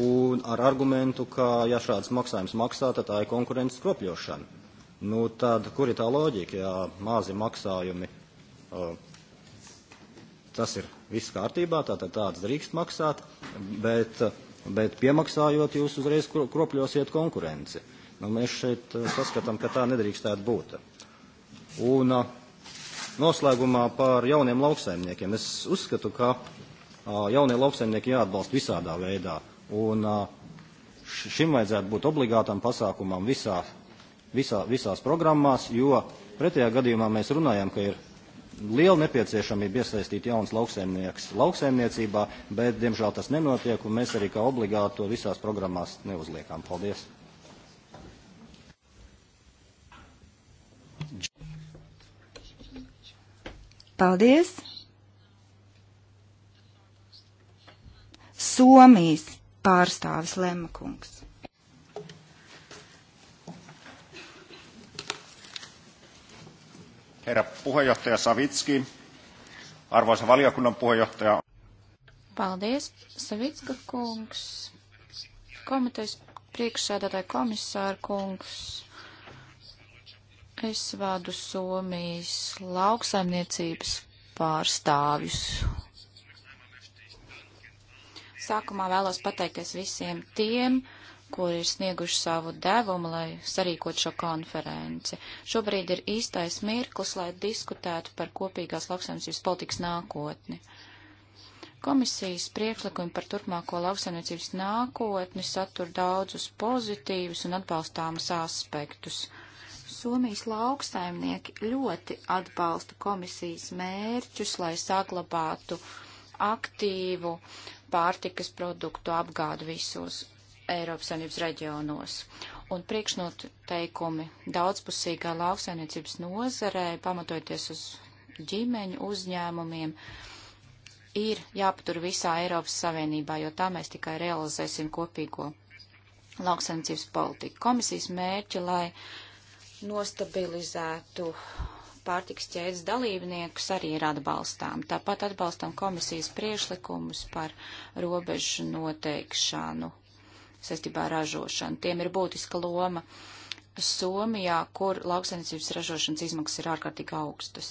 un ar argumentu, ka ja šāds maksājums maksā, tad tā ir konkurences kropļošana. Nu, tad kur ir tā loģika, ja mazi maksājumi uh, tas ir viss kārtībā, tātad tāds drīkst maksāt, bet, bet piemaksājot jūs uzreiz kropļosiet konkurenci. Nu, mēs šeit eh, saskatām, ka tā nedrīkstētu būt. Un eh, noslēgumā par jauniem lauksaimniekiem. Es uzskatu, ka eh, jaunie lauksaimnieki jāatbalsta visādā veidā. Un šim vajadzētu būt obligātam pasākumam visā, visā, visās programmās, jo pretējā gadījumā mēs runājam, ka ir liela nepieciešamība iesaistīt jaunas lauksaimnieks lauksaimniecībā, bet, diemžēl, tas nenotiek, un mēs arī kā obligāti to visās programmās neuzliekām. Paldies! Paldies! Somijas pārstāvis Lemakungs. herra puheenjohtaja Savitski, arvoisa valiokunnan puheenjohtaja. Paldies, Savitska kungs, komitejas priekšsēdētāja komisāra kungs. Es vādu Somijas lauksaimniecības pārstāvjus. Sākumā vēlos pateikties visiem tiem, kuri ir snieguši savu devumu, lai sarīkot šo konferenci. Šobrīd ir īstais mirklis, lai diskutētu par kopīgās lauksaimniecības politikas nākotni. Komisijas priekšlikumi par turpmāko lauksaimniecības nākotni satur daudzus pozitīvus un atbalstāmus aspektus. Somijas lauksaimnieki ļoti atbalsta komisijas mērķus, lai saglabātu aktīvu pārtikas produktu apgādu visos Eiropas Savienības reģionos. Un priekšnoteikumi daudzpusīgā lauksainiecības nozarē, pamatojoties uz ģimeņu uzņēmumiem, ir jāpatur visā Eiropas Savienībā, jo tā mēs tikai realizēsim kopīgo lauksainiecības politiku. Komisijas mērķi, lai nostabilizētu pārtiks ķēdes dalībniekus arī ir atbalstām. Tāpat atbalstam komisijas priešlikumus par robežu noteikšanu saistībā ar ražošanu. Tiem ir būtiska loma Somijā, kur lauksainicības ražošanas izmaksas ir ārkārtīgi augstas.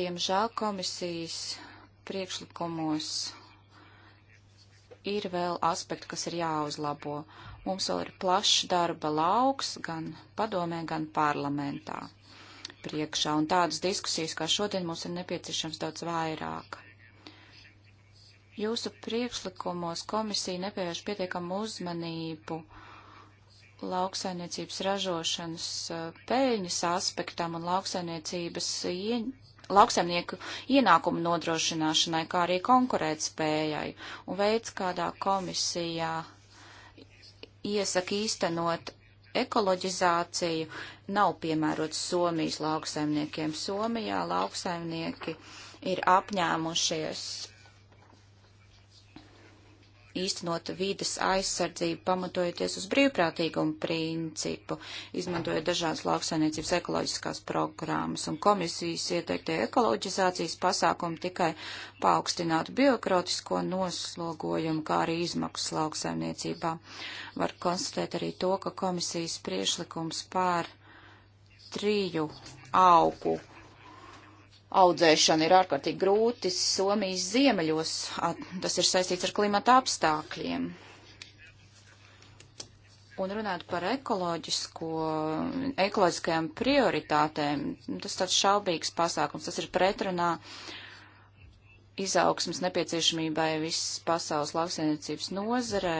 Diemžēl komisijas priekšlikumos ir vēl aspekti, kas ir jāuzlabo. Mums vēl ir plašs darba lauks gan padomē, gan parlamentā priekšā, un tādas diskusijas kā šodien mums ir nepieciešams daudz vairāk. Jūsu priekšlikumos komisija nepievērš pietiekamu uzmanību lauksainiecības ražošanas eh, peļņas aspektam un lauksainiecības ieņ... lauksaimnieku ienākumu nodrošināšanai, kā arī konkurētspējai un veids, kādā komisijā iesaka īstenot ekoloģizāciju, nav piemērots Somijas lauksaimniekiem. Somijā lauksaimnieki ir apņēmušies īstenot vīdes aizsardzību, pamatojoties uz brīvprātīgumu principu, izmantojot dažādas lauksainiecības ekoloģiskās programmas un komisijas ieteiktie ekoloģizācijas pasākumi tikai paaugstinātu biokrotisko noslogojumu, kā arī izmaksas lauksainiecībā. Var konstatēt arī to, ka komisijas priešlikums pār triju augu audzēšana ir ārkārtīgi grūti Somijas ziemeļos. Tas ir saistīts ar klimata apstākļiem. Un runāt par ekoloģiskajām prioritātēm, tas tāds šaubīgs pasākums, tas ir pretrunā izaugsmas nepieciešamībai visas pasaules lauksainicības nozarē,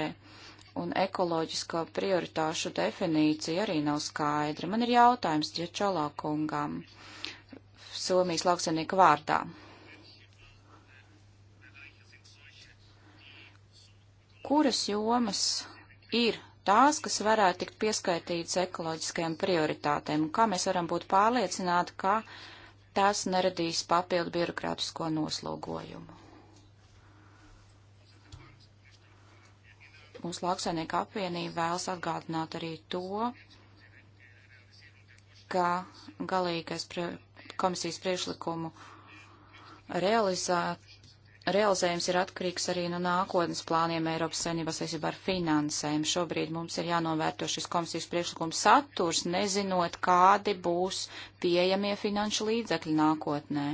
un ekoloģisko prioritāšu definīcija arī nav skaidra. Man ir jautājums Džečolā kungam. Ja Somijas lauksaimnieku vārdā. Kuras jomas ir tās, kas varētu tikt pieskaitītas ekoloģiskajām prioritātēm, un kā mēs varam būt pārliecināti, ka tās neradīs papildu birokrātisko noslogojumu. Mūsu lauksainieka apvienība vēlas atgādināt arī to, ka galīgais komisijas priešlikumu realizēt, realizējums ir atkarīgs arī no nākotnes plāniem Eiropas saimnības saistībā ar finansēm. Šobrīd mums ir jānovērto šis komisijas priekšlikums saturs, nezinot, kādi būs pieejamie finanšu līdzekļi nākotnē.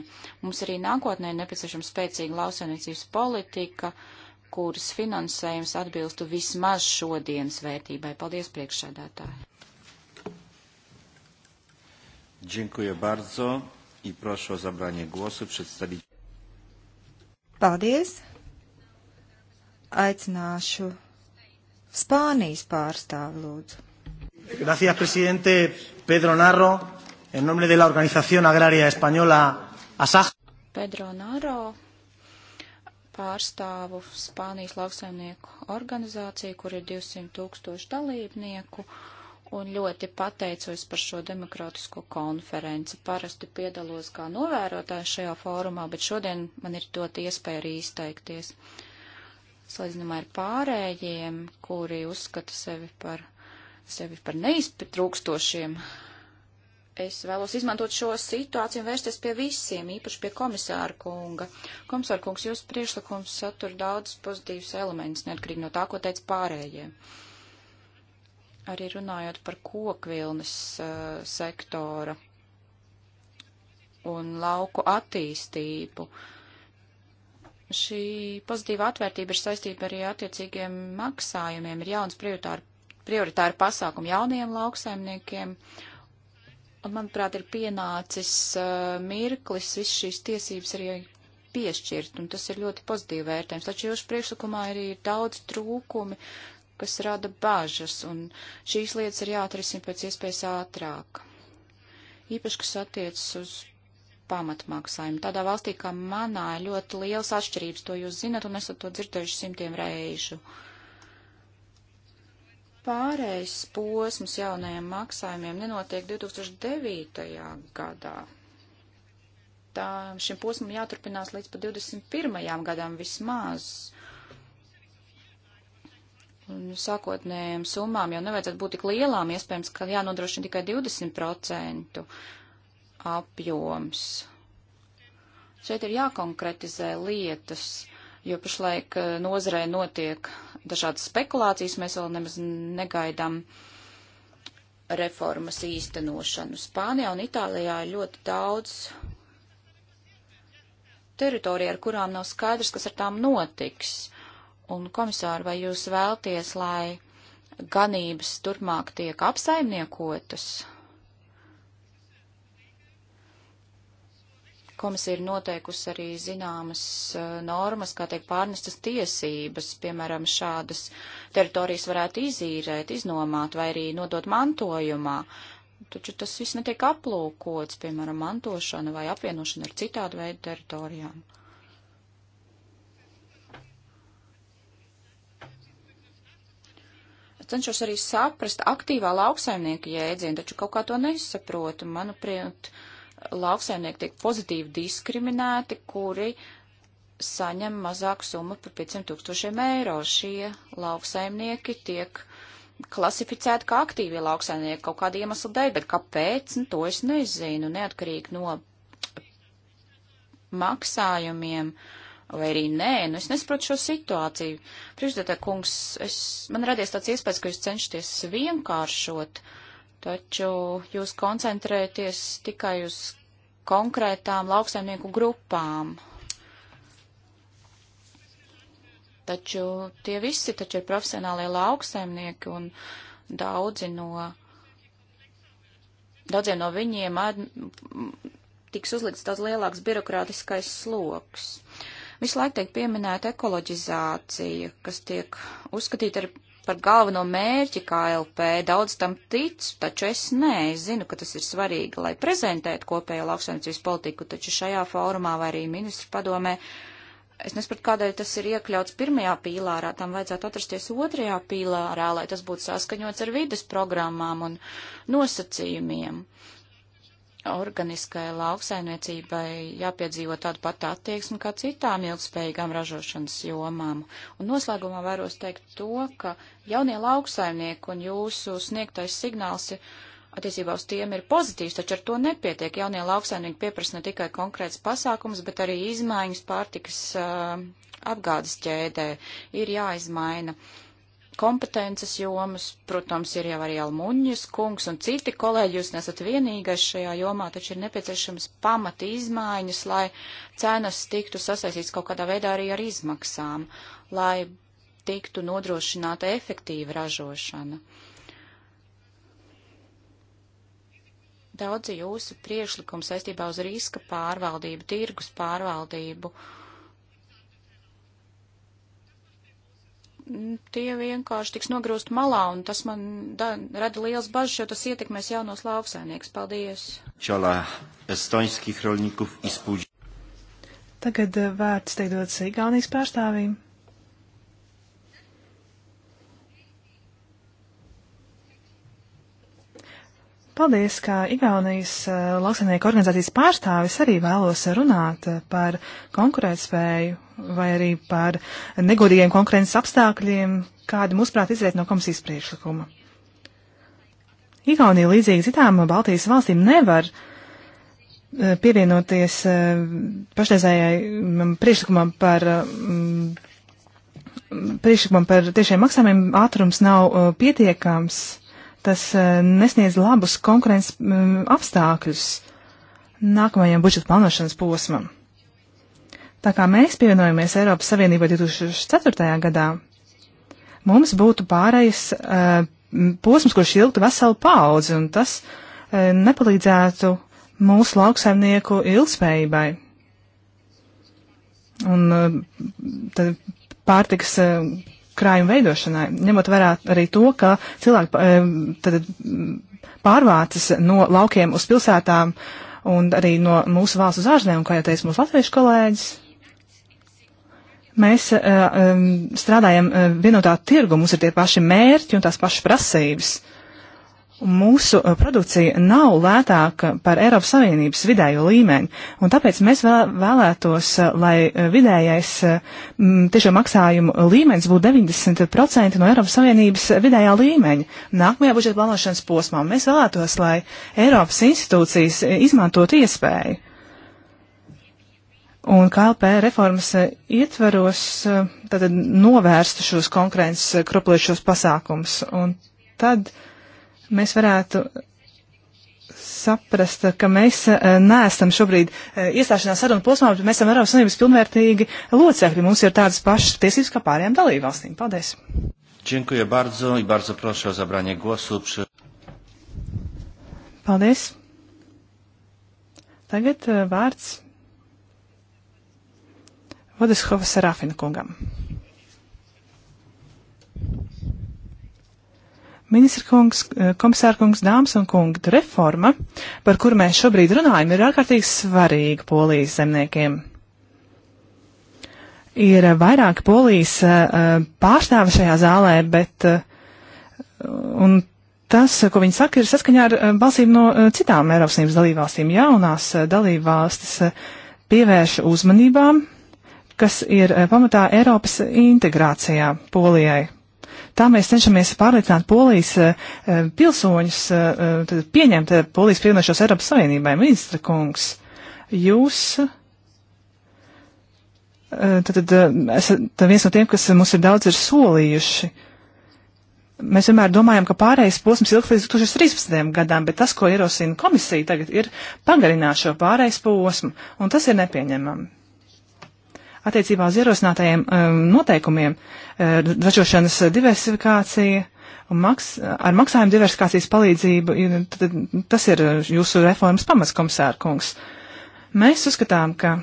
Mums arī nākotnē ir nepieciešama spēcīga lausainicības politika, kuras finansējums atbilstu vismaz šodienas vērtībai. Paldies, priekšsēdētāji! Dziękuję bardzo i prošu o zabranie głosu przedstawić. Paldies! Aicināšu Spānijas pārstāvu lūdzu. Gracias, presidente Pedro Narro, en nombre de la Organización Agraria Española ASAJ. Pedro Narro pārstāvu Spānijas lauksaimnieku organizāciju, kur ir 200 tūkstoši dalībnieku. Uh, un ļoti pateicos par šo demokrātisko konferenci. Parasti piedalos kā novērotājs šajā fórumā, bet šodien man ir dot iespēju arī izteikties. Salīdzinājumā ar pārējiem, kuri uzskata sevi par, sevi par neiztrūkstošiem, es vēlos izmantot šo situāciju un vērsties pie visiem, īpaši pie komisāra kunga. Komisāra kungs, jūsu priešlikums satur daudz pozitīvus elementus, neatkarīgi no tā, ko teica pārējie. Uh, arī runājot par kokvilnes uh, sektora un lauku attīstību. Šī pozitīva atvērtība ir saistība arī attiecīgiem maksājumiem, ir jauns prioritāri, prioritāri pasākumi jauniem lauksaimniekiem, un, manuprāt, ir pienācis uh, mirklis viss šīs tiesības arī piešķirt, un tas ir ļoti pozitīvi vērtējums. Taču jūsu priekšlikumā arī ir daudz trūkumi, kas rada bažas, un šīs lietas ir jāatrisina pēc iespējas ātrāk. Īpaši, kas attiecas uz pamatmaksājumu. Tādā valstī kā manā ir ļoti liels atšķirības, to jūs zinat, un esat to dzirdējuši simtiem reižu. Pārējais posms jaunajiem maksājumiem nenotiek 2009. gadā. Tā, šim posmam jāturpinās līdz pat 21. gadam vismaz Un sākotnējām summām jau nevajadzētu būt tik lielām, iespējams, ka jānodrošina tikai 20% apjoms. Šeit ir jākonkretizē lietas, jo pašlaik eh, nozarē notiek dažādas spekulācijas, mēs vēl nemaz negaidām reformas īstenošanu. Spānijā un Itālijā ir ļoti daudz teritorija, ar kurām nav skaidrs, kas ar tām notiks un komisāri, vai jūs vēlties, lai ganības turpmāk tiek apsaimniekotas? Komisija ir noteikusi arī zināmas e, normas, kā tiek pārnestas tiesības, piemēram, šādas teritorijas varētu izīrēt, iznomāt vai arī nodot mantojumā. Taču tas viss netiek aplūkots, piemēram, mantošana vai apvienošana ar citādu veidu teritorijām. Uh, cenšos arī saprast aktīvā lauksaimnieka jēdzienu, taču kaut kā to nesaprotu. Manuprāt, lauksaimnieki tiek pozitīvi diskriminēti, kuri saņem mazāku summu par 500 tūkstošiem eiro. Šie lauksaimnieki tiek klasificēti kā aktīvie lauksaimnieki kaut kāda iemesla dēļ, bet kāpēc, nu, to es nezinu, neatkarīgi no maksājumiem. Uh, vai arī nē, nu es nesaprotu šo situāciju. Priekšdētā kungs, es, man radies tāds iespējas, ka jūs cenšaties vienkāršot, taču jūs koncentrēties tikai uz konkrētām lauksaimnieku grupām. Taču tie visi taču ir profesionālie lauksaimnieki un daudzi no, daudziem no viņiem ad, tiks uzlikts daudz lielāks birokrātiskais sloks. Visu laiku tiek pieminēta ekoloģizācija, kas tiek uzskatīta ar, par galveno mērķi KLP. Daudz tam tic, taču es nē, es zinu, ka tas ir svarīgi, lai prezentētu kopējo lauksaimniecības politiku, taču šajā fórumā vai arī ministru padomē. Es nesaprotu, kādēļ tas ir iekļauts pirmajā pīlārā, tam vajadzētu atrasties otrajā pīlārā, lai tas būtu saskaņots ar vides programmām un nosacījumiem. Uh, organiskai lauksaimniecībai jāpiedzīvo tādu pat attieksmi kā citām ilgspējīgām ražošanas jomām. Un noslēgumā vēros teikt to, ka jaunie lauksaimnieki un jūsu sniegtais signāls attiecībā uz tiem ir pozitīvs, taču ar to nepietiek. Jaunie lauksaimnieki pieprasa ne tikai konkrēts pasākums, bet arī izmaiņas pārtikas uh, apgādes ķēdē. Ir jāizmaina uh, kompetences jomas. Protams, ir jau arī Almuņas kungs un citi kolēģi, jūs nesat vienīgais šajā jomā, taču ir nepieciešams pamata izmaiņas, lai cenas tiktu sasaistīts kaut kādā veidā arī ar izmaksām, lai tiktu nodrošināta efektīva ražošana. Daudzi jūsu priekšlikumi saistībā uz riska pārvaldību, tirgus pārvaldību. Uh, tie vienkārši tiks nogrūst malā, un tas man da, rada liels bažas, jo tas ietekmēs jaunos lauksainieks. Paldies! Čalā, estoņskih rolnikov izpūģi. Tagad eh, vārds teikt dots Igaunijas pārstāvīm. Paldies, kā Igaunijas eh, lauksaimnieku organizācijas pārstāvis arī vēlos runāt eh, par konkurētspēju vai arī par negodīgiem konkurences apstākļiem, kādi mūsuprāt izriet no komisijas priekšlikuma. Igaunija līdzīgi citām Baltijas valstīm nevar eh, pievienoties pašreizējai mm, priekšlikumam par mm, priekšlikumam par tiešiem maksājumiem. Ātrums nav pietiekams tas e, nesniedz labus konkurences apstākļus nākamajam budžeta plānošanas posmam. Tā kā mēs pievienojamies Eiropas Savienībai 2004. gadā, mums būtu pārējais uh, posms, kurš ilgtu veselu paudzi, un tas uh, nepalīdzētu mūsu lauksaimnieku ilgspējībai. Un uh, pārtiks uh, krājuma veidošanai, ņemot vērā arī to, ka cilvēki tad, pārvācas no laukiem uz pilsētām un arī no mūsu valsts uz ārzemēm, kā jau teica mūsu latviešu kolēģis. Mēs uh, um, strādājam eh, vienotā tirgu, mums ir tie paši mērķi un tās pašas prasības. Uh, mūsu eh, produkcija nav lētāka par Eiropas Savienības vidējo līmeni, un tāpēc mēs vēl, vēlētos, eh, lai eh, vidējais tiešo maksājumu līmenis būtu 90% no Eiropas Savienības vidējā līmeņa. Nākamajā budžeta plānošanas posmā mēs vēlētos, lai Eiropas institūcijas izmantot iespēju. Un KLP reformas ietveros tātad novērstu šos konkurences kroplējušos pasākums. Un tad uh, mēs varētu saprast, ka mēs eh, neesam šobrīd eh, iestāšanās sarunu posmā, bet mēs esam Eiropas Savienības pilnvērtīgi locekļi. Mums ir tādas pašas tiesības kā pārējām dalībvalstīm. Paldies! Dziękuję bardzo i bardzo proszę o zabranie głosu przy... Paldies! Tagad eh, vārds Vodeshovas Serafina kungam. Ministra kungs, eh, komisāra kungs, dāmas un kungi, reforma, par kuru mēs šobrīd runājam, ir ārkārtīgi svarīga polijas zemniekiem. Ir vairāki polijas eh, eh, pārstāvi šajā zālē, bet un tas, ko viņi saka, ir saskaņā ar balsīm no citām Eiropas Savienības dalībvalstīm. Jaunās dalībvalstis pievērš uzmanībām, kas ir pamatā Eiropas integrācijā polijai Tā mēs cenšamies pārliecināt polijas eh, eh, pilsoņus eh, pieņemt polijas pievienošos Eiropas Savienībai. Ministra kungs, jūs. Tad, tad esat viens no tiem, kas mums ir daudz ir solījuši. Mēs vienmēr domājam, ka pārējais posms ilgs līdz 2013. gadam, bet tas, ko ierosina komisija tagad, ir pagarināt šo pārējais posmu, un tas ir nepieņemami attiecībā uz ierosinātajiem um, noteikumiem uh, ražošanas diversifikācija un maks, ar maksājumu diversifikācijas palīdzību, tas ir uh, jūsu reformas pamats, komisārkungs. Mēs uzskatām, ka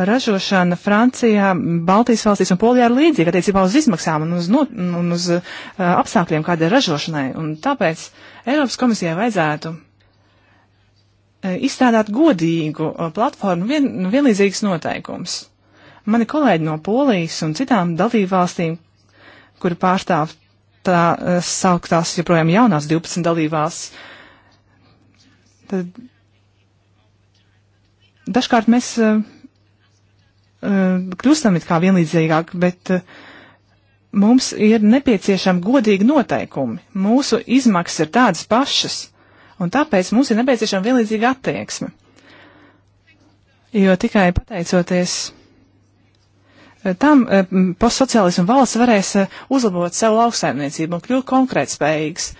ražošana Francijā, Baltijas valstīs un Polijā ir līdzīga attiecībā uz izmaksām un uz, no, un uz uh, apstākļiem, kāda ir ražošanai. Un tāpēc Eiropas komisijai vajadzētu Eh, izstrādāt godīgu eh, platformu vien, vienlīdzīgas noteikums. Mani kolēģi no Polijas un citām dalībvalstīm, kuri pārstāv tā eh, sauktās joprojām jaunās 12 dalībās, tad dažkārt mēs uh, kļūstam it kā vienlīdzīgāk, bet uh, mums ir nepieciešami godīgi noteikumi. Mūsu izmaksas ir tādas pašas. Uh, Un tāpēc mums ir nepieciešama vienlīdzīga attieksme. Jo tikai pateicoties eh, tam eh, postsociālismu valsts varēs eh, uzlabot savu lauksaimniecību un kļūt konkrētspējīgs.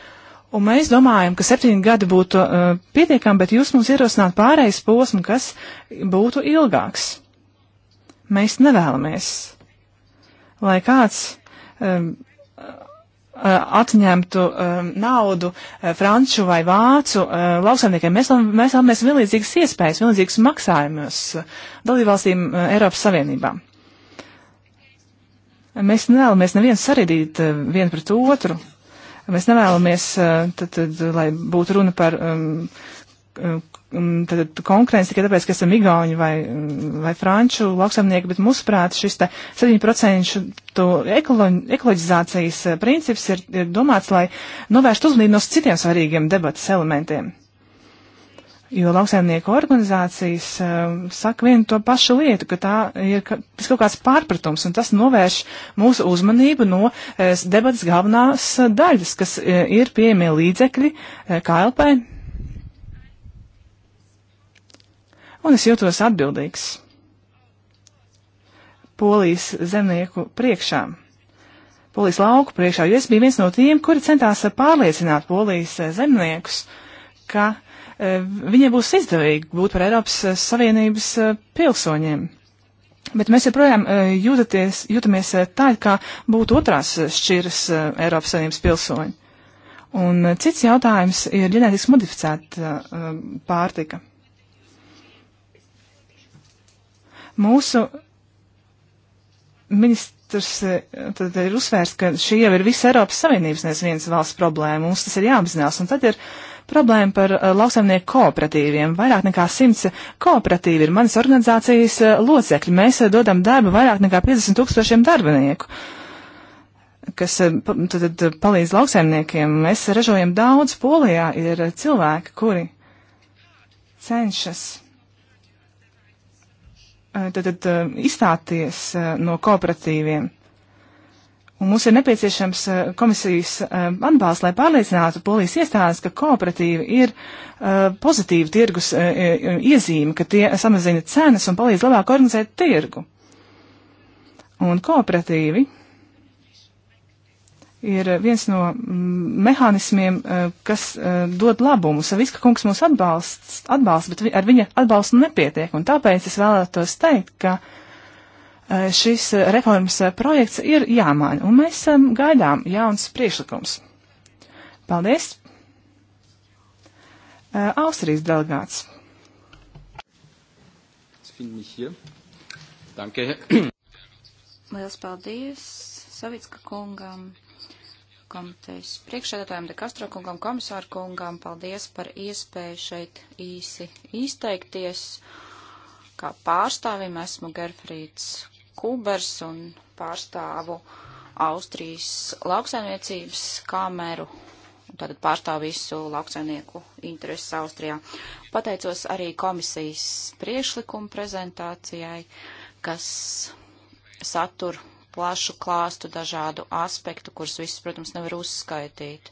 Un mēs domājam, ka septiņi gadi būtu uh, pietiekami, bet jūs mums ierosināt pārējais posmu, kas būtu ilgāks. Mēs nevēlamies, lai kāds um, Eh, atņemtu eh, naudu eh, franču vai vācu lauksaimniekiem. Mēs, mēs vēlamies vienlīdzīgas iespējas, vienlīdzīgas maksājumus dalībvalstīm Eiropas Savienībā. Mēs nevēlamies nevienu saredīt vienu pret otru. Mēs nevēlamies, tad, tad, lai būtu runa par um, tātad um, konkurence tikai tāpēc, ka esam igauņi vai, vai franču lauksamnieki, bet mūsuprāt šis 7% ekolo, ekoloģizācijas eh, princips ir, ir domāts, lai novērstu uzmanību no citiem svarīgiem debatas elementiem. Jo lauksaimnieku organizācijas uh, saka vienu to pašu lietu, ka tā ir ka, tas kaut kāds pārpratums, un tas novērš mūsu uzmanību no uh, debatas galvenās uh, daļas, kas uh, ir pieejamie līdzekļi uh, KLP. un es jūtos atbildīgs polijas zemnieku priekšā. Polijas lauku priekšā, jo es biju viens no tiem, kuri centās pārliecināt polijas eh, zemniekus, ka eh, viņiem būs izdevīgi būt par Eiropas eh, Savienības pilsoņiem. Bet mēs joprojām jūtaties, jūtamies tā, kā būtu otrās šķiras Eiropas Savienības pilsoņi. Un cits jautājums ir ģenētiski modificēta pārtika. Mūsu ministrs eh, tad ir uzsvērts, ka šī jau ir visa Eiropas Savienības, nevis vienas valsts problēma. Mums tas ir jāapzinās. Un tad ir problēma par uh, lauksaimnieku kooperatīviem. Vairāk nekā simts kooperatīvi ir manas organizācijas uh, locekļi. Mēs uh, dodam darbu vairāk nekā 50 tūkstošiem darbinieku kas tad, tad palīdz lauksaimniekiem. Mēs ražojam daudz. Polijā ir cilvēki, kuri cenšas Eh, tad, tad eh, izstāties eh, no kooperatīviem. Un mums ir nepieciešams komisijas atbalsts, lai pārliecinātu polijas iestādes, ka kooperatīva ir pozitīva tirgus iezīme, ka tie samazina cenas un palīdz labāk organizēt tirgu. Un kooperatīvi ir eh, viens no mm, mehānismiem, eh, kas eh, dod labumu. Saviska kungs mūs atbalsts, atbalsts, bet ar viņa atbalstu nepietiek, un tāpēc es vēlētos teikt, ka šis reformas projekts ir jāmaina, un mēs gaidām jauns priekšlikums. Paldies! Austrijas delegāts. Liels paldies Savicka kungam komitejas priekšsēdētājiem, Dekastro kungam, komisāru kungam. Paldies par iespēju šeit īsi izteikties. Kā pārstāvim esmu Gerfrīds Kubers un pārstāvu Austrijas lauksaimniecības kameru. Tātad pārstāv visu lauksainieku intereses Austrijā. Pateicos arī komisijas priešlikumu prezentācijai, kas satur plašu klāstu dažādu aspektu, kurus visus, protams, nevar uzskaitīt.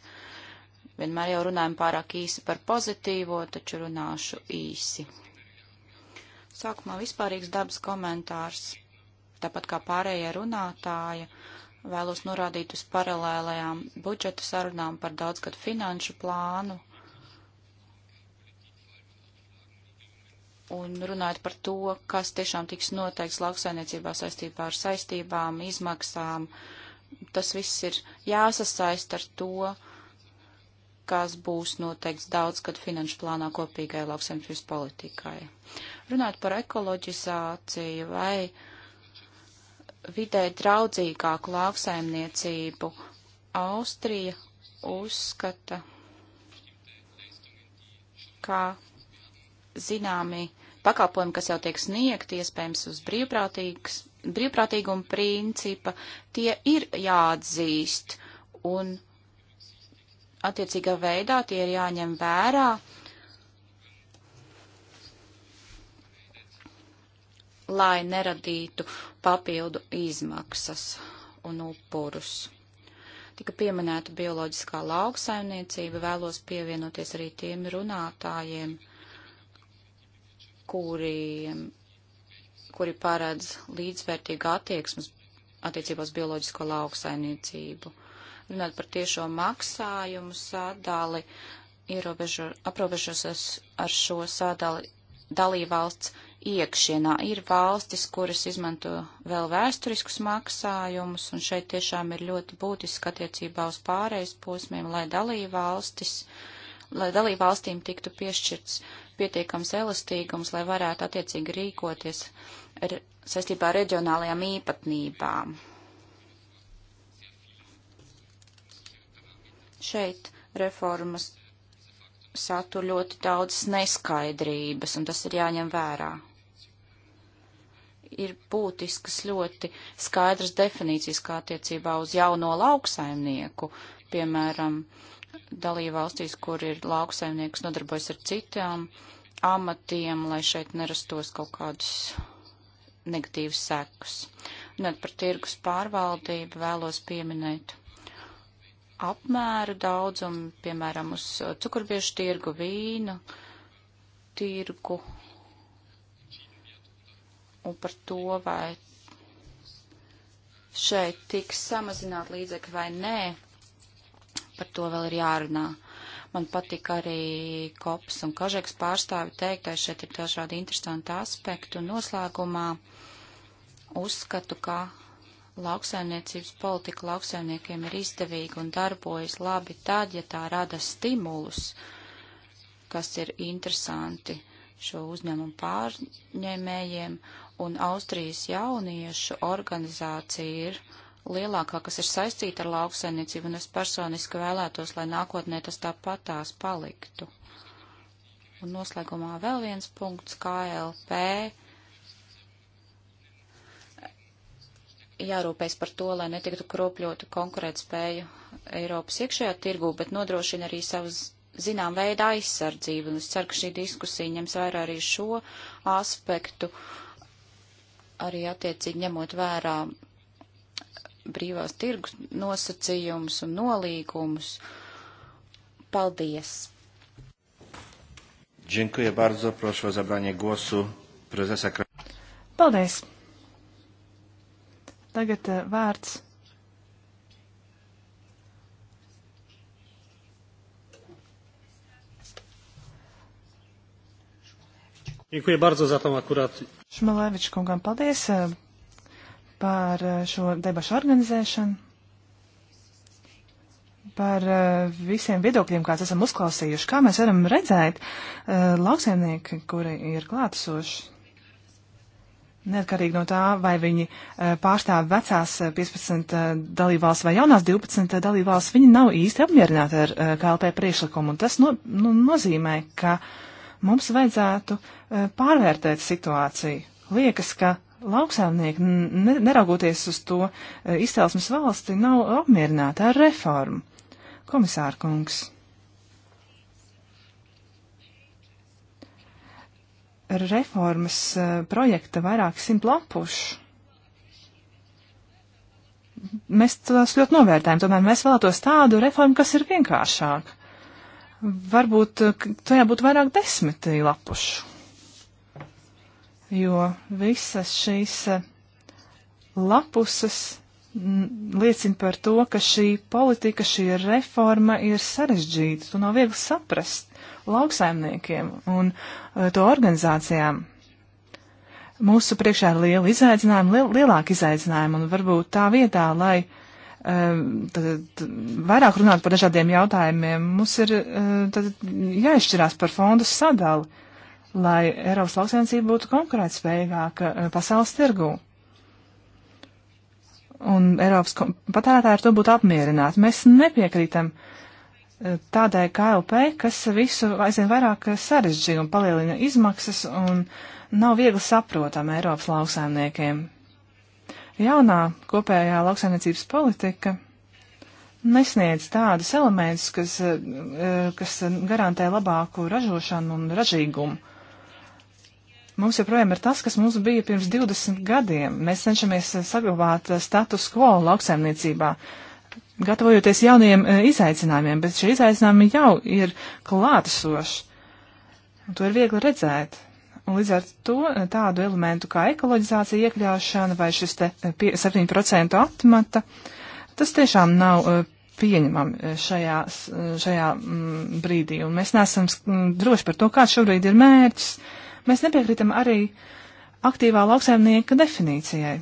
Vienmēr jau runājam pārāk īsi par pozitīvo, taču runāšu īsi. Sākumā vispārīgs dabas komentārs, tāpat kā pārējie runātāja, vēlos norādīt uz paralēlējām budžeta sarunām par daudzgadu finanšu plānu un runājot par to, kas tiešām tiks noteikts lauksainiecībā saistībā ar saistībām, izmaksām, tas viss ir jāsasaist ar to, kas būs noteikts daudzgad finanšu plānā kopīgai lauksaimniecības politikai. Runājot par ekoloģizāciju vai vidē draudzīgāku lauksaimniecību, Austrija uzskata, ka zināmi pakalpojumi, kas jau tiek sniegti, iespējams, uz brīvprātīguma principa, tie ir jāatzīst un attiecīgā veidā tie ir jāņem vērā. lai neradītu papildu izmaksas un upurus. Tika pieminēta bioloģiskā lauksaimniecība, vēlos pievienoties arī tiem runātājiem, kuriem, kuri paredz līdzvērtīgu attieksmus attiecībās bioloģisko lauksainiecību. Runāt par tiešo maksājumu sādāli, ierobežo, aprobežosies ar šo sādāli dalībvalsts iekšienā. Ir valstis, kuras izmanto vēl vēsturiskus maksājumus, un šeit tiešām ir ļoti būtiski attiecībā uz pārējais posmiem, lai dalībvalstis, lai dalībvalstīm tiktu piešķirts pietiekams elastīgums, lai varētu attiecīgi rīkoties ar, saistībā ar reģionālajām īpatnībām. Šeit reformas satur ļoti daudz neskaidrības, un tas ir jāņem vērā. Ir būtiskas ļoti skaidras definīcijas kā attiecībā uz jauno lauksaimnieku, piemēram, uh, dalībvalstīs, kur ir lauksaimnieks nodarbojas ar citām amatiem, lai šeit nerastos kaut kādas negatīvas sekas. Runāt par tirgus pārvaldību vēlos pieminēt apmēru daudzumu, piemēram, uz cukurbiešu tirgu, vīnu tirgu un par to, vai šeit tiks samazināt līdzekļi vai nē par to vēl ir jārunā. Man patika arī Kops un Kažeks pārstāvi teiktais, šeit ir dažādi interesanti aspekti un noslēgumā uzskatu, ka lauksaimniecības politika lauksaimniekiem ir izdevīga un darbojas labi tad, ja tā rada stimulus, kas ir interesanti šo uzņēmumu pārņēmējiem, un Austrijas jauniešu organizācija ir lielākā, kas ir saistīta ar lauksainiecību, un es personiski vēlētos, lai nākotnē tas tāpat tās paliktu. Un noslēgumā vēl viens punkts - KLP. Jārūpēs par to, lai netiktu kropļotu konkurētspēju Eiropas iekšējā tirgū, bet nodrošina arī savas zinām veidu aizsardzību. Un es ceru, ka šī diskusija ņems vērā arī šo aspektu, arī attiecīgi ņemot vērā brīvās tirgus nosacījumus un nolīgumus. Paldies! Dziękuję bardzo. Proszę o zabranie głosu prezesa Paldies! Tagad uh, vārds. Dziękuję bardzo za tą akurat. Šmalevičs kungam paldies e, par eh, šo debašu organizēšanu, par eh, visiem viedokļiem, kāds esam uzklausījuši. Kā mēs varam redzēt, eh, lauksaimnieki, kuri ir klātesoši, neatkarīgi no tā, vai viņi pārstāv vecās 15 dalībvalsts vai jaunās 12 dalībvalsts, viņi nav īsti apmierināti ar KLP priekšlikumu. Un tas no, nu, nozīmē, ka mums vajadzētu pārvērtēt situāciju. Liekas, ka lauksēmnieki, neraugoties uz to e, izcelsmes valsti, nav apmierināti ar reformu. Komisārkungs. Reformas e, projekta vairāk simt lapušu. Mēs tos ļoti novērtējam, tomēr mēs vēlētos tādu reformu, kas ir vienkāršāka. Varbūt e, tajā būtu vairāk desmit lapušu jo visas šīs eh, lapuses liecina par to, ka šī politika, šī reforma ir sarežģīta. To nav viegli saprast lauksaimniekiem un eh, to organizācijām. Mūsu priekšā ir liela izaicinājuma, liel, lielāka izaicinājuma, un varbūt tā vietā, lai eh, tad, vairāk runātu par dažādiem jautājumiem, mums ir tad, jāizšķirās par fondu sadali lai Eiropas lauksainicība būtu konkurētspējīgāka eh, pasaules tirgū. Un Eiropas patērētāji ar to būtu apmierināti. Mēs nepiekrītam eh, tādai KLP, kas visu aizvien vairāk sarežģīja un palielina izmaksas un nav viegli saprotama Eiropas lauksaimniekiem. Jaunā kopējā lauksaimniecības politika nesniedz tādus elementus, kas, eh, kas garantē labāku ražošanu un ražīgumu mums joprojām ir tas, kas mums bija pirms 20 gadiem. Mēs cenšamies eh, saglabāt eh, status quo lauksaimniecībā, gatavojoties jauniem eh, izaicinājumiem, bet šie izaicinājumi jau ir klātesoši. To ir viegli redzēt. Un līdz ar to tādu elementu kā ekoloģizācija, iekļaušana vai šis te 7% atmata, tas tiešām nav pieņemami šajā, šajā mm, brīdī. Un mēs neesam mm, droši par to, kāds šobrīd ir mērķis. Uh, Mēs nepiekrītam arī aktīvā lauksaimnieka definīcijai.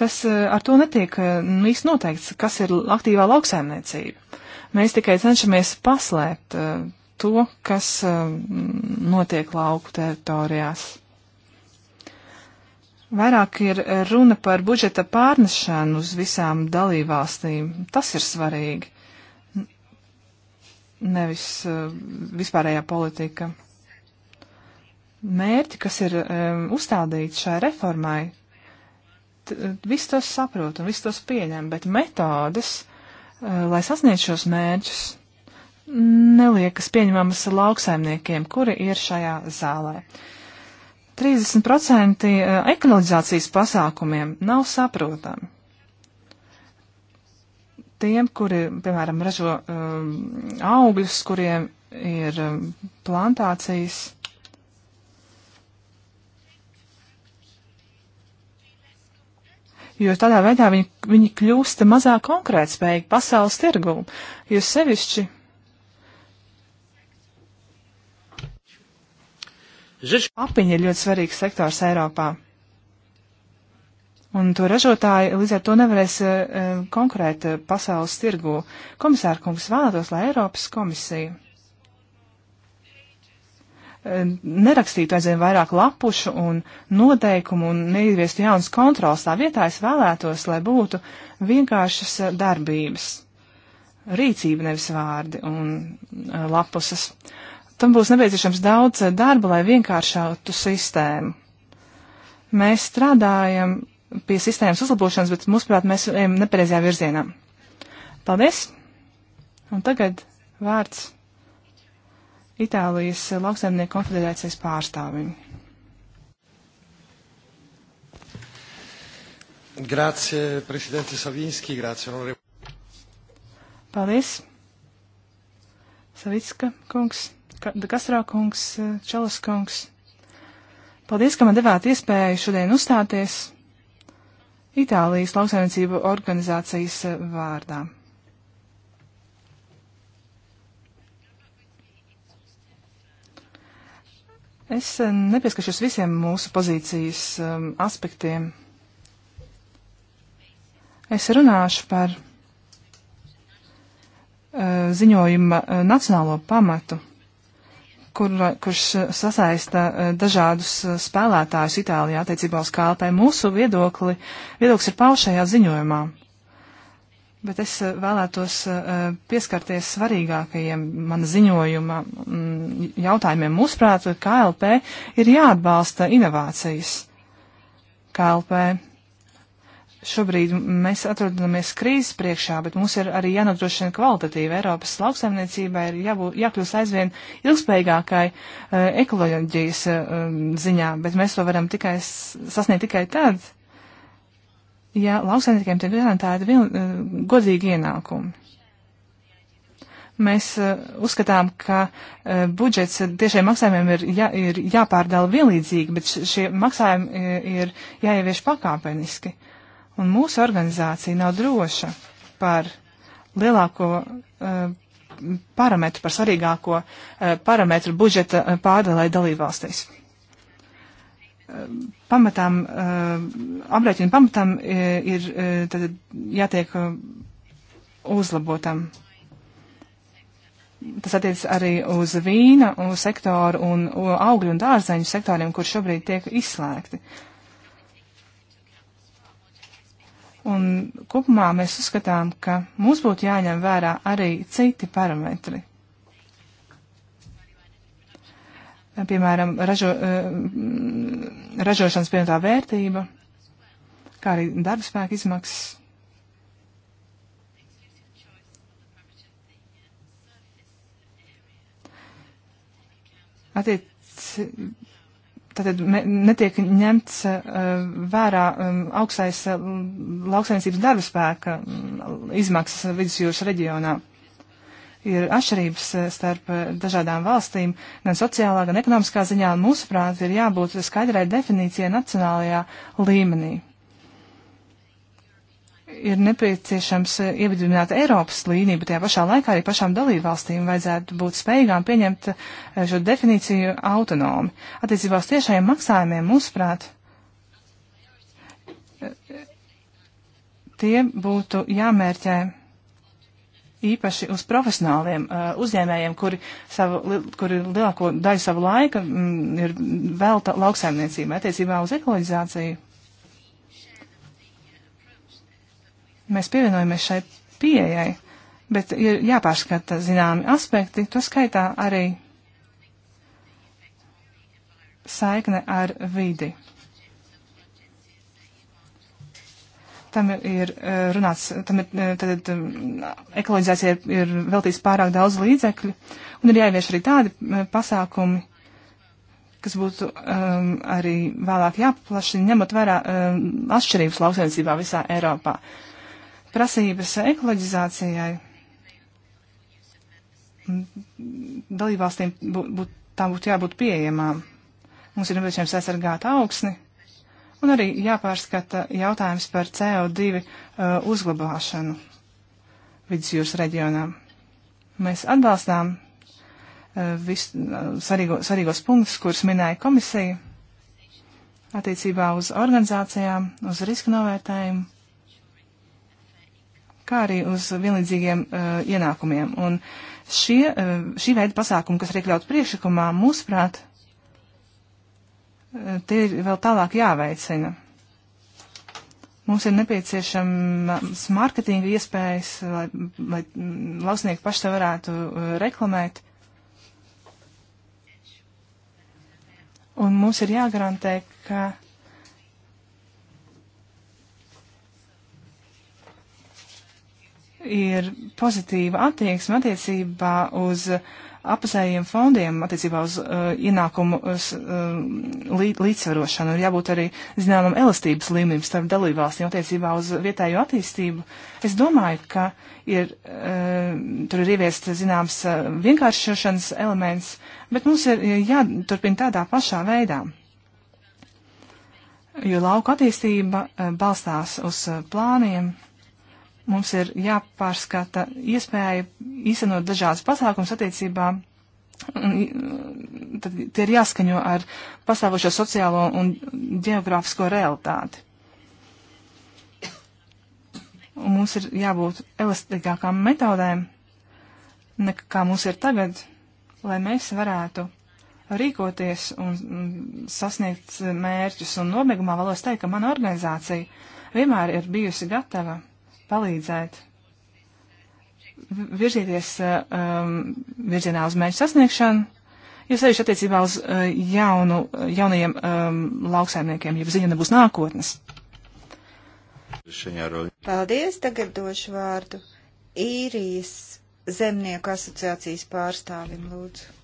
Tas eh, ar to netiek eh, nu, īsti noteikts, kas ir aktīvā lauksaimniecība. Mēs tikai cenšamies paslēpt uh, to, kas uh, notiek lauku teritorijās. Vairāk ir runa par budžeta pārnešanu uz visām dalībvalstīm. Tas ir svarīgi nevis uh, vispārējā politika. Mērķi, kas ir um, uzstādīti šai reformai, viss tos saprot un viss tos pieņem, bet metodes, uh, lai sasniegtu šos mērķus, neliekas pieņemamas lauksaimniekiem, kuri ir šajā zālē. 30% ekoloģizācijas pasākumiem nav saprotami tiem, kuri, piemēram, ražo um, augļus, kuriem ir um, plantācijas. Jo tādā veidā viņi, viņi kļūst mazāk konkurētspējīgi pasaules tirgū, jo sevišķi. Apiņa ir ļoti svarīgs sektors Eiropā un to ražotāji līdz ar to nevarēs uh, konkurēt uh, pasaules tirgū. Komisāra kungs vēlētos, lai Eiropas komisija uh, nerakstītu aizvien vairāk lapušu un noteikumu un neieviestu jaunas kontrolas. Tā vietā es vēlētos, lai būtu vienkāršas darbības, rīcība nevis vārdi un lapusas. Tam būs nepieciešams daudz darba, lai vienkāršātu sistēmu. Mēs strādājam pie sistēmas uzlabošanas, bet, mūsuprāt, mēs ejam nepareizajā virzienā. Paldies! Un tagad vārds Itālijas lauksaimnieku konfederācijas pārstāvim. Grazie, prezidente Savinski, grazie, honorē. Paldies! Savicka kungs, Kastrā kungs, Čelas kungs. Paldies, ka man devāt iespēju šodien uzstāties Itālijas lauksaimniecību organizācijas eh, vārdā. Es eh, nepieskaršos visiem mūsu pozīcijas um, aspektiem. Es runāšu par uh, ziņojuma uh, nacionālo pamatu kur, kurš eh, sasaista eh, dažādus eh, spēlētājus Itālijā attiecībā uz KLP. Mūsu viedokli, viedoklis ir paušajā ziņojumā, bet es vēlētos pieskarties svarīgākajiem mana ziņojuma mm, jautājumiem. Mūsuprāt, KLP ir jāatbalsta inovācijas. KLP šobrīd mēs atrodamies krīzes priekšā, bet mums ir arī jānodrošina kvalitatīva Eiropas lauksaimniecība, ir jābūt, jākļūst aizvien ilgspējīgākai uh, ekoloģijas uh, ziņā, bet mēs to varam tikai sasniegt tikai tad, ja lauksaimniekiem tiek garantēti vien, uh, godīgi ienākumi. Mēs uh, uzskatām, ka uh, budžets tiešiem maksājumiem ir, jā, ir jāpārdala vienlīdzīgi, bet šie maksājumi ir jāievieš pakāpeniski. Uh, Un mūsu organizācija nav droša par lielāko uh, parametru, par svarīgāko uh, parametru budžeta uh, eh, pārdalai dalībvalstīs. Pamatām, aprēķinu pamatām ir tad jātiek uzlabotam. Tas attiec arī uz vīna uz sektoru un augļu un dārzeņu sektoriem, kur šobrīd tiek izslēgti. Uh, Un kopumā mēs uzskatām, ka mums būtu jāņem vērā arī citi parametri. Piemēram, ražo, eh, ražošanas pienotā vērtība, kā arī darba spēka izmaksas. Attiec, Tātad netiek ņemts eh, vērā um, augstais eh, lauksainicības darba spēka mm, izmaksas vidusjūras reģionā. Ir atšķirības eh, starp dažādām valstīm, gan sociālā, gan ekonomiskā ziņā, un mūsuprāt, ir jābūt skaidrai definīcijai nacionālajā līmenī ir nepieciešams eh, iedibināt Eiropas līniju, bet tajā pašā laikā arī pašām dalībvalstīm vajadzētu būt spējīgām pieņemt eh, šo definīciju autonomi. Attiecībā uz tiešajiem maksājumiem, mūsuprāt, eh, tie būtu jāmērķē īpaši uz profesionāliem uzņēmējiem, kuri, savu, kuri lielāko daļu savu laika mm, ir velta lauksaimniecībai attiecībā uz ekoloģizāciju mēs pievienojamies šai pieejai, bet ir jāpārskata zināmi aspekti, to skaitā arī saikne ar vidi. Tam ir e, runāts, tam ir, e, tad e, ekoloģizācija ir, ir veltīts pārāk daudz līdzekļu, un ir jāievieš arī tādi pasākumi, kas būtu um, arī vēlāk jāpaplašina, ņemot vērā um, atšķirības lauksainicībā visā Eiropā. Uh, prasības ekoloģizācijai dalībvalstīm būt, tām būtu jābūt pieejamām. Mums ir nepieciešams aizsargāt augsni un arī jāpārskata jautājums par CO2 uh, uzglabāšanu vidusjūras reģionām. Mēs atbalstām uh, visus uh, svarīgo, svarīgos punktus, kurus minēja komisija attiecībā uz organizācijām, uz riska novērtējumu kā arī uz vienlīdzīgiem uh, ienākumiem. Un šie, uh, šī veida pasākumi, kas ir iekļauts priekšlikumā, mūsuprāt, uh, tie ir vēl tālāk jāveicina. Mums ir nepieciešams mārketinga iespējas, lai, lai lausnieki paši sev varētu uh, reklamēt. Un mums ir jāgarantē, ka ir pozitīva attieksme attiecībā uz apusējiem fondiem, attiecībā uz uh, ienākumu uz, uh, uh, lī, līdzsvarošanu. Ir jābūt arī zināmam elastības līmenim starp dalībvalstīm attiecībā uz vietējo attīstību. Es domāju, ka ir, uh, tur ir ieviest zināms uh, vienkāršošanas elements, bet mums ir uh, jāturpina tādā pašā veidā. Jo lauka attīstība uh, balstās uz uh, plāniem. Uh, Mums ir jāpārskata iespēja īstenot dažādas pasākums attiecībā. Tad tie ir jāskaņo ar pastāvošo sociālo un geogrāfisko realitāti. Un mums ir jābūt elastīgākām metodēm nekā mums ir tagad, lai mēs varētu rīkoties un sasniegt mērķus. Un nobeigumā vēlos teikt, ka mana organizācija vienmēr ir bijusi gatava palīdzēt virzīties um, virzienā uz mērķu sasniegšanu, jo sevišķi attiecībā uz uh, jaunu, jaunajiem um, lauksaimniekiem, ja ziņa nebūs nākotnes. Paldies, tagad došu vārdu īrijas zemnieku asociācijas pārstāvim, lūdzu.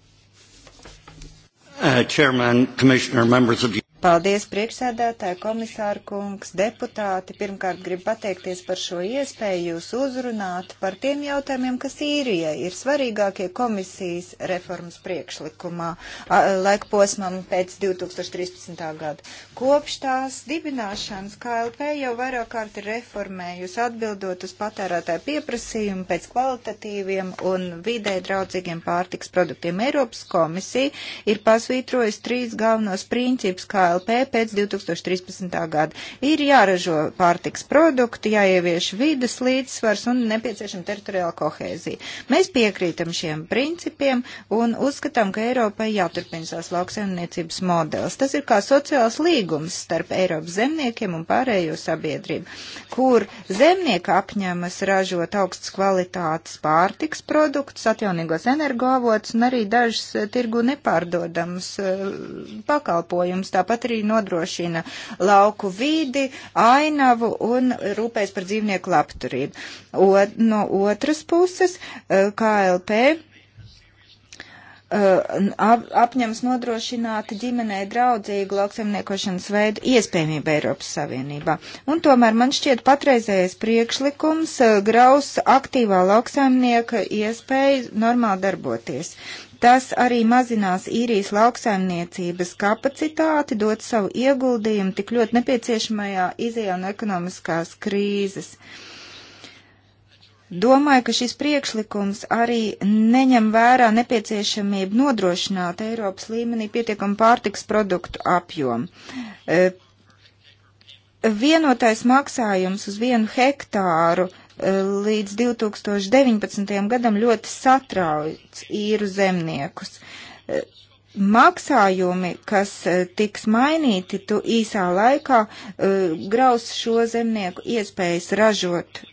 Uh, chairman, commissioner, members of the Paldies, priekšsēdētāji, komisāra kungs, deputāti. Pirmkārt, gribu pateikties par šo iespēju jūs uzrunāt par tiem jautājumiem, kas īrijai ir svarīgākie komisijas reformas priekšlikumā laika posmam pēc 2013. gada. Kopš tās dibināšanas KLP jau vairāk kārt ir reformējusi atbildot uz patērētāju pieprasījumu pēc kvalitatīviem un vidē draudzīgiem pārtiks produktiem. Eiropas komisija ir pasvītrojusi trīs galvenos principus, kā KLP pēc 2013. gada. Ir jāražo pārtiks produkti, jāievieš vidas līdzsvars un nepieciešama teritoriāla kohēzija. Mēs piekrītam šiem principiem un uzskatām, ka Eiropai jāturpina savas lauksaimniecības modelis. Tas ir kā sociāls līgums starp Eiropas zemniekiem un pārējo sabiedrību, kur zemnieki apņemas ražot augstas kvalitātes pārtiks produktus, atjaunīgos energoavotus un arī dažus eh, tirgu nepārdodamus eh, pakalpojumus, tāpat tāpat arī nodrošina lauku vidi, ainavu un rūpēs par dzīvnieku labturību. Ot, no otras puses, eh, KLP eh, apņems nodrošināt ģimenei draudzīgu lauksaimniekošanas veidu iespējamību Eiropas Savienībā. Un tomēr man šķiet patreizējais priekšlikums eh, graus aktīvā lauksaimnieka iespēju normāli darboties. Tas arī mazinās īrijas lauksaimniecības kapacitāti dot savu ieguldījumu tik ļoti nepieciešamajā izējā no ekonomiskās krīzes. Domāju, ka šis priekšlikums arī neņem vērā nepieciešamību nodrošināt Eiropas līmenī pietiekamu pārtiks produktu apjomu. E, vienotais maksājums uz vienu hektāru līdz 2019. gadam ļoti satrauc īru zemniekus. Maksājumi, kas e, tiks mainīti tu īsā laikā, e, graus šo zemnieku iespējas ražot e,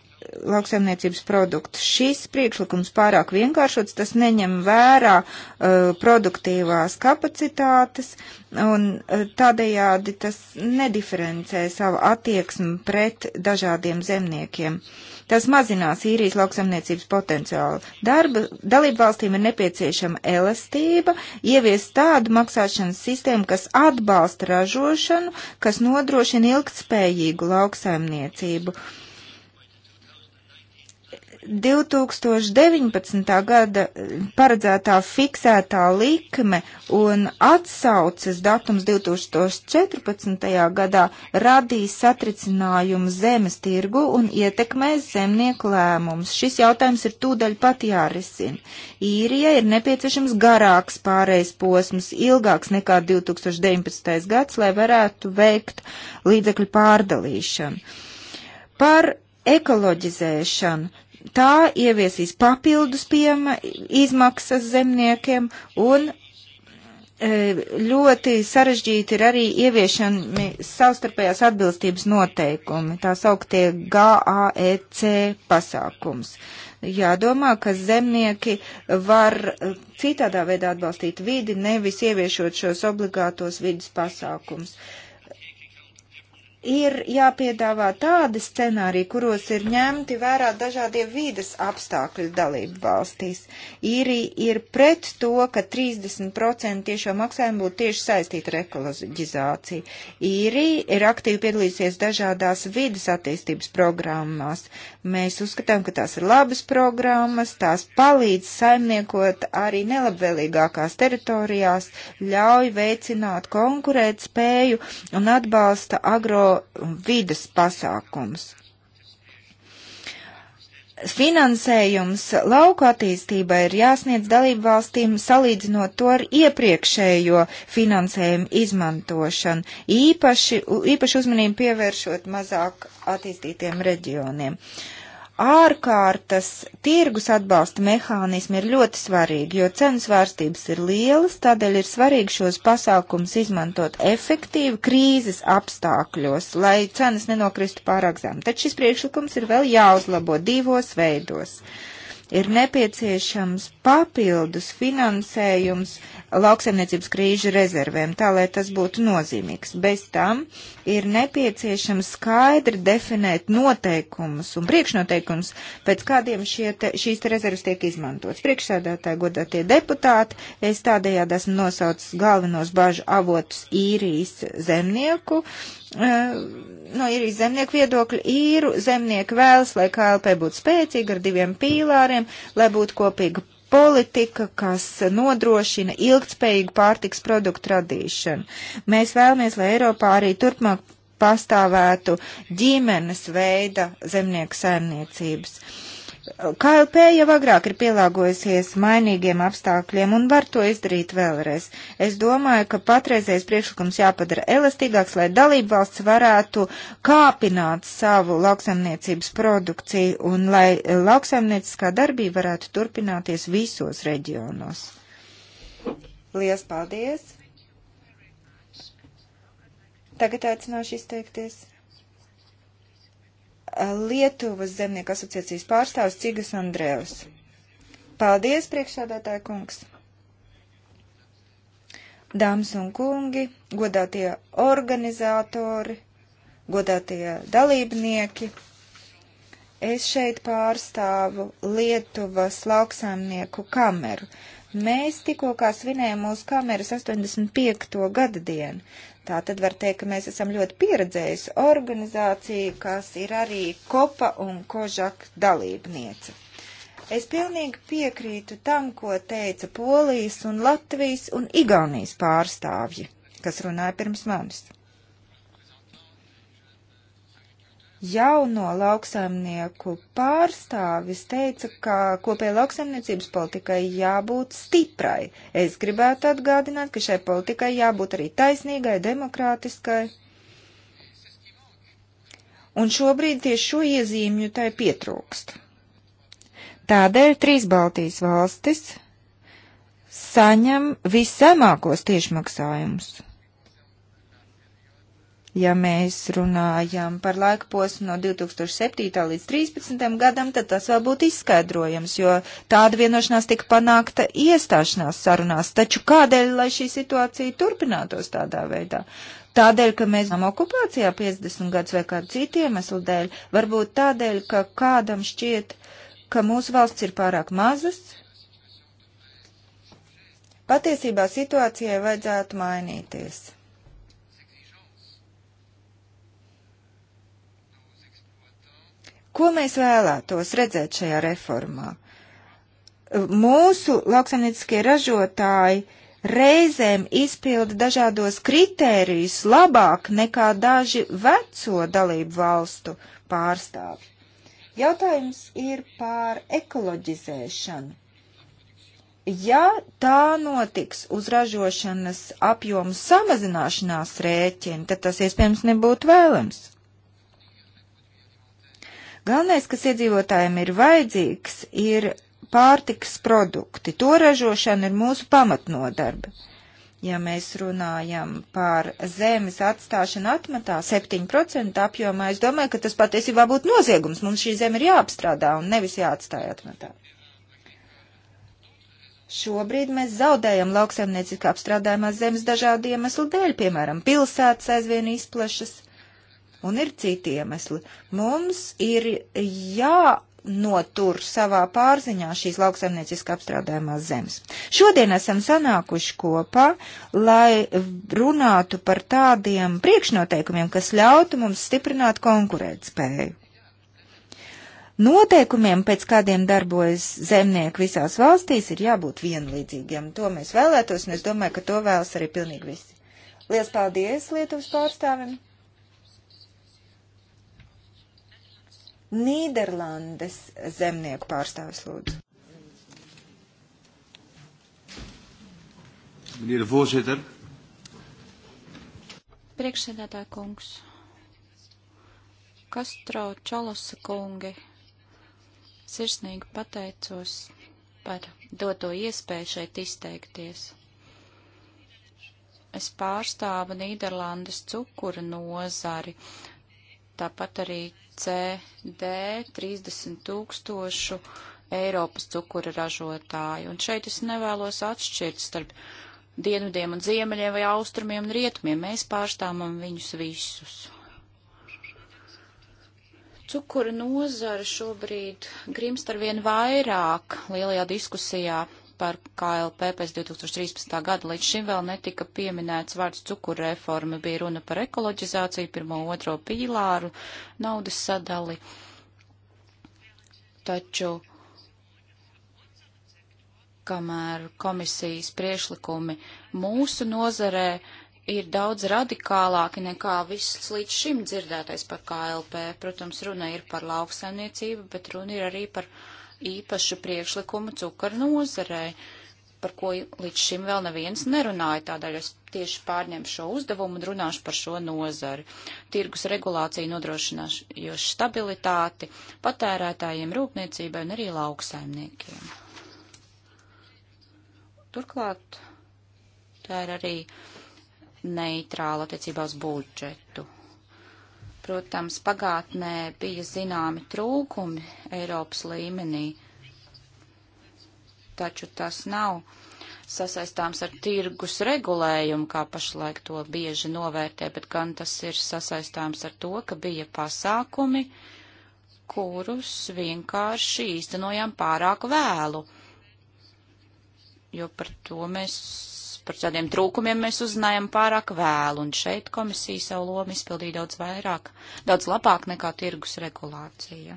lauksaimniecības produktu. Šis priekšlikums pārāk vienkāršots, tas neņem vērā uh, produktīvās kapacitātes un uh, tādējādi tas nediferencē savu attieksmi pret dažādiem zemniekiem. Uh, Tas mazinās īrijas lauksamniecības potenciālu. Darba dalību valstīm ir nepieciešama elastība, ieviest tādu maksāšanas sistēmu, kas atbalsta ražošanu, kas nodrošina ilgtspējīgu lauksaimniecību. Uh, 2019. gada eh, paredzētā fiksētā likme un atsauces datums 2014. gadā radīs satricinājumu zemes tirgu un ietekmēs zemnieku lēmumus. Šis jautājums ir tūdaļ pat jārisina. Īrijai ir nepieciešams garāks pārējais posms, ilgāks nekā 2019. gads, lai varētu veikt līdzekļu pārdalīšanu. Par ekoloģizēšanu tā ieviesīs papildus piema izmaksas zemniekiem un e, ļoti sarežģīti ir arī ieviešami savstarpējās atbilstības noteikumi, tā sauktie GAEC pasākums. Jādomā, ka zemnieki var citādā veidā atbalstīt vidi, nevis ieviešot šos obligātos vidas pasākums. Uh, ir jāpiedāvā tādi scenāriji, kuros ir ņemti vērā dažādie vīdes apstākļi dalību valstīs. Īrija ir pret to, ka 30% tiešo maksājumu būtu tieši saistīta ar ekoloģizāciju. Īrija ir aktīvi piedalījusies dažādās vīdes attīstības programmās. Mēs uzskatām, ka tās ir labas programmas, tās palīdz saimniekot arī nelabvēlīgākās teritorijās, ļauj veicināt konkurēt spēju un atbalsta agro un vidas pasākums. Finansējums lauku attīstībai ir jāsniedz dalību valstīm salīdzinot to ar iepriekšējo finansējumu izmantošanu, īpaši, īpaši uzmanību pievēršot mazāk attīstītiem reģioniem. Uh, ārkārtas tirgus atbalsta mehānismi ir ļoti svarīgi, jo cenu svārstības ir lielas, tādēļ ir svarīgi šos pasākums izmantot efektīvi krīzes apstākļos, lai cenas nenokristu pārāk zem. Taču šis priekšlikums ir vēl jāuzlabo divos veidos. Ir nepieciešams papildus finansējums lauksaimniecības krīžu rezervēm, tā lai tas būtu nozīmīgs. Bez tam ir nepieciešams skaidri definēt noteikumus un priekšnoteikumus, pēc kādiem te, šīs te rezerves tiek izmantotas. Priekšsēdētāji, godātie deputāti, es tādējādi esmu nosaucis galvenos bažu avotus īrijas zemnieku. Eh, no īrijas zemnieku viedokļa īru zemnieki vēlas, lai KLP būtu spēcīga ar diviem pīlāriem, lai būtu kopīga politika, kas nodrošina ilgtspējīgu pārtiks produktu radīšanu. Mēs vēlamies, lai Eiropā arī turpmāk pastāvētu ģimenes veida zemnieku saimniecības. Uh, KLP jau agrāk ir pielāgojusies mainīgiem apstākļiem un var to izdarīt vēlreiz. Es domāju, ka patreizējais priekšlikums jāpadara elastīgāks, lai dalību valsts varētu kāpināt savu lauksaimniecības produkciju un lai lauksaimnieciskā darbība varētu turpināties visos reģionos. Lielas paldies! Tagad aicināšu izteikties. Lietuvas zemnieku asociācijas pārstāvis Cigas Andrēvs. Paldies, priekšsādātāja kungs! Dāmas un kungi, godātie organizatori, godātie dalībnieki, es šeit pārstāvu Lietuvas lauksaimnieku kameru. Mēs tikko kā svinējam mūsu kameras 85. gada dienu. Tā tad var teikt, ka mēs esam ļoti pieredzējusi organizācija, kas ir arī kopa un kožak dalībniece. Es pilnīgi piekrītu tam, ko teica Polijas un Latvijas un Igaunijas pārstāvji, kas runāja pirms manis. jauno lauksaimnieku pārstāvis teica, ka kopēja lauksaimniecības politikai jābūt stiprai. Es gribētu atgādināt, ka šai politikai jābūt arī taisnīgai, demokrātiskai. Un šobrīd tieši šo iezīmju tai pietrūkst. Tādēļ trīs Baltijas valstis saņem viszemākos tiešmaksājumus. Ja mēs runājam par laika posmu no 2007. līdz 2013. gadam, tad tas vēl būtu izskaidrojams, jo tāda vienošanās tika panākta iestāšanās sarunās. Taču kādēļ, lai šī situācija turpinātos tādā veidā? Tādēļ, ka mēs esam okupācijā 50 gadus vai kādu citu iemeslu dēļ, varbūt tādēļ, ka kādam šķiet, ka mūsu valsts ir pārāk mazas. Patiesībā situācijai vajadzētu mainīties. Ko mēs vēlētos redzēt šajā reformā? Mūsu lauksaimnieciskie ražotāji reizēm izpilda dažādos kritērijus labāk nekā daži veco dalību valstu pārstāvi. Jautājums ir par ekoloģizēšanu. Ja tā notiks uz ražošanas apjomu samazināšanās rēķina, tad tas iespējams nebūtu vēlams. Galvenais, kas iedzīvotājiem ir vajadzīgs, ir pārtiks produkti. To ražošana ir mūsu pamatnodarbe. Ja mēs runājam par zemes atstāšanu atmatā 7% apjomā, es domāju, ka tas patiesībā būtu noziegums. Mums šī zeme ir jāapstrādā un nevis jāatstāj atmatā. Šobrīd mēs zaudējam lauksaimnieciskā apstrādājumās zemes dažādu iemeslu dēļ, piemēram, pilsētas aizvien izplešas, un ir citi iemesli. Mums ir jā notur savā pārziņā šīs lauksaimnieciski apstrādājumās zemes. Šodien esam sanākuši kopā, lai runātu par tādiem priekšnoteikumiem, kas ļautu mums stiprināt konkurētspēju. Noteikumiem, pēc kādiem darbojas zemnieki visās valstīs, ir jābūt vienlīdzīgiem. To mēs vēlētos, un es domāju, ka to vēlas arī pilnīgi visi. Lielas paldies Lietuvas pārstāvim! Nīderlandes zemnieku pārstāvis lūdzu. Meneer de voorzitter. Priekšsēdētāja kungs. Kastro Čalosa kungi. Sirsnīgi pateicos par doto iespēju šeit izteikties. Es pārstāvu Nīderlandes cukura nozari. Uh, Tāpat arī CD 30 tūkstošu Eiropas cukura ražotāju. Un šeit es nevēlos atšķirt starp dienvidiem un ziemeļiem vai austrumiem un rietumiem. Mēs pārstāvam viņus visus. Cukura nozara šobrīd grimst ar vien vairāk lielajā diskusijā par KLP pēc 2013. gada. Līdz šim vēl netika pieminēts vārds cukurreforma, bija runa par ekoloģizāciju, pirmo otro pīlāru, naudas sadali. Taču, kamēr komisijas priešlikumi mūsu nozarē ir daudz radikālāki nekā viss līdz šim dzirdētais par KLP, protams, runa ir par lauksaimniecību, bet runa ir arī par īpašu priekšlikumu cukuru nozarei, par ko līdz šim vēl neviens nerunāja. Tādēļ es tieši pārņemšu šo uzdevumu un runāšu par šo nozari. Tirgus regulācija nodrošinās jošu stabilitāti patērētājiem, rūpniecībai un arī lauksaimniekiem. Turklāt tā ir arī neitrāla attiecībā uz budžetu. Protams, pagātnē bija zināmi trūkumi Eiropas līmenī, taču tas nav sasaistāms ar tirgus regulējumu, kā pašlaik to bieži novērtē, bet gan tas ir sasaistāms ar to, ka bija pasākumi, kurus vienkārši īstenojām pārāk vēlu, jo par to mēs par šādiem trūkumiem mēs uzzinājām pārāk vēlu, un šeit komisija savu lomu izpildīja daudz vairāk, daudz labāk nekā tirgus regulācija.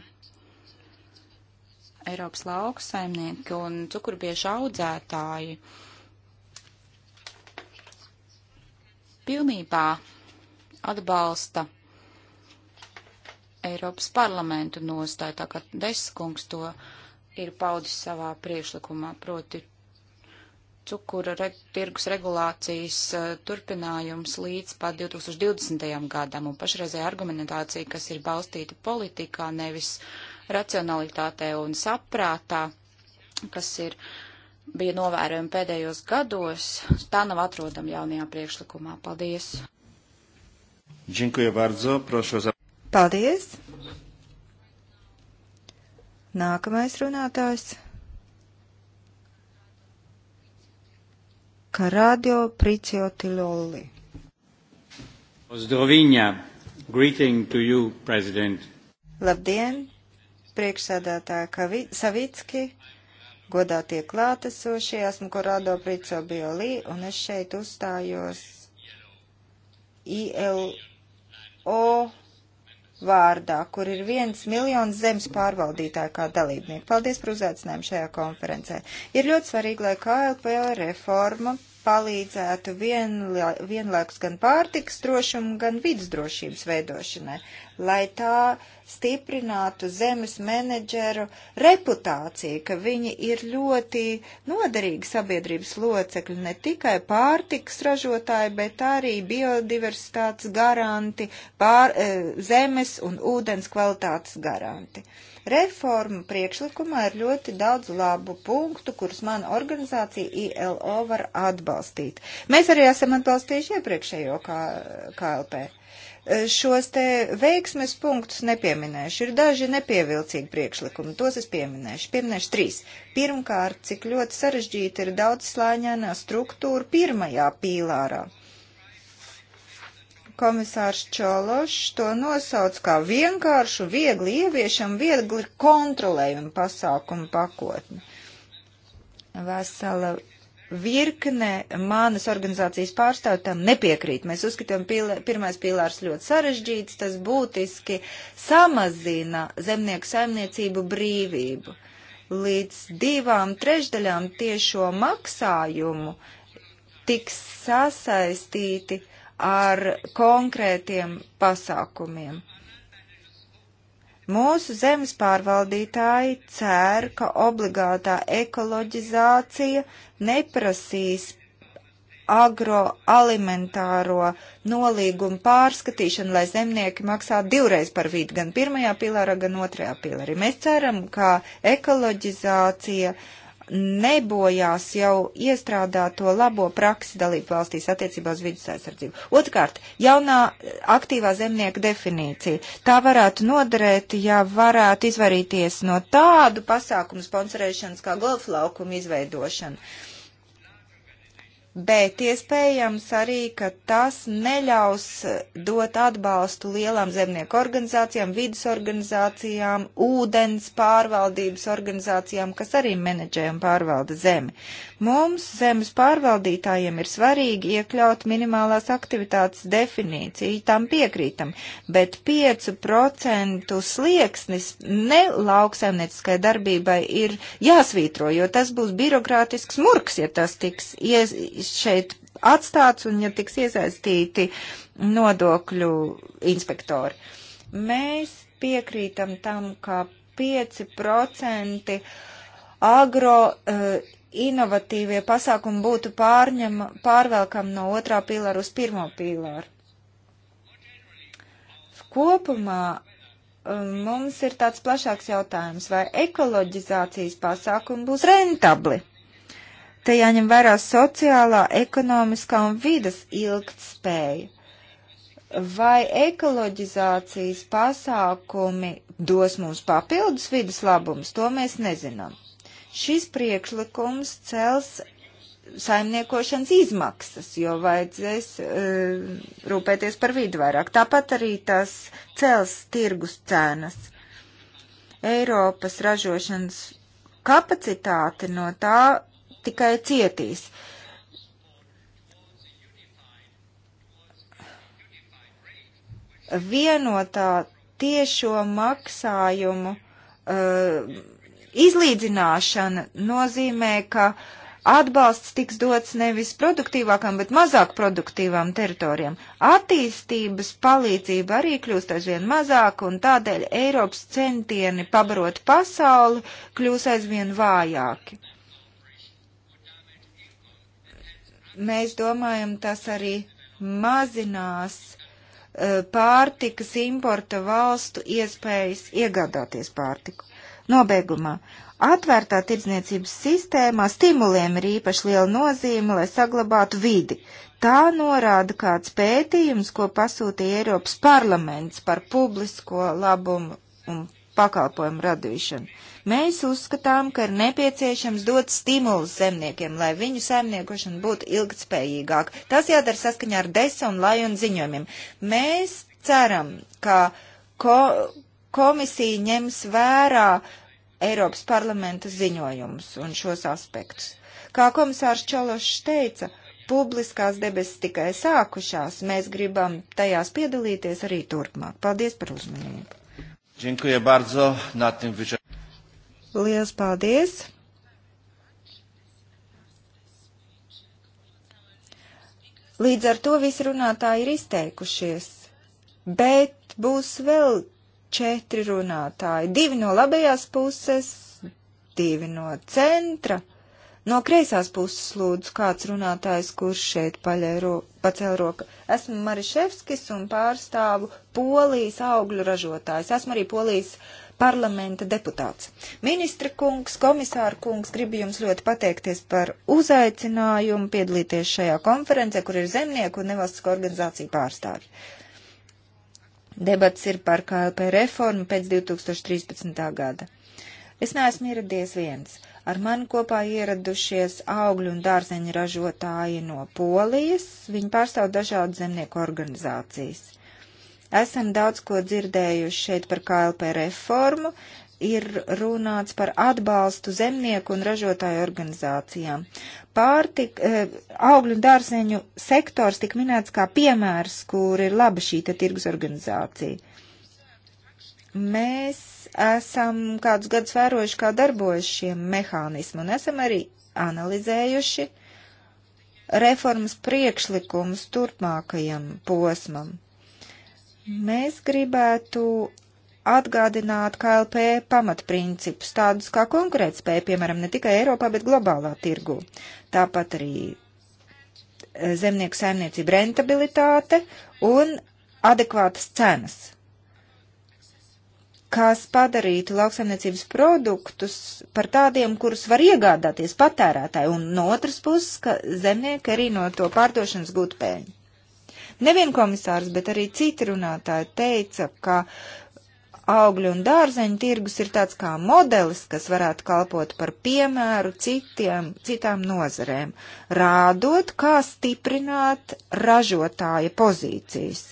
Eiropas lauksaimnieki un cukurbiešu audzētāji pilnībā atbalsta Eiropas parlamentu nostāju, tā kā Deskungs to ir paudis savā priekšlikumā, proti cukura re, tirgus regulācijas uh, turpinājums līdz pat 2020. gadam, un pašreizēja argumentācija, kas ir balstīta politikā, nevis racionalitātē un saprātā, kas ir bija novērojama pēdējos gados, tā nav atrodama jaunajā priekšlikumā. Paldies! Dziękuję bardzo. Proszę za... Paldies! Nākamais runātājs Karadio Priziotilolli. Uzdroviņā, greeting to you, President. Labdien, priekšsēdētāja Savicki, godātie klātesošie, esmu Korado Prico Biolī, un es šeit uzstājos ILO vārdā, kur ir viens miljons zemes pārvaldītāju kā dalībnieku. Paldies par uzaicinājumu šajā konferencē. Ir ļoti svarīgi, lai KLP reforma palīdzētu vienla, vienlaikus gan pārtiks drošumu, gan vidas drošības veidošanai, lai tā stiprinātu zemes menedžeru reputāciju, ka viņi ir ļoti noderīgi sabiedrības locekļi, ne tikai pārtiks ražotāji, bet arī biodiversitātes garanti, pār, eh, zemes un ūdens kvalitātes garanti. Uh, Reformu priekšlikumā ir ļoti daudz labu punktu, kurus mana organizācija ILO var atbalstīt. Mēs arī esam atbalstījuši iepriekšējo KLP. E, šos te veiksmes punktus nepieminēšu. Ir daži nepievilcīgi priekšlikumi, tos es pieminēšu. Pieminēšu trīs. Pirmkārt, cik ļoti sarežģīta ir daudz slāņainā struktūra pirmajā pīlārā. Uh, Komisārs Čološs to nosauc kā vienkāršu, viegli ieviešam, viegli kontrolējumu pasākumu pakotni. Vesela virkne manas organizācijas pārstāvju tam nepiekrīt. Mēs uzskatām, pīlē, pirmais pīlārs ļoti sarežģīts, tas būtiski samazina zemnieku saimniecību brīvību. Līdz divām trešdaļām tiešo maksājumu tiks sasaistīti uh, ar konkrētiem pasākumiem. Mūsu zemes pārvaldītāji cer, ka obligātā ekoloģizācija neprasīs agroalimentāro nolīgumu pārskatīšanu, lai zemnieki maksā divreiz par vidi, gan pirmajā pilārā, gan otrajā pilārī. Mēs ceram, ka ekoloģizācija uh, nebojās jau iestrādāto labo praksi dalību valstīs attiecībā uz vidus aizsardzību. Otkārt, jaunā aktīvā zemnieka definīcija. Tā varētu noderēt, ja varētu izvairīties no tādu pasākumu sponsorēšanas kā golflaukumu izveidošana. Uh, bet iespējams arī, ka tas neļaus dot atbalstu lielām zemnieku organizācijām, vidas organizācijām, ūdens pārvaldības organizācijām, kas arī menedžē un pārvalda zemi. Mums, zemes pārvaldītājiem, ir svarīgi iekļaut minimālās aktivitātes definīciju, tam piekrītam, bet 5% slieksnis ne lauksaimnieciskai darbībai ir jāsvītro, jo tas būs birokrātisks murks, ja tas tiks ies, šeit atstāts un ja tiks iesaistīti nodokļu inspektori. Mēs piekrītam tam, ka 5% agro uh, inovatīvie pasākumi būtu pārņem, pārvelkam no otrā pīlāra uz pirmo pīlāru. Kopumā um, mums ir tāds plašāks jautājums, vai ekoloģizācijas pasākumi būs rentabli. Te jāņem vērā sociālā, ekonomiskā un vidas ilgtspēja. Vai ekoloģizācijas pasākumi dos mums papildus vidas labums, to mēs nezinām. Šis priekšlikums cels saimniekošanas izmaksas, jo vajadzēs uh, rūpēties par vidu vairāk. Tāpat arī tas cels tirgus cenas. Eiropas ražošanas kapacitāte no tā tikai cietīs. Vienotā tiešo maksājumu uh, izlīdzināšana nozīmē, ka atbalsts tiks dots nevis produktīvākam, bet mazāk produktīvām teritorijām. Attīstības palīdzība arī kļūst aizvien mazāk, un tādēļ Eiropas centieni pabarot pasauli kļūs aizvien vājāki. Mēs domājam, tas arī mazinās uh, pārtikas importa valstu iespējas iegādāties pārtiku. Nobeigumā. Atvērtā tirdzniecības sistēmā stimuliem ir īpaši liela nozīme, lai saglabātu vidi. Tā norāda kāds pētījums, ko pasūtīja Eiropas parlaments par publisko labumu un pakalpojumu radīšanu. Mēs uzskatām, ka ir nepieciešams dot stimulus zemniekiem, lai viņu saimniekošana būtu ilgtspējīgāka. Tas jādara saskaņā ar desa un lajona ziņojumiem. Mēs ceram, ka ko komisija ņems vērā Eiropas parlamenta ziņojumus un šos aspektus. Kā komisārs Čološs teica, publiskās debesis tikai sākušās, mēs gribam tajās piedalīties arī turpmāk. Paldies par uzmanību. Dziękuję bardzo. Na tym Lielas paldies. Līdz ar to visi runātāji ir izteikušies, bet būs vēl četri runātāji, divi no labējās puses, divi no centra. No kreisās puses lūdzu kāds runātājs, kurš šeit paļēro, pacēl roku. Esmu Mariševskis un pārstāvu Polijas augļu ražotājs. Esmu arī Polijas parlamenta deputāts. Ministra kungs, komisāra kungs, gribu jums ļoti pateikties par uzaicinājumu piedalīties šajā konferencē, kur ir zemnieku un nevalstisko organizāciju pārstāvji. Debats ir par KLP reformu pēc 2013. gada. Es neesmu ieradies viens. Ar mani kopā ieradušies augļu un dārzeņu ražotāji no Polijas. Viņi pārstāv dažādu zemnieku organizācijas. Esam daudz ko dzirdējuši šeit par KLP reformu, ir runāts par atbalstu zemnieku un ražotāju organizācijām pārtika, eh, augļu un dārzeņu sektors tik minēts kā piemērs, kur ir laba šī tirgus organizācija. Mēs esam kādus gadus vērojuši, kā darbojas šie mehānismi, un esam arī analizējuši reformas priekšlikumus turpmākajam posmam. Mēs gribētu atgādināt KLP pamatprincipus, tādus kā konkurētspēja, piemēram, ne tikai Eiropā, bet globālā tirgu. Tāpat arī eh, zemnieku saimniecība rentabilitāte un adekvātas cenas, kas padarītu lauksaimniecības produktus par tādiem, kurus var iegādāties patērētāji, un no otras puses, ka zemnieki arī no to pārdošanas gūtu pēļņu. Nevien komisārs, bet arī citi runātāji teica, ka augļu un dārzeņu tirgus ir tāds kā modelis, kas varētu kalpot par piemēru citiem, citām nozarēm, rādot, kā stiprināt ražotāja pozīcijas.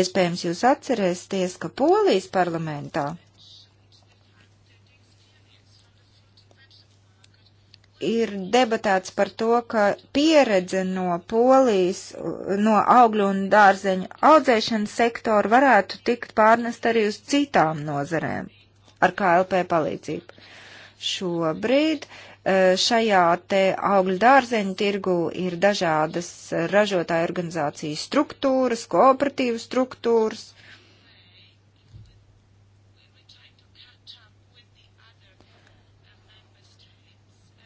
Iespējams, jūs atcerēsieties, ka Polijas parlamentā ir debatēts par to, ka pieredze no polijas, no augļu un dārzeņu audzēšanas sektora varētu tikt pārnest arī uz citām nozarēm ar KLP palīdzību. Šobrīd e, šajā te augļu dārzeņu tirgu ir dažādas ražotāju organizāciju struktūras, kooperatīvu struktūras,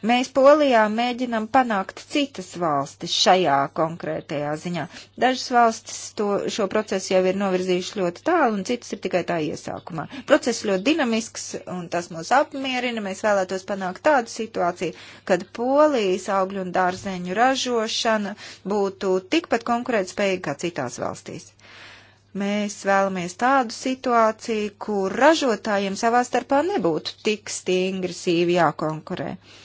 Mēs Polijā mēģinam panākt citas valstis šajā konkrētajā ziņā. Dažas valstis to, šo procesu jau ir novirzījuši ļoti tālu, un citas ir tikai tā iesākumā. Process ļoti dinamisks, un tas mūs apmierina. Mēs vēlētos panākt tādu situāciju, kad Polijas augļu un dārzeņu ražošana būtu tikpat konkurētspējīga kā citās valstīs. Mēs vēlamies tādu situāciju, kur ražotājiem savā starpā nebūtu tik stingri sīvi jākonkurē. Uh,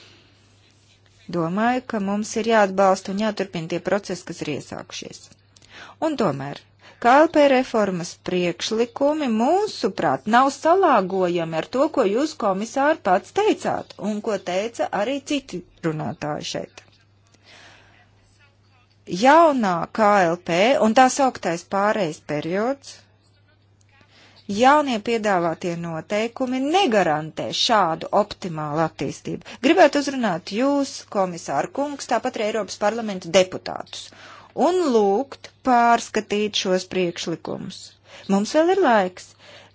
Domāju, ka mums ir jāatbalsta un jāturpina tie procesi, kas ir iesākušies. Un tomēr KLP reformas priekšlikumi mūsuprāt nav salāgojami ar to, ko jūs komisāri pats teicāt un ko teica arī citi runātāji šeit. Jaunā KLP un tā sauktais pārējais periods Jaunie piedāvātie noteikumi negarantē šādu optimālu attīstību. Gribētu uzrunāt jūs, komisāru kungs, tāpat arī Eiropas parlamenta deputātus, un lūgt pārskatīt šos priekšlikumus. Mums vēl ir laiks.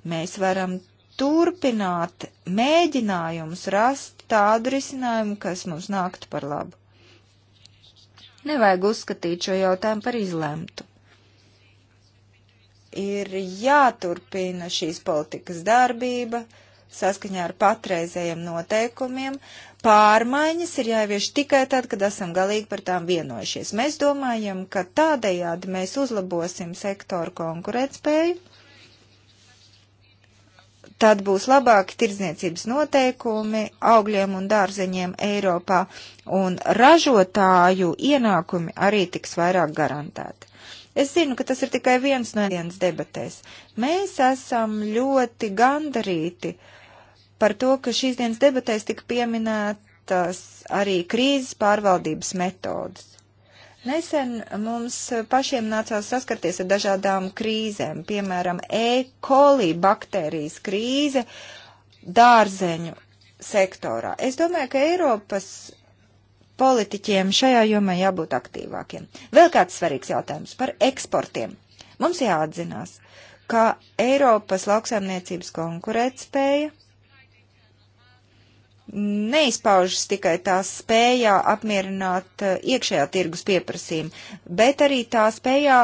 Mēs varam turpināt mēģinājumus rast tādu risinājumu, kas mums nāktu par labu. Nevajag uzskatīt šo jautājumu par izlemtu ir jāturpina šīs politikas darbība saskaņā ar patreizējiem noteikumiem. Pārmaiņas ir jāievieš tikai tad, kad esam galīgi par tām vienojušies. Mēs domājam, ka tādējādi mēs uzlabosim sektoru konkurētspēju. Tad būs labāki tirdzniecības noteikumi augļiem un dārzeņiem Eiropā, un ražotāju ienākumi arī tiks vairāk garantēti. Es zinu, ka tas ir tikai viens no dienas debatēs. Mēs esam ļoti gandarīti par to, ka šīs dienas debatēs tika pieminētas arī krīzes pārvaldības metodas. Nesen mums pašiem nācās saskarties ar dažādām krīzēm, piemēram, E. coli baktērijas krīze dārzeņu sektorā. Es domāju, ka Eiropas politiķiem šajā jomā jābūt aktīvākiem. Vēl kāds svarīgs jautājums par eksportiem. Mums jāatzinās, ka Eiropas lauksaimniecības konkurētspēja neizpaužas tikai tās spējā apmierināt eh, iekšējā tirgus pieprasījumu, bet arī tā spējā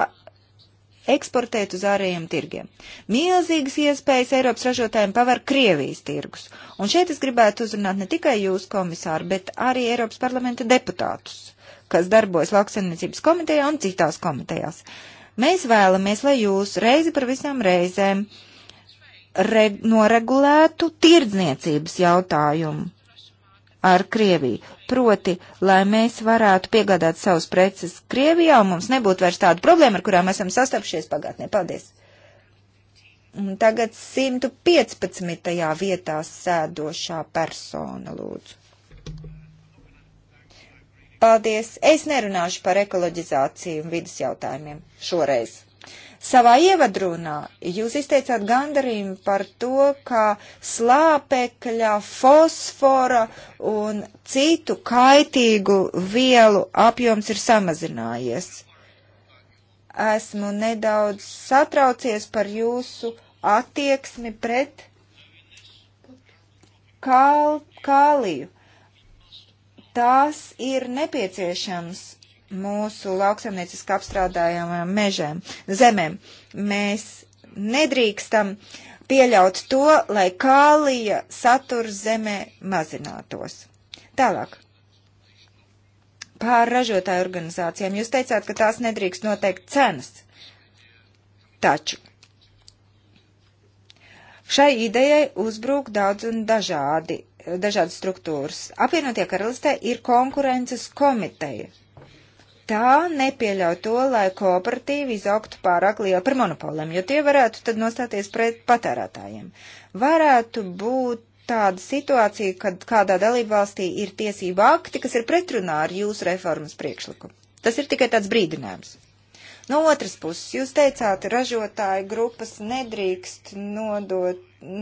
eksportēt uz ārējiem tirgiem. Milzīgas iespējas Eiropas ražotājiem paver Krievijas tirgus. Un šeit es gribētu uzrunāt ne tikai jūs, komisāri, bet arī Eiropas parlamenta deputātus, kas darbojas lauksaimniecības komitejā un citās komitejās. Mēs vēlamies, lai jūs reizi par visām reizēm re noregulētu tirdzniecības jautājumu ar Krieviju. Proti, lai mēs varētu piegādāt savus preces Krievijā un mums nebūtu vairs tādu problēmu, ar kurām esam sastapšies pagātnē. Paldies! Un tagad 115. vietā sēdošā persona lūdzu. Paldies! Es nerunāšu par ekoloģizāciju un vidas jautājumiem šoreiz. Savā ievadrunā jūs izteicāt gandarījumu par to, ka slāpekļa, fosfora un citu kaitīgu vielu apjoms ir samazinājies. Esmu nedaudz satraucies par jūsu attieksmi pret kāl, kāliju. Tās ir nepieciešams mūsu lauksaimnieciski apstrādājumiem mežiem, zemēm. Mēs nedrīkstam pieļaut to, lai kālija saturs zemē mazinātos. Tālāk. Pār ražotāju organizācijām. Jūs teicāt, ka tās nedrīkst noteikt cenas. Taču šai idejai uzbrūk daudz un dažādi, dažādi struktūras. Apvienotie karalistē ir konkurences komiteja, tā nepieļauj to, lai kooperatīvi izaugtu pārāk liela par monopoliem, jo tie varētu tad nostāties pret patērētājiem. Varētu būt tāda situācija, kad kādā dalībvalstī ir tiesība akti, kas ir pretrunā ar jūsu reformas priekšlikumu. Tas ir tikai tāds brīdinājums. No otras puses, jūs teicāt, ražotāju grupas nedrīkst nodot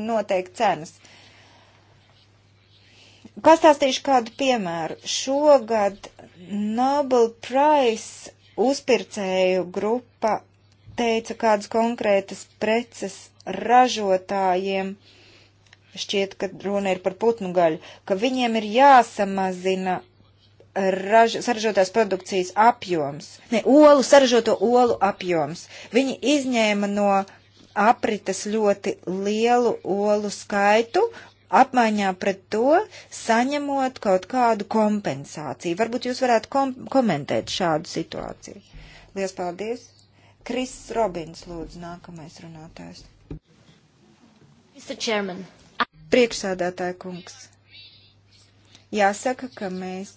noteikt cenas. Uh, Pastāstīšu kādu piemēru. Šogad Nobel Prize uzpircēju grupa teica kādas konkrētas preces ražotājiem, šķiet, ka runa ir par putnu gaļu, ka viņiem ir jāsamazina raž, saražotās produkcijas apjoms, ne, olu, saražoto olu apjoms. Viņi izņēma no aprites ļoti lielu olu skaitu apmaiņā pret to saņemot kaut kādu kompensāciju. Varbūt jūs varētu kom komentēt šādu situāciju. Lielas paldies! Kris Robins, lūdzu, nākamais runātājs. Priekšsādātāja kungs, jāsaka, ka mēs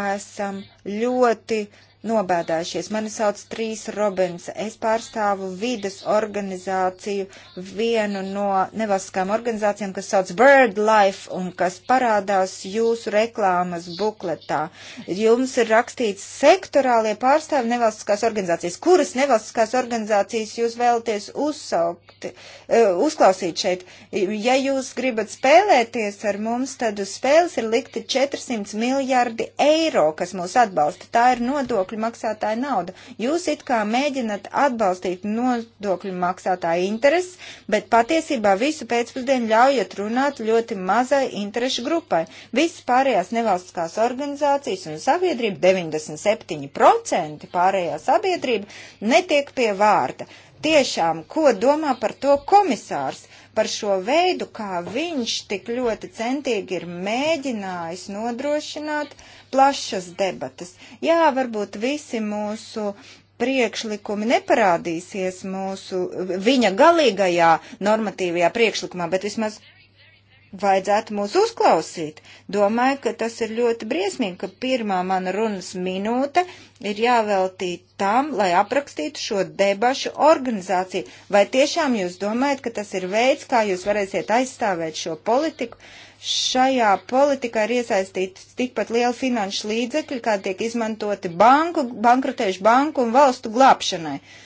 esam ļoti nobēdājušies. Mani sauc Trīs Robins. Es pārstāvu vides organizāciju, vienu no nevalstiskām organizācijām, kas sauc Bird Life un kas parādās jūsu reklāmas bukletā. Jums ir rakstīts sektorālie pārstāvi nevalstiskās organizācijas. Kuras nevalstiskās organizācijas jūs vēlaties uzsaukt, e, uzklausīt šeit? Ja jūs gribat spēlēties ar mums, tad uz spēles ir likti 400 miljardi eiro, kas mūs atbalsta. Tā ir nodokļu nodokļu maksātāja nauda. Jūs it kā mēģinat atbalstīt nodokļu maksātāja intereses, bet patiesībā visu pēcpusdienu ļaujat runāt ļoti mazai interešu grupai. Visas pārējās nevalstiskās organizācijas un sabiedrība, 97% pārējā sabiedrība, netiek pie vārda. Tiešām, ko domā par to komisārs? par šo veidu, kā viņš tik ļoti centīgi ir mēģinājis nodrošināt plašas debatas. Jā, varbūt visi mūsu priekšlikumi neparādīsies mūsu viņa galīgajā normatīvajā priekšlikumā, bet vismaz vajadzētu mūs uzklausīt. Domāju, ka tas ir ļoti briesmīgi, ka pirmā mana runas minūte ir jāveltīta tam, lai aprakstītu šo debašu organizāciju. Vai tiešām jūs domājat, ka tas ir veids, kā jūs varēsiet aizstāvēt šo politiku? Šajā politikā ir iesaistīti tikpat liela finanšu līdzekļi, kā tiek izmantoti banku, bankrotējuši banku un valstu glābšanai. Uh,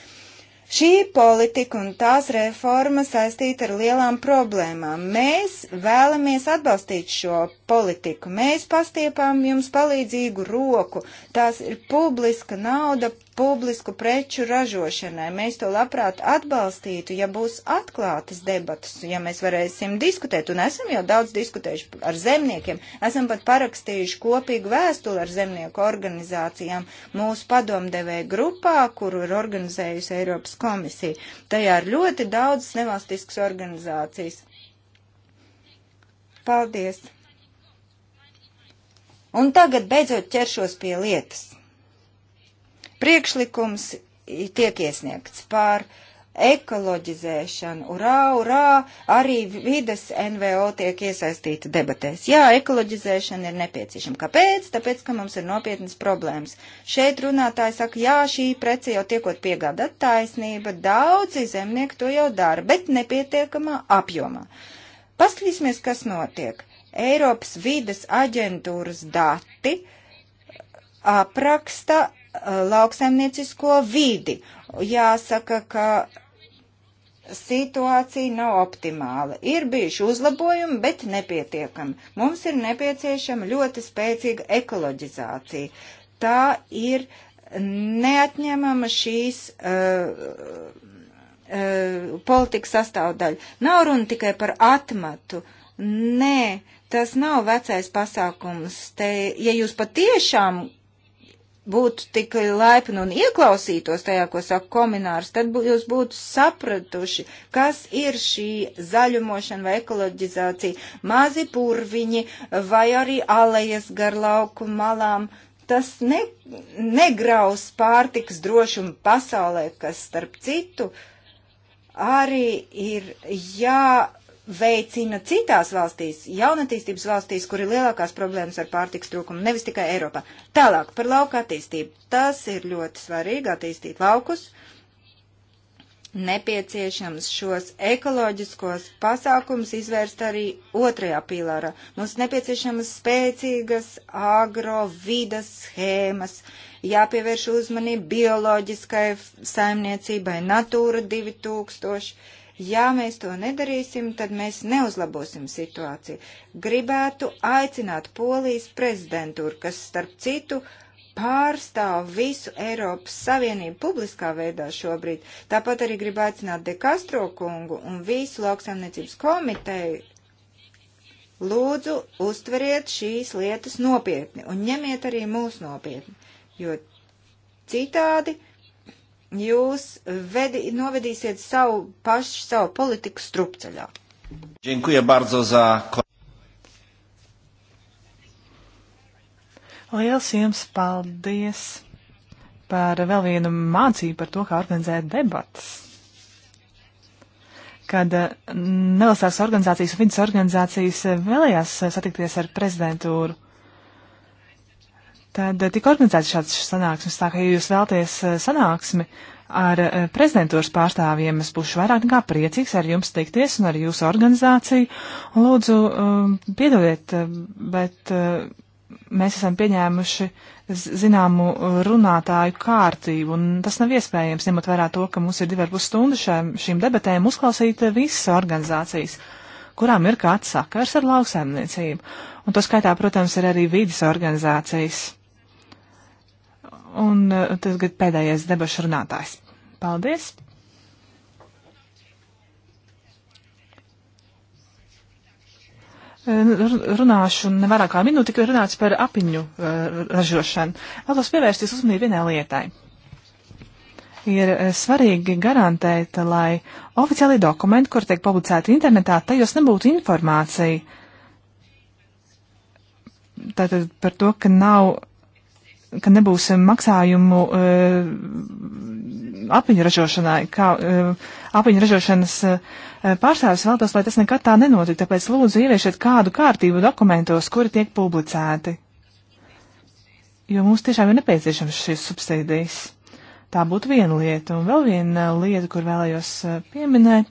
Šī politika un tās reforma saistīta ar lielām problēmām. Mēs vēlamies atbalstīt šo politiku. Mēs pastiepām jums palīdzīgu roku. Tās ir publiska nauda, publisku preču ražošanai. Mēs to labprāt atbalstītu, ja būs atklātas debatas, ja mēs varēsim diskutēt. Un esam jau daudz diskutējuši ar zemniekiem, esam pat parakstījuši kopīgu vēstuli ar zemnieku organizācijām mūsu padomdevēja grupā, kuru ir organizējusi Eiropas komisija. Tajā ir ļoti daudz nevalstiskas organizācijas. Paldies! Un tagad beidzot ķeršos pie lietas. Priekšlikums tiek iesniegts pār ekoloģizēšanu. Urā, urā, arī vides NVO tiek iesaistīta debatēs. Jā, ekoloģizēšana ir nepieciešama. Kāpēc? Tāpēc, ka mums ir nopietnas problēmas. Šeit runātāji saka, jā, šī prece jau tiekot piegādāt taisnība, daudzi zemnieki to jau dara, bet nepietiekamā apjomā. Paskatīsimies, kas notiek. Eiropas vides aģentūras dati apraksta Uh, lauksaimniecisko vidi. Jāsaka, ka situācija nav optimāla. Ir bijuši uzlabojumi, bet nepietiekami. Mums ir nepieciešama ļoti spēcīga ekoloģizācija. Tā ir neatņemama šīs uh, uh, politikas sastāvdaļa. Nav runa tikai par atmatu. Nē, tas nav vecais pasākums. Te, ja jūs patiešām būtu tik laipni un ieklausītos tajā, ko saka kominārs, tad bū, jūs būtu sapratuši, kas ir šī zaļumošana vai ekoloģizācija. Mazi purviņi vai arī alejas gar lauku malām. Tas ne, negraus pārtiks drošumu pasaulē, kas starp citu arī ir jā veicina citās valstīs, jaunatīstības valstīs, kur ir lielākās problēmas ar pārtiks trūkumu, nevis tikai Eiropā. Tālāk par lauka attīstību. Tas ir ļoti svarīgi attīstīt laukus. Nepieciešams šos ekoloģiskos pasākums izvērst arī otrajā pīlārā. Mums nepieciešamas spēcīgas agrovidas schēmas, jāpievērš uzmanība bioloģiskai saimniecībai, Natūra 2000 Ja mēs to nedarīsim, tad mēs neuzlabosim situāciju. Gribētu aicināt Polijas prezidentūru, kas starp citu pārstāv visu Eiropas Savienību publiskā veidā šobrīd. Tāpat arī gribu aicināt De Castro kungu un visu lauksaimniecības komiteju. Lūdzu, uztveriet šīs lietas nopietni un ņemiet arī mūs nopietni, jo citādi jūs vedi, novedīsiet savu pašu, savu politiku strupceļā. Dziękuję bardzo za. Liels jums paldies par vēl vienu mācību par to, kā organizēt debatas. Kad eh, nevalstās organizācijas un vidas organizācijas eh, vēlējās eh, satikties ar prezidentūru tad eh, tika organizēts šāds sanāksmes. Tā kā ja jūs vēlties eh, sanāksmi ar eh, prezidentūras pārstāvjiem, es būšu vairāk nekā priecīgs ar jums tikties un ar jūsu organizāciju. Un lūdzu, um, piedodiet, bet mēs esam pieņēmuši zināmu runātāju kārtību, un tas nav iespējams, ņemot vērā to, ka mums ir divi ar pus stundu šiem, šīm debatēm uzklausīt visas organizācijas, kurām ir kāds sakars ar lauksaimniecību. Un to skaitā, protams, ir arī vidas organizācijas. Un eh, tas ir pēdējais debašu runātājs. Paldies! Eh, nu, runāšu nevairāk kā minūti, tikai runāts par apiņu eh, ražošanu. Vēlos pievērsties uzmanību vienai lietai. Ir svarīgi garantēt, lai oficiāli dokumenti, kur tiek publicēti internetā, tajos nebūtu informācija. Tātad par to, ka nav ka nebūs maksājumu eh, apiņu ražošanai, kā eh, apiņu ražošanas eh, pārstāvis vēlētos, lai tas nekad tā nenotika, tāpēc lūdzu ieviešiet kādu kārtību dokumentos, kuri tiek publicēti. Jo mums tiešām ir nepieciešams šīs subsīdijas. Tā būtu viena lieta. Un vēl viena lieta, kur vēlējos pieminēt.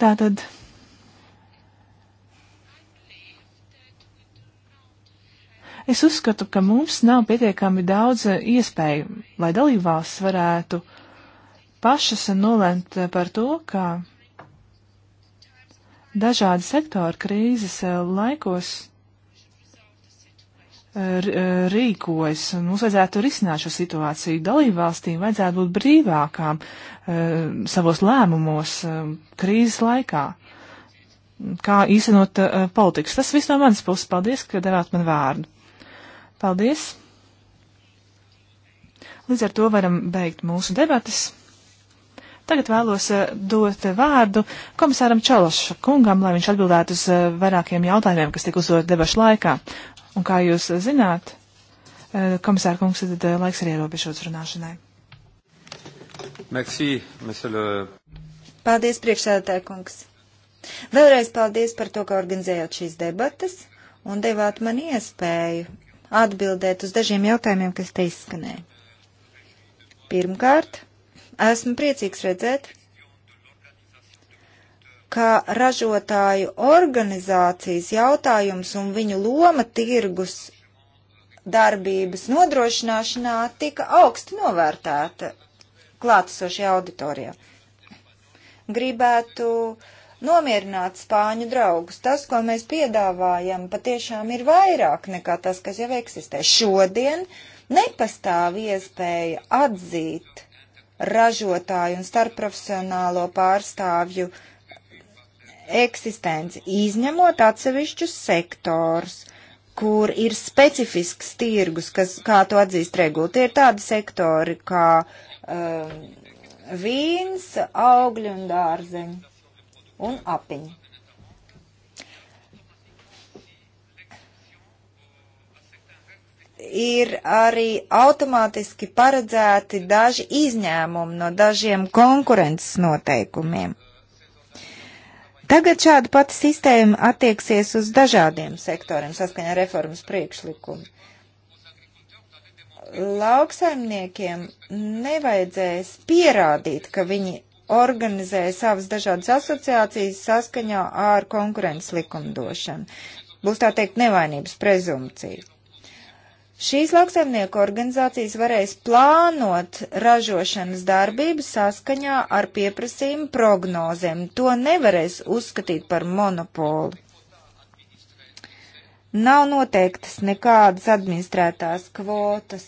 Tātad Es uzskatu, ka mums nav pietiekami daudz eh, iespēju, lai dalībvalsts varētu pašas nolēmt eh, par to, ka dažādi sektori krīzes eh, laikos rīkojas, un mums vajadzētu risināt šo situāciju. Dalībvalstīm vajadzētu būt brīvākām uh, savos lēmumos uh, krīzes laikā. Kā īstenot uh, politikas. Tas viss no manas puses. Paldies, ka devāt man vārdu. Paldies! Līdz ar to varam beigt mūsu debatas. Tagad vēlos eh, dot vārdu komisāram Čaloša kungam, lai viņš atbildētu uz eh, vairākiem jautājumiem, kas tika uzdot debašu laikā. Un kā jūs zināt, eh, komisāra kungs, tad laiks ir ierobežots runāšanai. Merci, le... Paldies, priekšsēdētāja kungs. Vēlreiz paldies par to, ka organizējāt šīs debatas un devāt man iespēju atbildēt uz dažiem jautājumiem, kas te izskanēja. Pirmkārt, esmu priecīgs redzēt, ka ražotāju organizācijas jautājums un viņu loma tirgus darbības nodrošināšanā tika augsti novērtēta klātesošajā auditorijā. Gribētu uh, nomierināt spāņu draugus. Tas, ko mēs piedāvājam, patiešām ir vairāk nekā tas, kas jau eksistē. Šodien nepastāv iespēja atzīt ražotāju un starpprofesionālo pārstāvju eksistenci, izņemot atsevišķus sektors, kur ir specifisks tirgus, kas, kā to atzīst regula. Tie ir tādi sektori kā um, vīns, augļi un dārzeņi un apiņu. ir arī automātiski paredzēti daži izņēmumi no dažiem konkurences noteikumiem. Tagad šāda pati sistēma attieksies uz dažādiem sektoriem saskaņā ar reformas priekšlikumu. Lauksaimniekiem nevajadzēs pierādīt, ka viņi organizē savas dažādas asociācijas saskaņā ar konkurences likumdošanu. Būs tā teikt nevainības prezumcija. Šīs lauksaimnieku organizācijas varēs plānot ražošanas darbību saskaņā ar pieprasījumu prognozēm. To nevarēs uzskatīt par monopolu. Nav noteiktas nekādas administrētās kvotas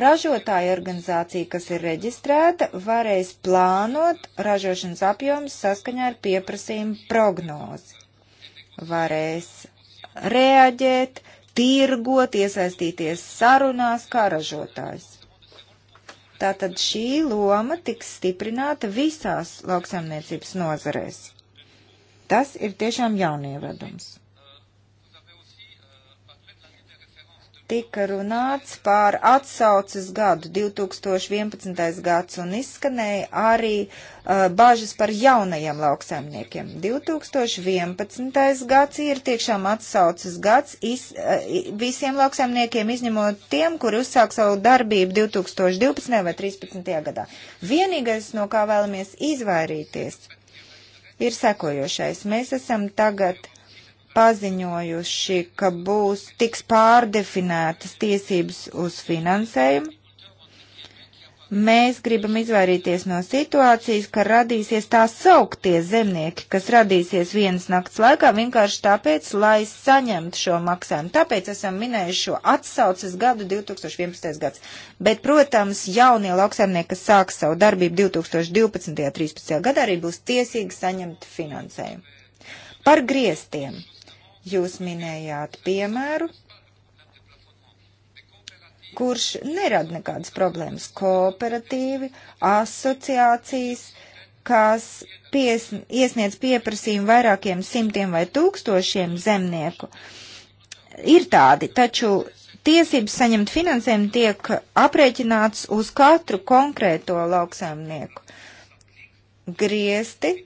ražotāja organizācija, kas ir reģistrēta, varēs plānot ražošanas apjomus saskaņā ar pieprasījumu prognozi. Varēs reaģēt, tirgot, iesaistīties sarunās kā ražotājs. Tātad šī loma tiks stiprināta visās lauksaimniecības nozarēs. Tas ir tiešām jaunievedums. tika runāts pār atsauces gadu 2011. gads un izskanēja arī uh, bažas par jaunajiem lauksaimniekiem. 2011. gads ir tiešām atsauces gads iz, uh, visiem lauksaimniekiem, izņemot tiem, kur uzsāk savu darbību 2012. vai 2013. gadā. Vienīgais, no kā vēlamies izvairīties, ir sekojošais. Mēs esam tagad paziņojuši, ka būs tiks pārdefinētas tiesības uz finansējumu. Mēs gribam izvairīties no situācijas, ka radīsies tā sauktie zemnieki, kas radīsies vienas nakts laikā vienkārši tāpēc, lai saņemtu šo maksājumu. Tāpēc esam minējuši šo atsaucas gadu 2011. gads. Bet, protams, jaunie lauksaimnieki, kas sāks savu darbību 2012. un 2013. gadā, arī būs tiesīgi saņemt finansējumu. Par griestiem Jūs minējāt piemēru, kurš nerada nekādas problēmas. Kooperatīvi, asociācijas, kas pies, iesniedz pieprasījumu vairākiem simtiem vai tūkstošiem zemnieku, ir tādi, taču tiesības saņemt finansējumu tiek aprēķināts uz katru konkrēto lauksaimnieku. Griesti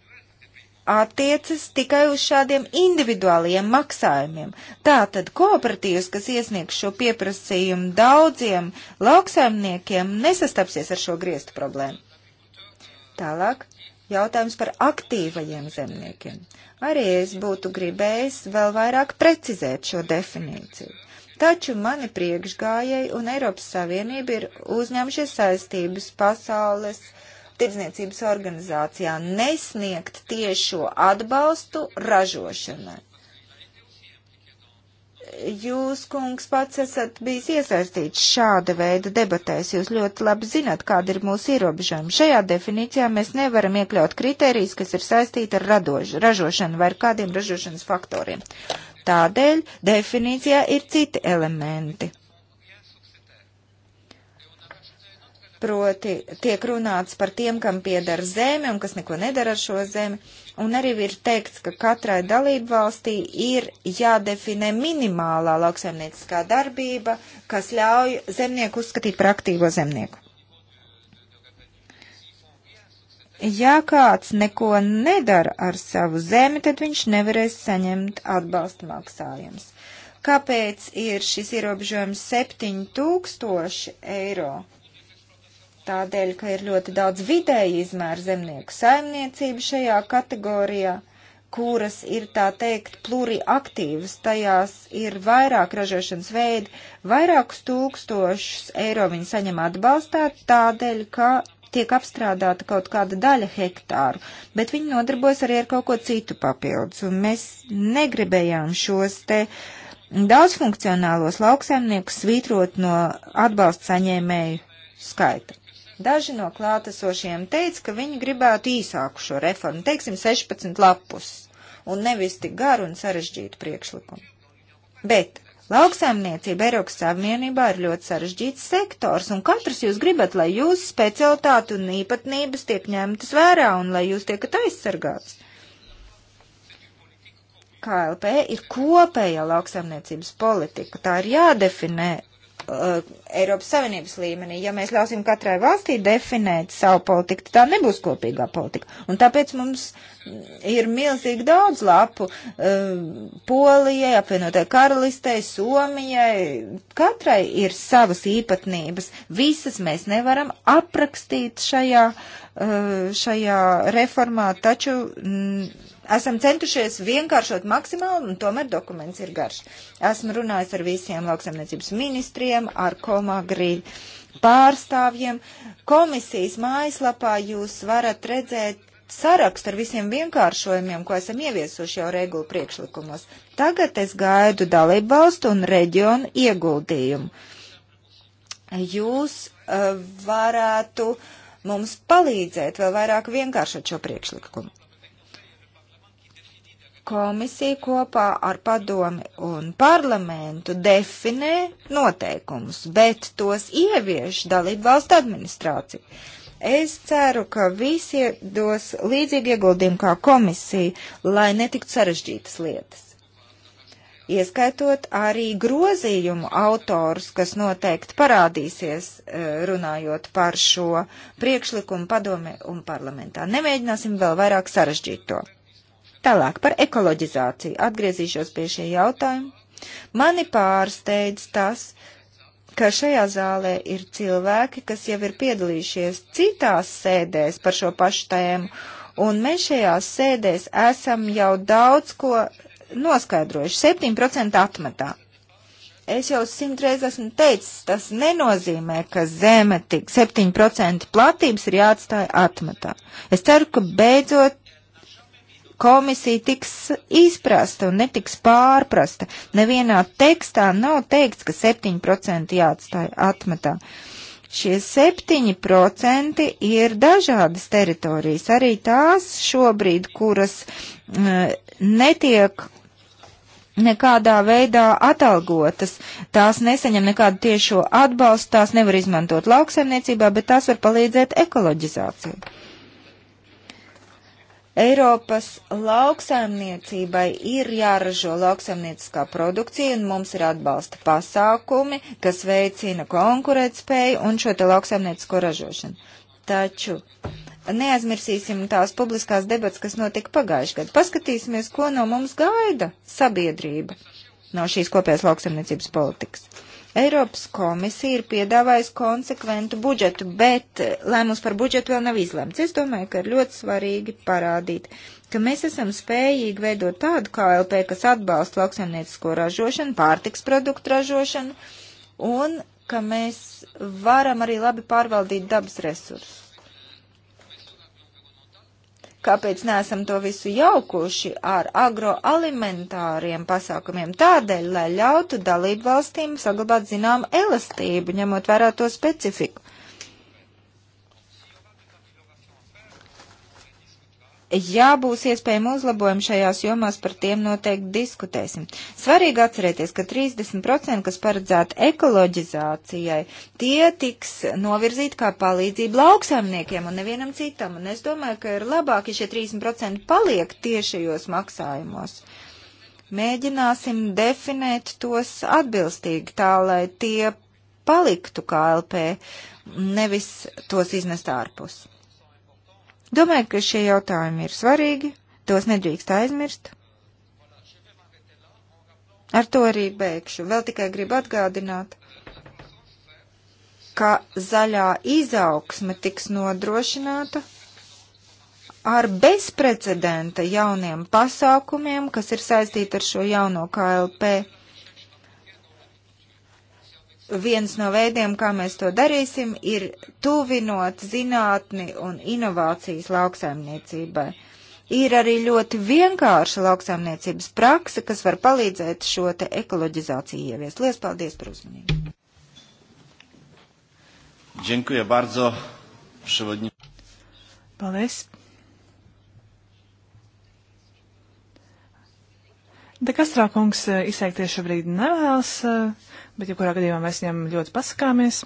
attiecas tikai uz šādiem individuāliem maksājumiem. Tātad kooperatīvas, kas iesniegs šo pieprasījumu daudziem lauksaimniekiem, nesastapsies ar šo griestu problēmu. Tālāk jautājums par aktīvajiem zemniekiem. Arī es būtu gribējis vēl vairāk precizēt šo definīciju. Taču mani priekšgājēji un Eiropas Savienība ir uzņemšies saistības pasaules uh, tirdzniecības organizācijā nesniegt tiešo atbalstu ražošanai. Jūs, kungs, pats esat bijis iesaistīts šāda veida debatēs. Jūs ļoti labi zināt, kāda ir mūsu ierobežojuma. Šajā definīcijā mēs nevaram iekļaut kritērijas, kas ir saistīti ar radož, ražošanu vai ar kādiem ražošanas faktoriem. Tādēļ definīcijā ir citi elementi proti tiek runāts par tiem, kam piedara zeme un kas neko nedara ar šo zemi, un arī ir teikts, ka katrai dalību valstī ir jādefinē minimālā lauksaimnieciskā darbība, kas ļauj zemnieku uzskatīt par aktīvo zemnieku. Ja kāds neko nedara ar savu zemi, tad viņš nevarēs saņemt atbalsta maksājumus. Kāpēc ir šis ierobežojums 7000 eiro? tādēļ, ka ir ļoti daudz vidēji izmēru zemnieku saimniecību šajā kategorijā, kuras ir tā teikt pluriaktīvas, tajās ir vairāk ražošanas veidi, vairākus tūkstošus eiro viņi saņem atbalstā tādēļ, ka tiek apstrādāta kaut kāda daļa hektāru, bet viņi nodarbojas arī ar kaut ko citu papildus, un mēs negribējām šos te daudzfunkcionālos lauksaimniekus svītrot no atbalsta saņēmēju skaita. Daži no klātesošiem teica, ka viņi gribētu īsāku šo reformu, teiksim 16 lapus, un nevis tik garu un sarežģītu priekšlikumu. Bet Lauksaimniecība Eiropas Savienībā ir ļoti sarežģīts sektors, un katrs jūs gribat, lai jūsu specialitāte un īpatnības tiek ņemtas vērā un lai jūs tiekat aizsargāts. KLP ir kopēja lauksaimniecības politika, tā ir jādefinē uh, Eiropas Savienības līmenī. Ja mēs ļausim katrai valstī definēt savu politiku, tā nebūs kopīgā politika. Un tāpēc mums ir milzīgi daudz lapu uh, Polijai, apvienotai karalistei, Somijai. Katrai ir savas īpatnības. Visas mēs nevaram aprakstīt šajā, uh, šajā reformā, taču. Mm, Esam centušies vienkāršot maksimāli, un tomēr dokuments ir garš. Esmu runājis ar visiem lauksamniecības ministriem, ar komā grīļu pārstāvjiem. Komisijas mājaslapā jūs varat redzēt sarakstu ar visiem vienkāršojumiem, ko esam ieviesuši jau regulu priekšlikumos. Tagad es gaidu dalību valstu un reģionu ieguldījumu. Jūs uh, varētu mums palīdzēt vēl vairāk vienkāršot šo priekšlikumu. Komisija kopā ar padomi un parlamentu definē noteikumus, bet tos ievieš dalību valstu administrācija. Es ceru, ka visi dos līdzīgi ieguldījumu kā komisija, lai netiktu sarežģītas lietas ieskaitot arī grozījumu autors, kas noteikti parādīsies eh, runājot par šo priekšlikumu padome un parlamentā. Nemēģināsim vēl vairāk sarežģīt to. Tālāk par ekoloģizāciju. Atgriezīšos pie šī jautājuma. Mani pārsteidz tas, ka šajā zālē ir cilvēki, kas jau ir piedalījušies citās sēdēs par šo pašu tēmu, un mēs šajās sēdēs esam jau daudz ko noskaidrojuši, 7% atmetā. Es jau simtreiz esmu teicis, tas nenozīmē, ka zeme tik 7% platības ir jāatstāja atmetā. Es ceru, ka beidzot komisija tiks izprasta un netiks pārprasta. Nevienā tekstā nav teikts, ka 7% jāatstāja atmetā. Šie 7% ir dažādas teritorijas, arī tās šobrīd, kuras uh, netiek nekādā veidā atalgotas. Tās nesaņem nekādu tiešo atbalstu, tās nevar izmantot lauksaimniecībā, bet tās var palīdzēt ekoloģizācijai. Eiropas lauksaimniecībai ir jāražo lauksaimnieciskā produkcija, un mums ir atbalsta pasākumi, kas veicina konkurētspēju un šo te lauksaimniecisko ražošanu. Taču neaizmirsīsim tās publiskās debats, kas notika pagājušajā gadā. Paskatīsimies, ko no mums gaida sabiedrība no šīs kopējās lauksaimniecības politikas. Eiropas komisija ir piedāvājusi konsekventu budžetu, bet lēmums par budžetu vēl nav izlemts. Es domāju, ka ir ļoti svarīgi parādīt, ka mēs esam spējīgi veidot tādu KLP, kas atbalsta lauksaimniecisko ražošanu, pārtiks produktu ražošanu un ka mēs varam arī labi pārvaldīt dabas resursus kāpēc neesam to visu jaukuši ar agroalimentāriem pasākumiem tādēļ, lai ļautu dalību valstīm saglabāt zinām elastību, ņemot vērā to specifiku. Ja būs iespējama uzlabojuma šajās jomās, par tiem noteikti diskutēsim. Svarīgi atcerēties, ka 30%, kas paredzēta ekoloģizācijai, tie tiks novirzīti kā palīdzība lauksaimniekiem un nevienam citam. Un es domāju, ka ir labāk, ja šie 30% paliek tiešajos maksājumos. Mēģināsim definēt tos atbilstīgi tā, lai tie paliktu kā LP, nevis tos iznest ārpus. Domāju, ka šie jautājumi ir svarīgi, tos nedrīkst aizmirst. Ar to arī beigšu. Vēl tikai gribu atgādināt, ka zaļā izaugsme tiks nodrošināta ar bezprecedenta jauniem pasākumiem, kas ir saistīti ar šo jauno KLP viens no veidiem, kā mēs to darīsim, ir tuvinot zinātni un inovācijas lauksaimniecībai. Ir arī ļoti vienkārša lauksaimniecības praksa, kas var palīdzēt šo te ekoloģizāciju ieviest. Lies paldies par uzmanību. Dziękuję bardzo. Przewodni... Paldies. De Kastrā kungs eh, izteikties šobrīd nevēlas. Uh, bet jebkurā gadījumā mēs viņam ļoti pasakāmies.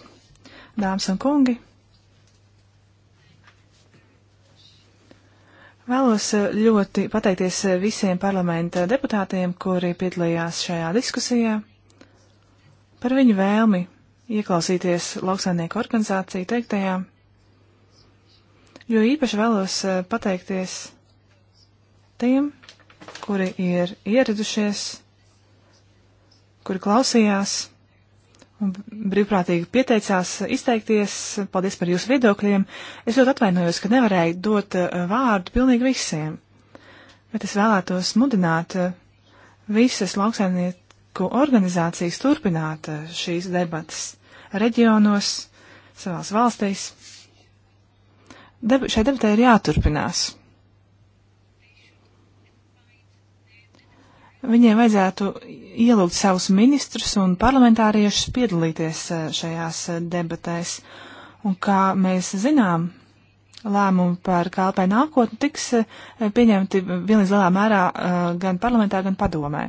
Dāmas un kungi, vēlos eh, ļoti pateikties eh, visiem parlamenta deputātiem, kuri piedalījās šajā diskusijā par viņu vēlmi ieklausīties lauksaimnieku organizāciju teiktajā, jo īpaši vēlos eh, pateikties tiem, kuri ir ieradušies, kuri klausījās brīvprātīgi pieteicās izteikties. Paldies par jūsu viedokļiem. Es ļoti atvainojos, ka nevarēju dot uh, vārdu pilnīgi visiem, bet es vēlētos mudināt uh, visas lauksaimnieku organizācijas turpināt uh, šīs debatas reģionos, savās valstīs. Deb šai debatai ir jāturpinās. Viņiem vajadzētu ielūgt savus ministrus un parlamentāriešus piedalīties e, šajās e, debatēs. Un kā mēs zinām, lēmumi par KLP nākotni tiks e, pieņemti vienlīdz lielā mērā gan parlamentā, gan padomē.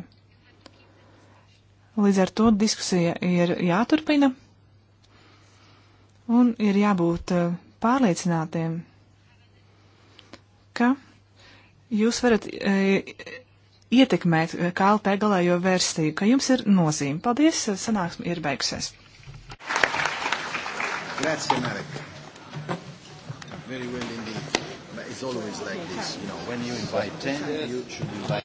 Līdz ar to diskusija ir jāturpina un ir jābūt pārliecinātiem, ka jūs varat ietekmēt eh, KLP galējo versiju, ka jums ir nozīme. Paldies, eh, sanāksme ir beigusies. Grazie, Marek. Very well indeed. But it's always like this, you know, when you invite 10, you should invite.